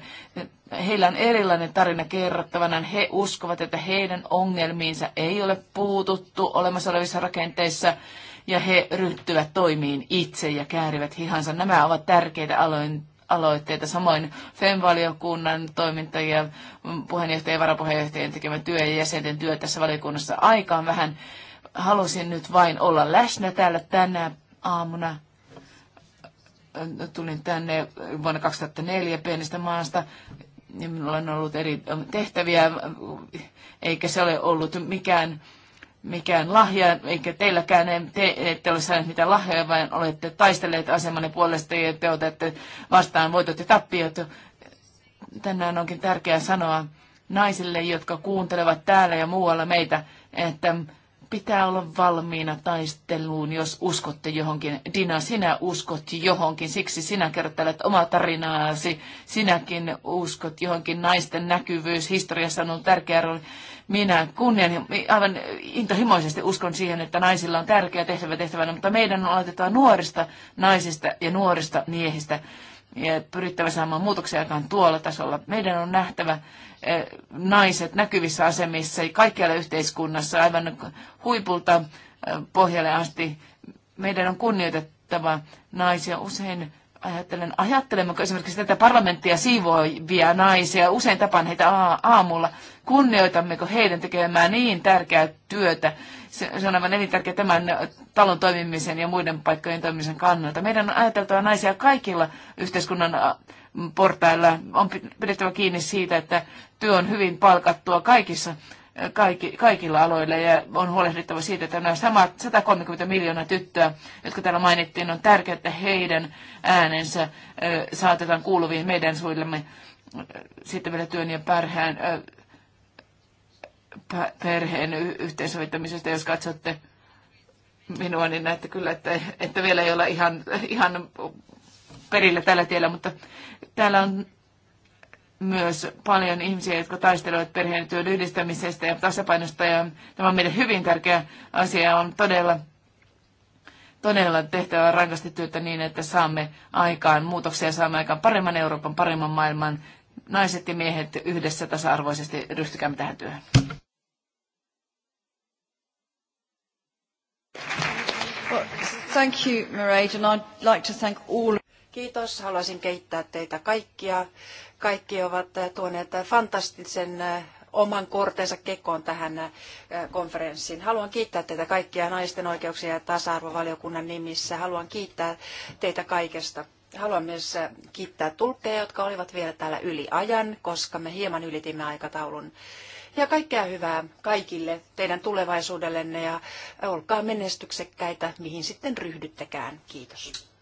Heillä on erilainen tarina kerrottavana. He uskovat, että heidän ongelmiinsa ei ole puututtu olemassa olevissa rakenteissa ja he ryhtyvät toimiin itse ja käärivät hihansa. Nämä ovat tärkeitä aloin, aloitteita. Samoin FEM-valiokunnan toimintajia, ja puheenjohtajien ja varapuheenjohtajien tekemä työ ja jäsenten työ tässä valiokunnassa aikaan vähän. Halusin nyt vain olla läsnä täällä tänä aamuna. Tulin tänne vuonna 2004 pienestä maasta ja minulla on ollut eri tehtäviä, eikä se ole ollut mikään mikään lahja, eikä teilläkään te ette ole saaneet mitään lahjoja, vaan olette taistelleet asemanne puolesta ja te otatte vastaan voitot ja tappiot. Tänään onkin tärkeää sanoa naisille, jotka kuuntelevat täällä ja muualla meitä, että pitää olla valmiina taisteluun, jos uskotte johonkin. Dina, sinä uskot johonkin, siksi sinä kertelet omaa tarinaasi. Sinäkin uskot johonkin. Naisten näkyvyys historiassa on ollut tärkeä rooli. Minä kunnian, aivan intohimoisesti uskon siihen, että naisilla on tärkeä tehtävä tehtävänä, mutta meidän on aloitettava nuorista naisista ja nuorista miehistä ja pyrittävä saamaan muutoksia aikaan tuolla tasolla. Meidän on nähtävä eh, naiset näkyvissä asemissa kaikkialla yhteiskunnassa aivan huipulta eh, pohjalle asti. Meidän on kunnioitettava naisia usein ajattelen, ajattelemmeko esimerkiksi tätä parlamenttia siivoivia naisia, usein tapaan heitä aamulla, kunnioitammeko heidän tekemään niin tärkeää työtä, se, se on aivan elintärkeä tämän talon toimimisen ja muiden paikkojen toimimisen kannalta. Meidän on ajateltava naisia kaikilla yhteiskunnan portailla, on pidettävä kiinni siitä, että työ on hyvin palkattua kaikissa kaikki, kaikilla aloilla ja on huolehdittava siitä, että nämä samat 130 miljoonaa tyttöä, jotka täällä mainittiin, on tärkeää, että heidän äänensä saatetaan kuuluviin meidän suillemme sitten vielä työn ja perheen, perheen yhteensovittamisesta, jos katsotte minua, niin näette kyllä, että, että vielä ei olla ihan, ihan perillä tällä tiellä, mutta täällä on myös paljon ihmisiä, jotka taistelevat perheen työn yhdistämisestä ja tasapainosta. Ja tämä on meille hyvin tärkeä asia. On todella, todella tehtävä rankasti työtä niin, että saamme aikaan muutoksia, saamme aikaan paremman Euroopan, paremman maailman. Naiset ja miehet yhdessä tasa-arvoisesti ryhtykäämme tähän työhön. Thank you, and I'd like to thank all. Kiitos. Haluaisin kehittää teitä kaikkia kaikki ovat eh, tuoneet eh, fantastisen eh, oman kortensa kekoon tähän konferenssiin. Haluan kiittää teitä kaikkia naisten oikeuksia ja tasa-arvovaliokunnan nimissä. Haluan kiittää teitä kaikesta. Haluan myös kiittää tulkkeja, jotka olivat vielä täällä yli ajan, koska me hieman ylitimme aikataulun. Ja kaikkea hyvää kaikille teidän tulevaisuudellenne ja olkaa menestyksekkäitä, mihin sitten ryhdyttekään. Kiitos.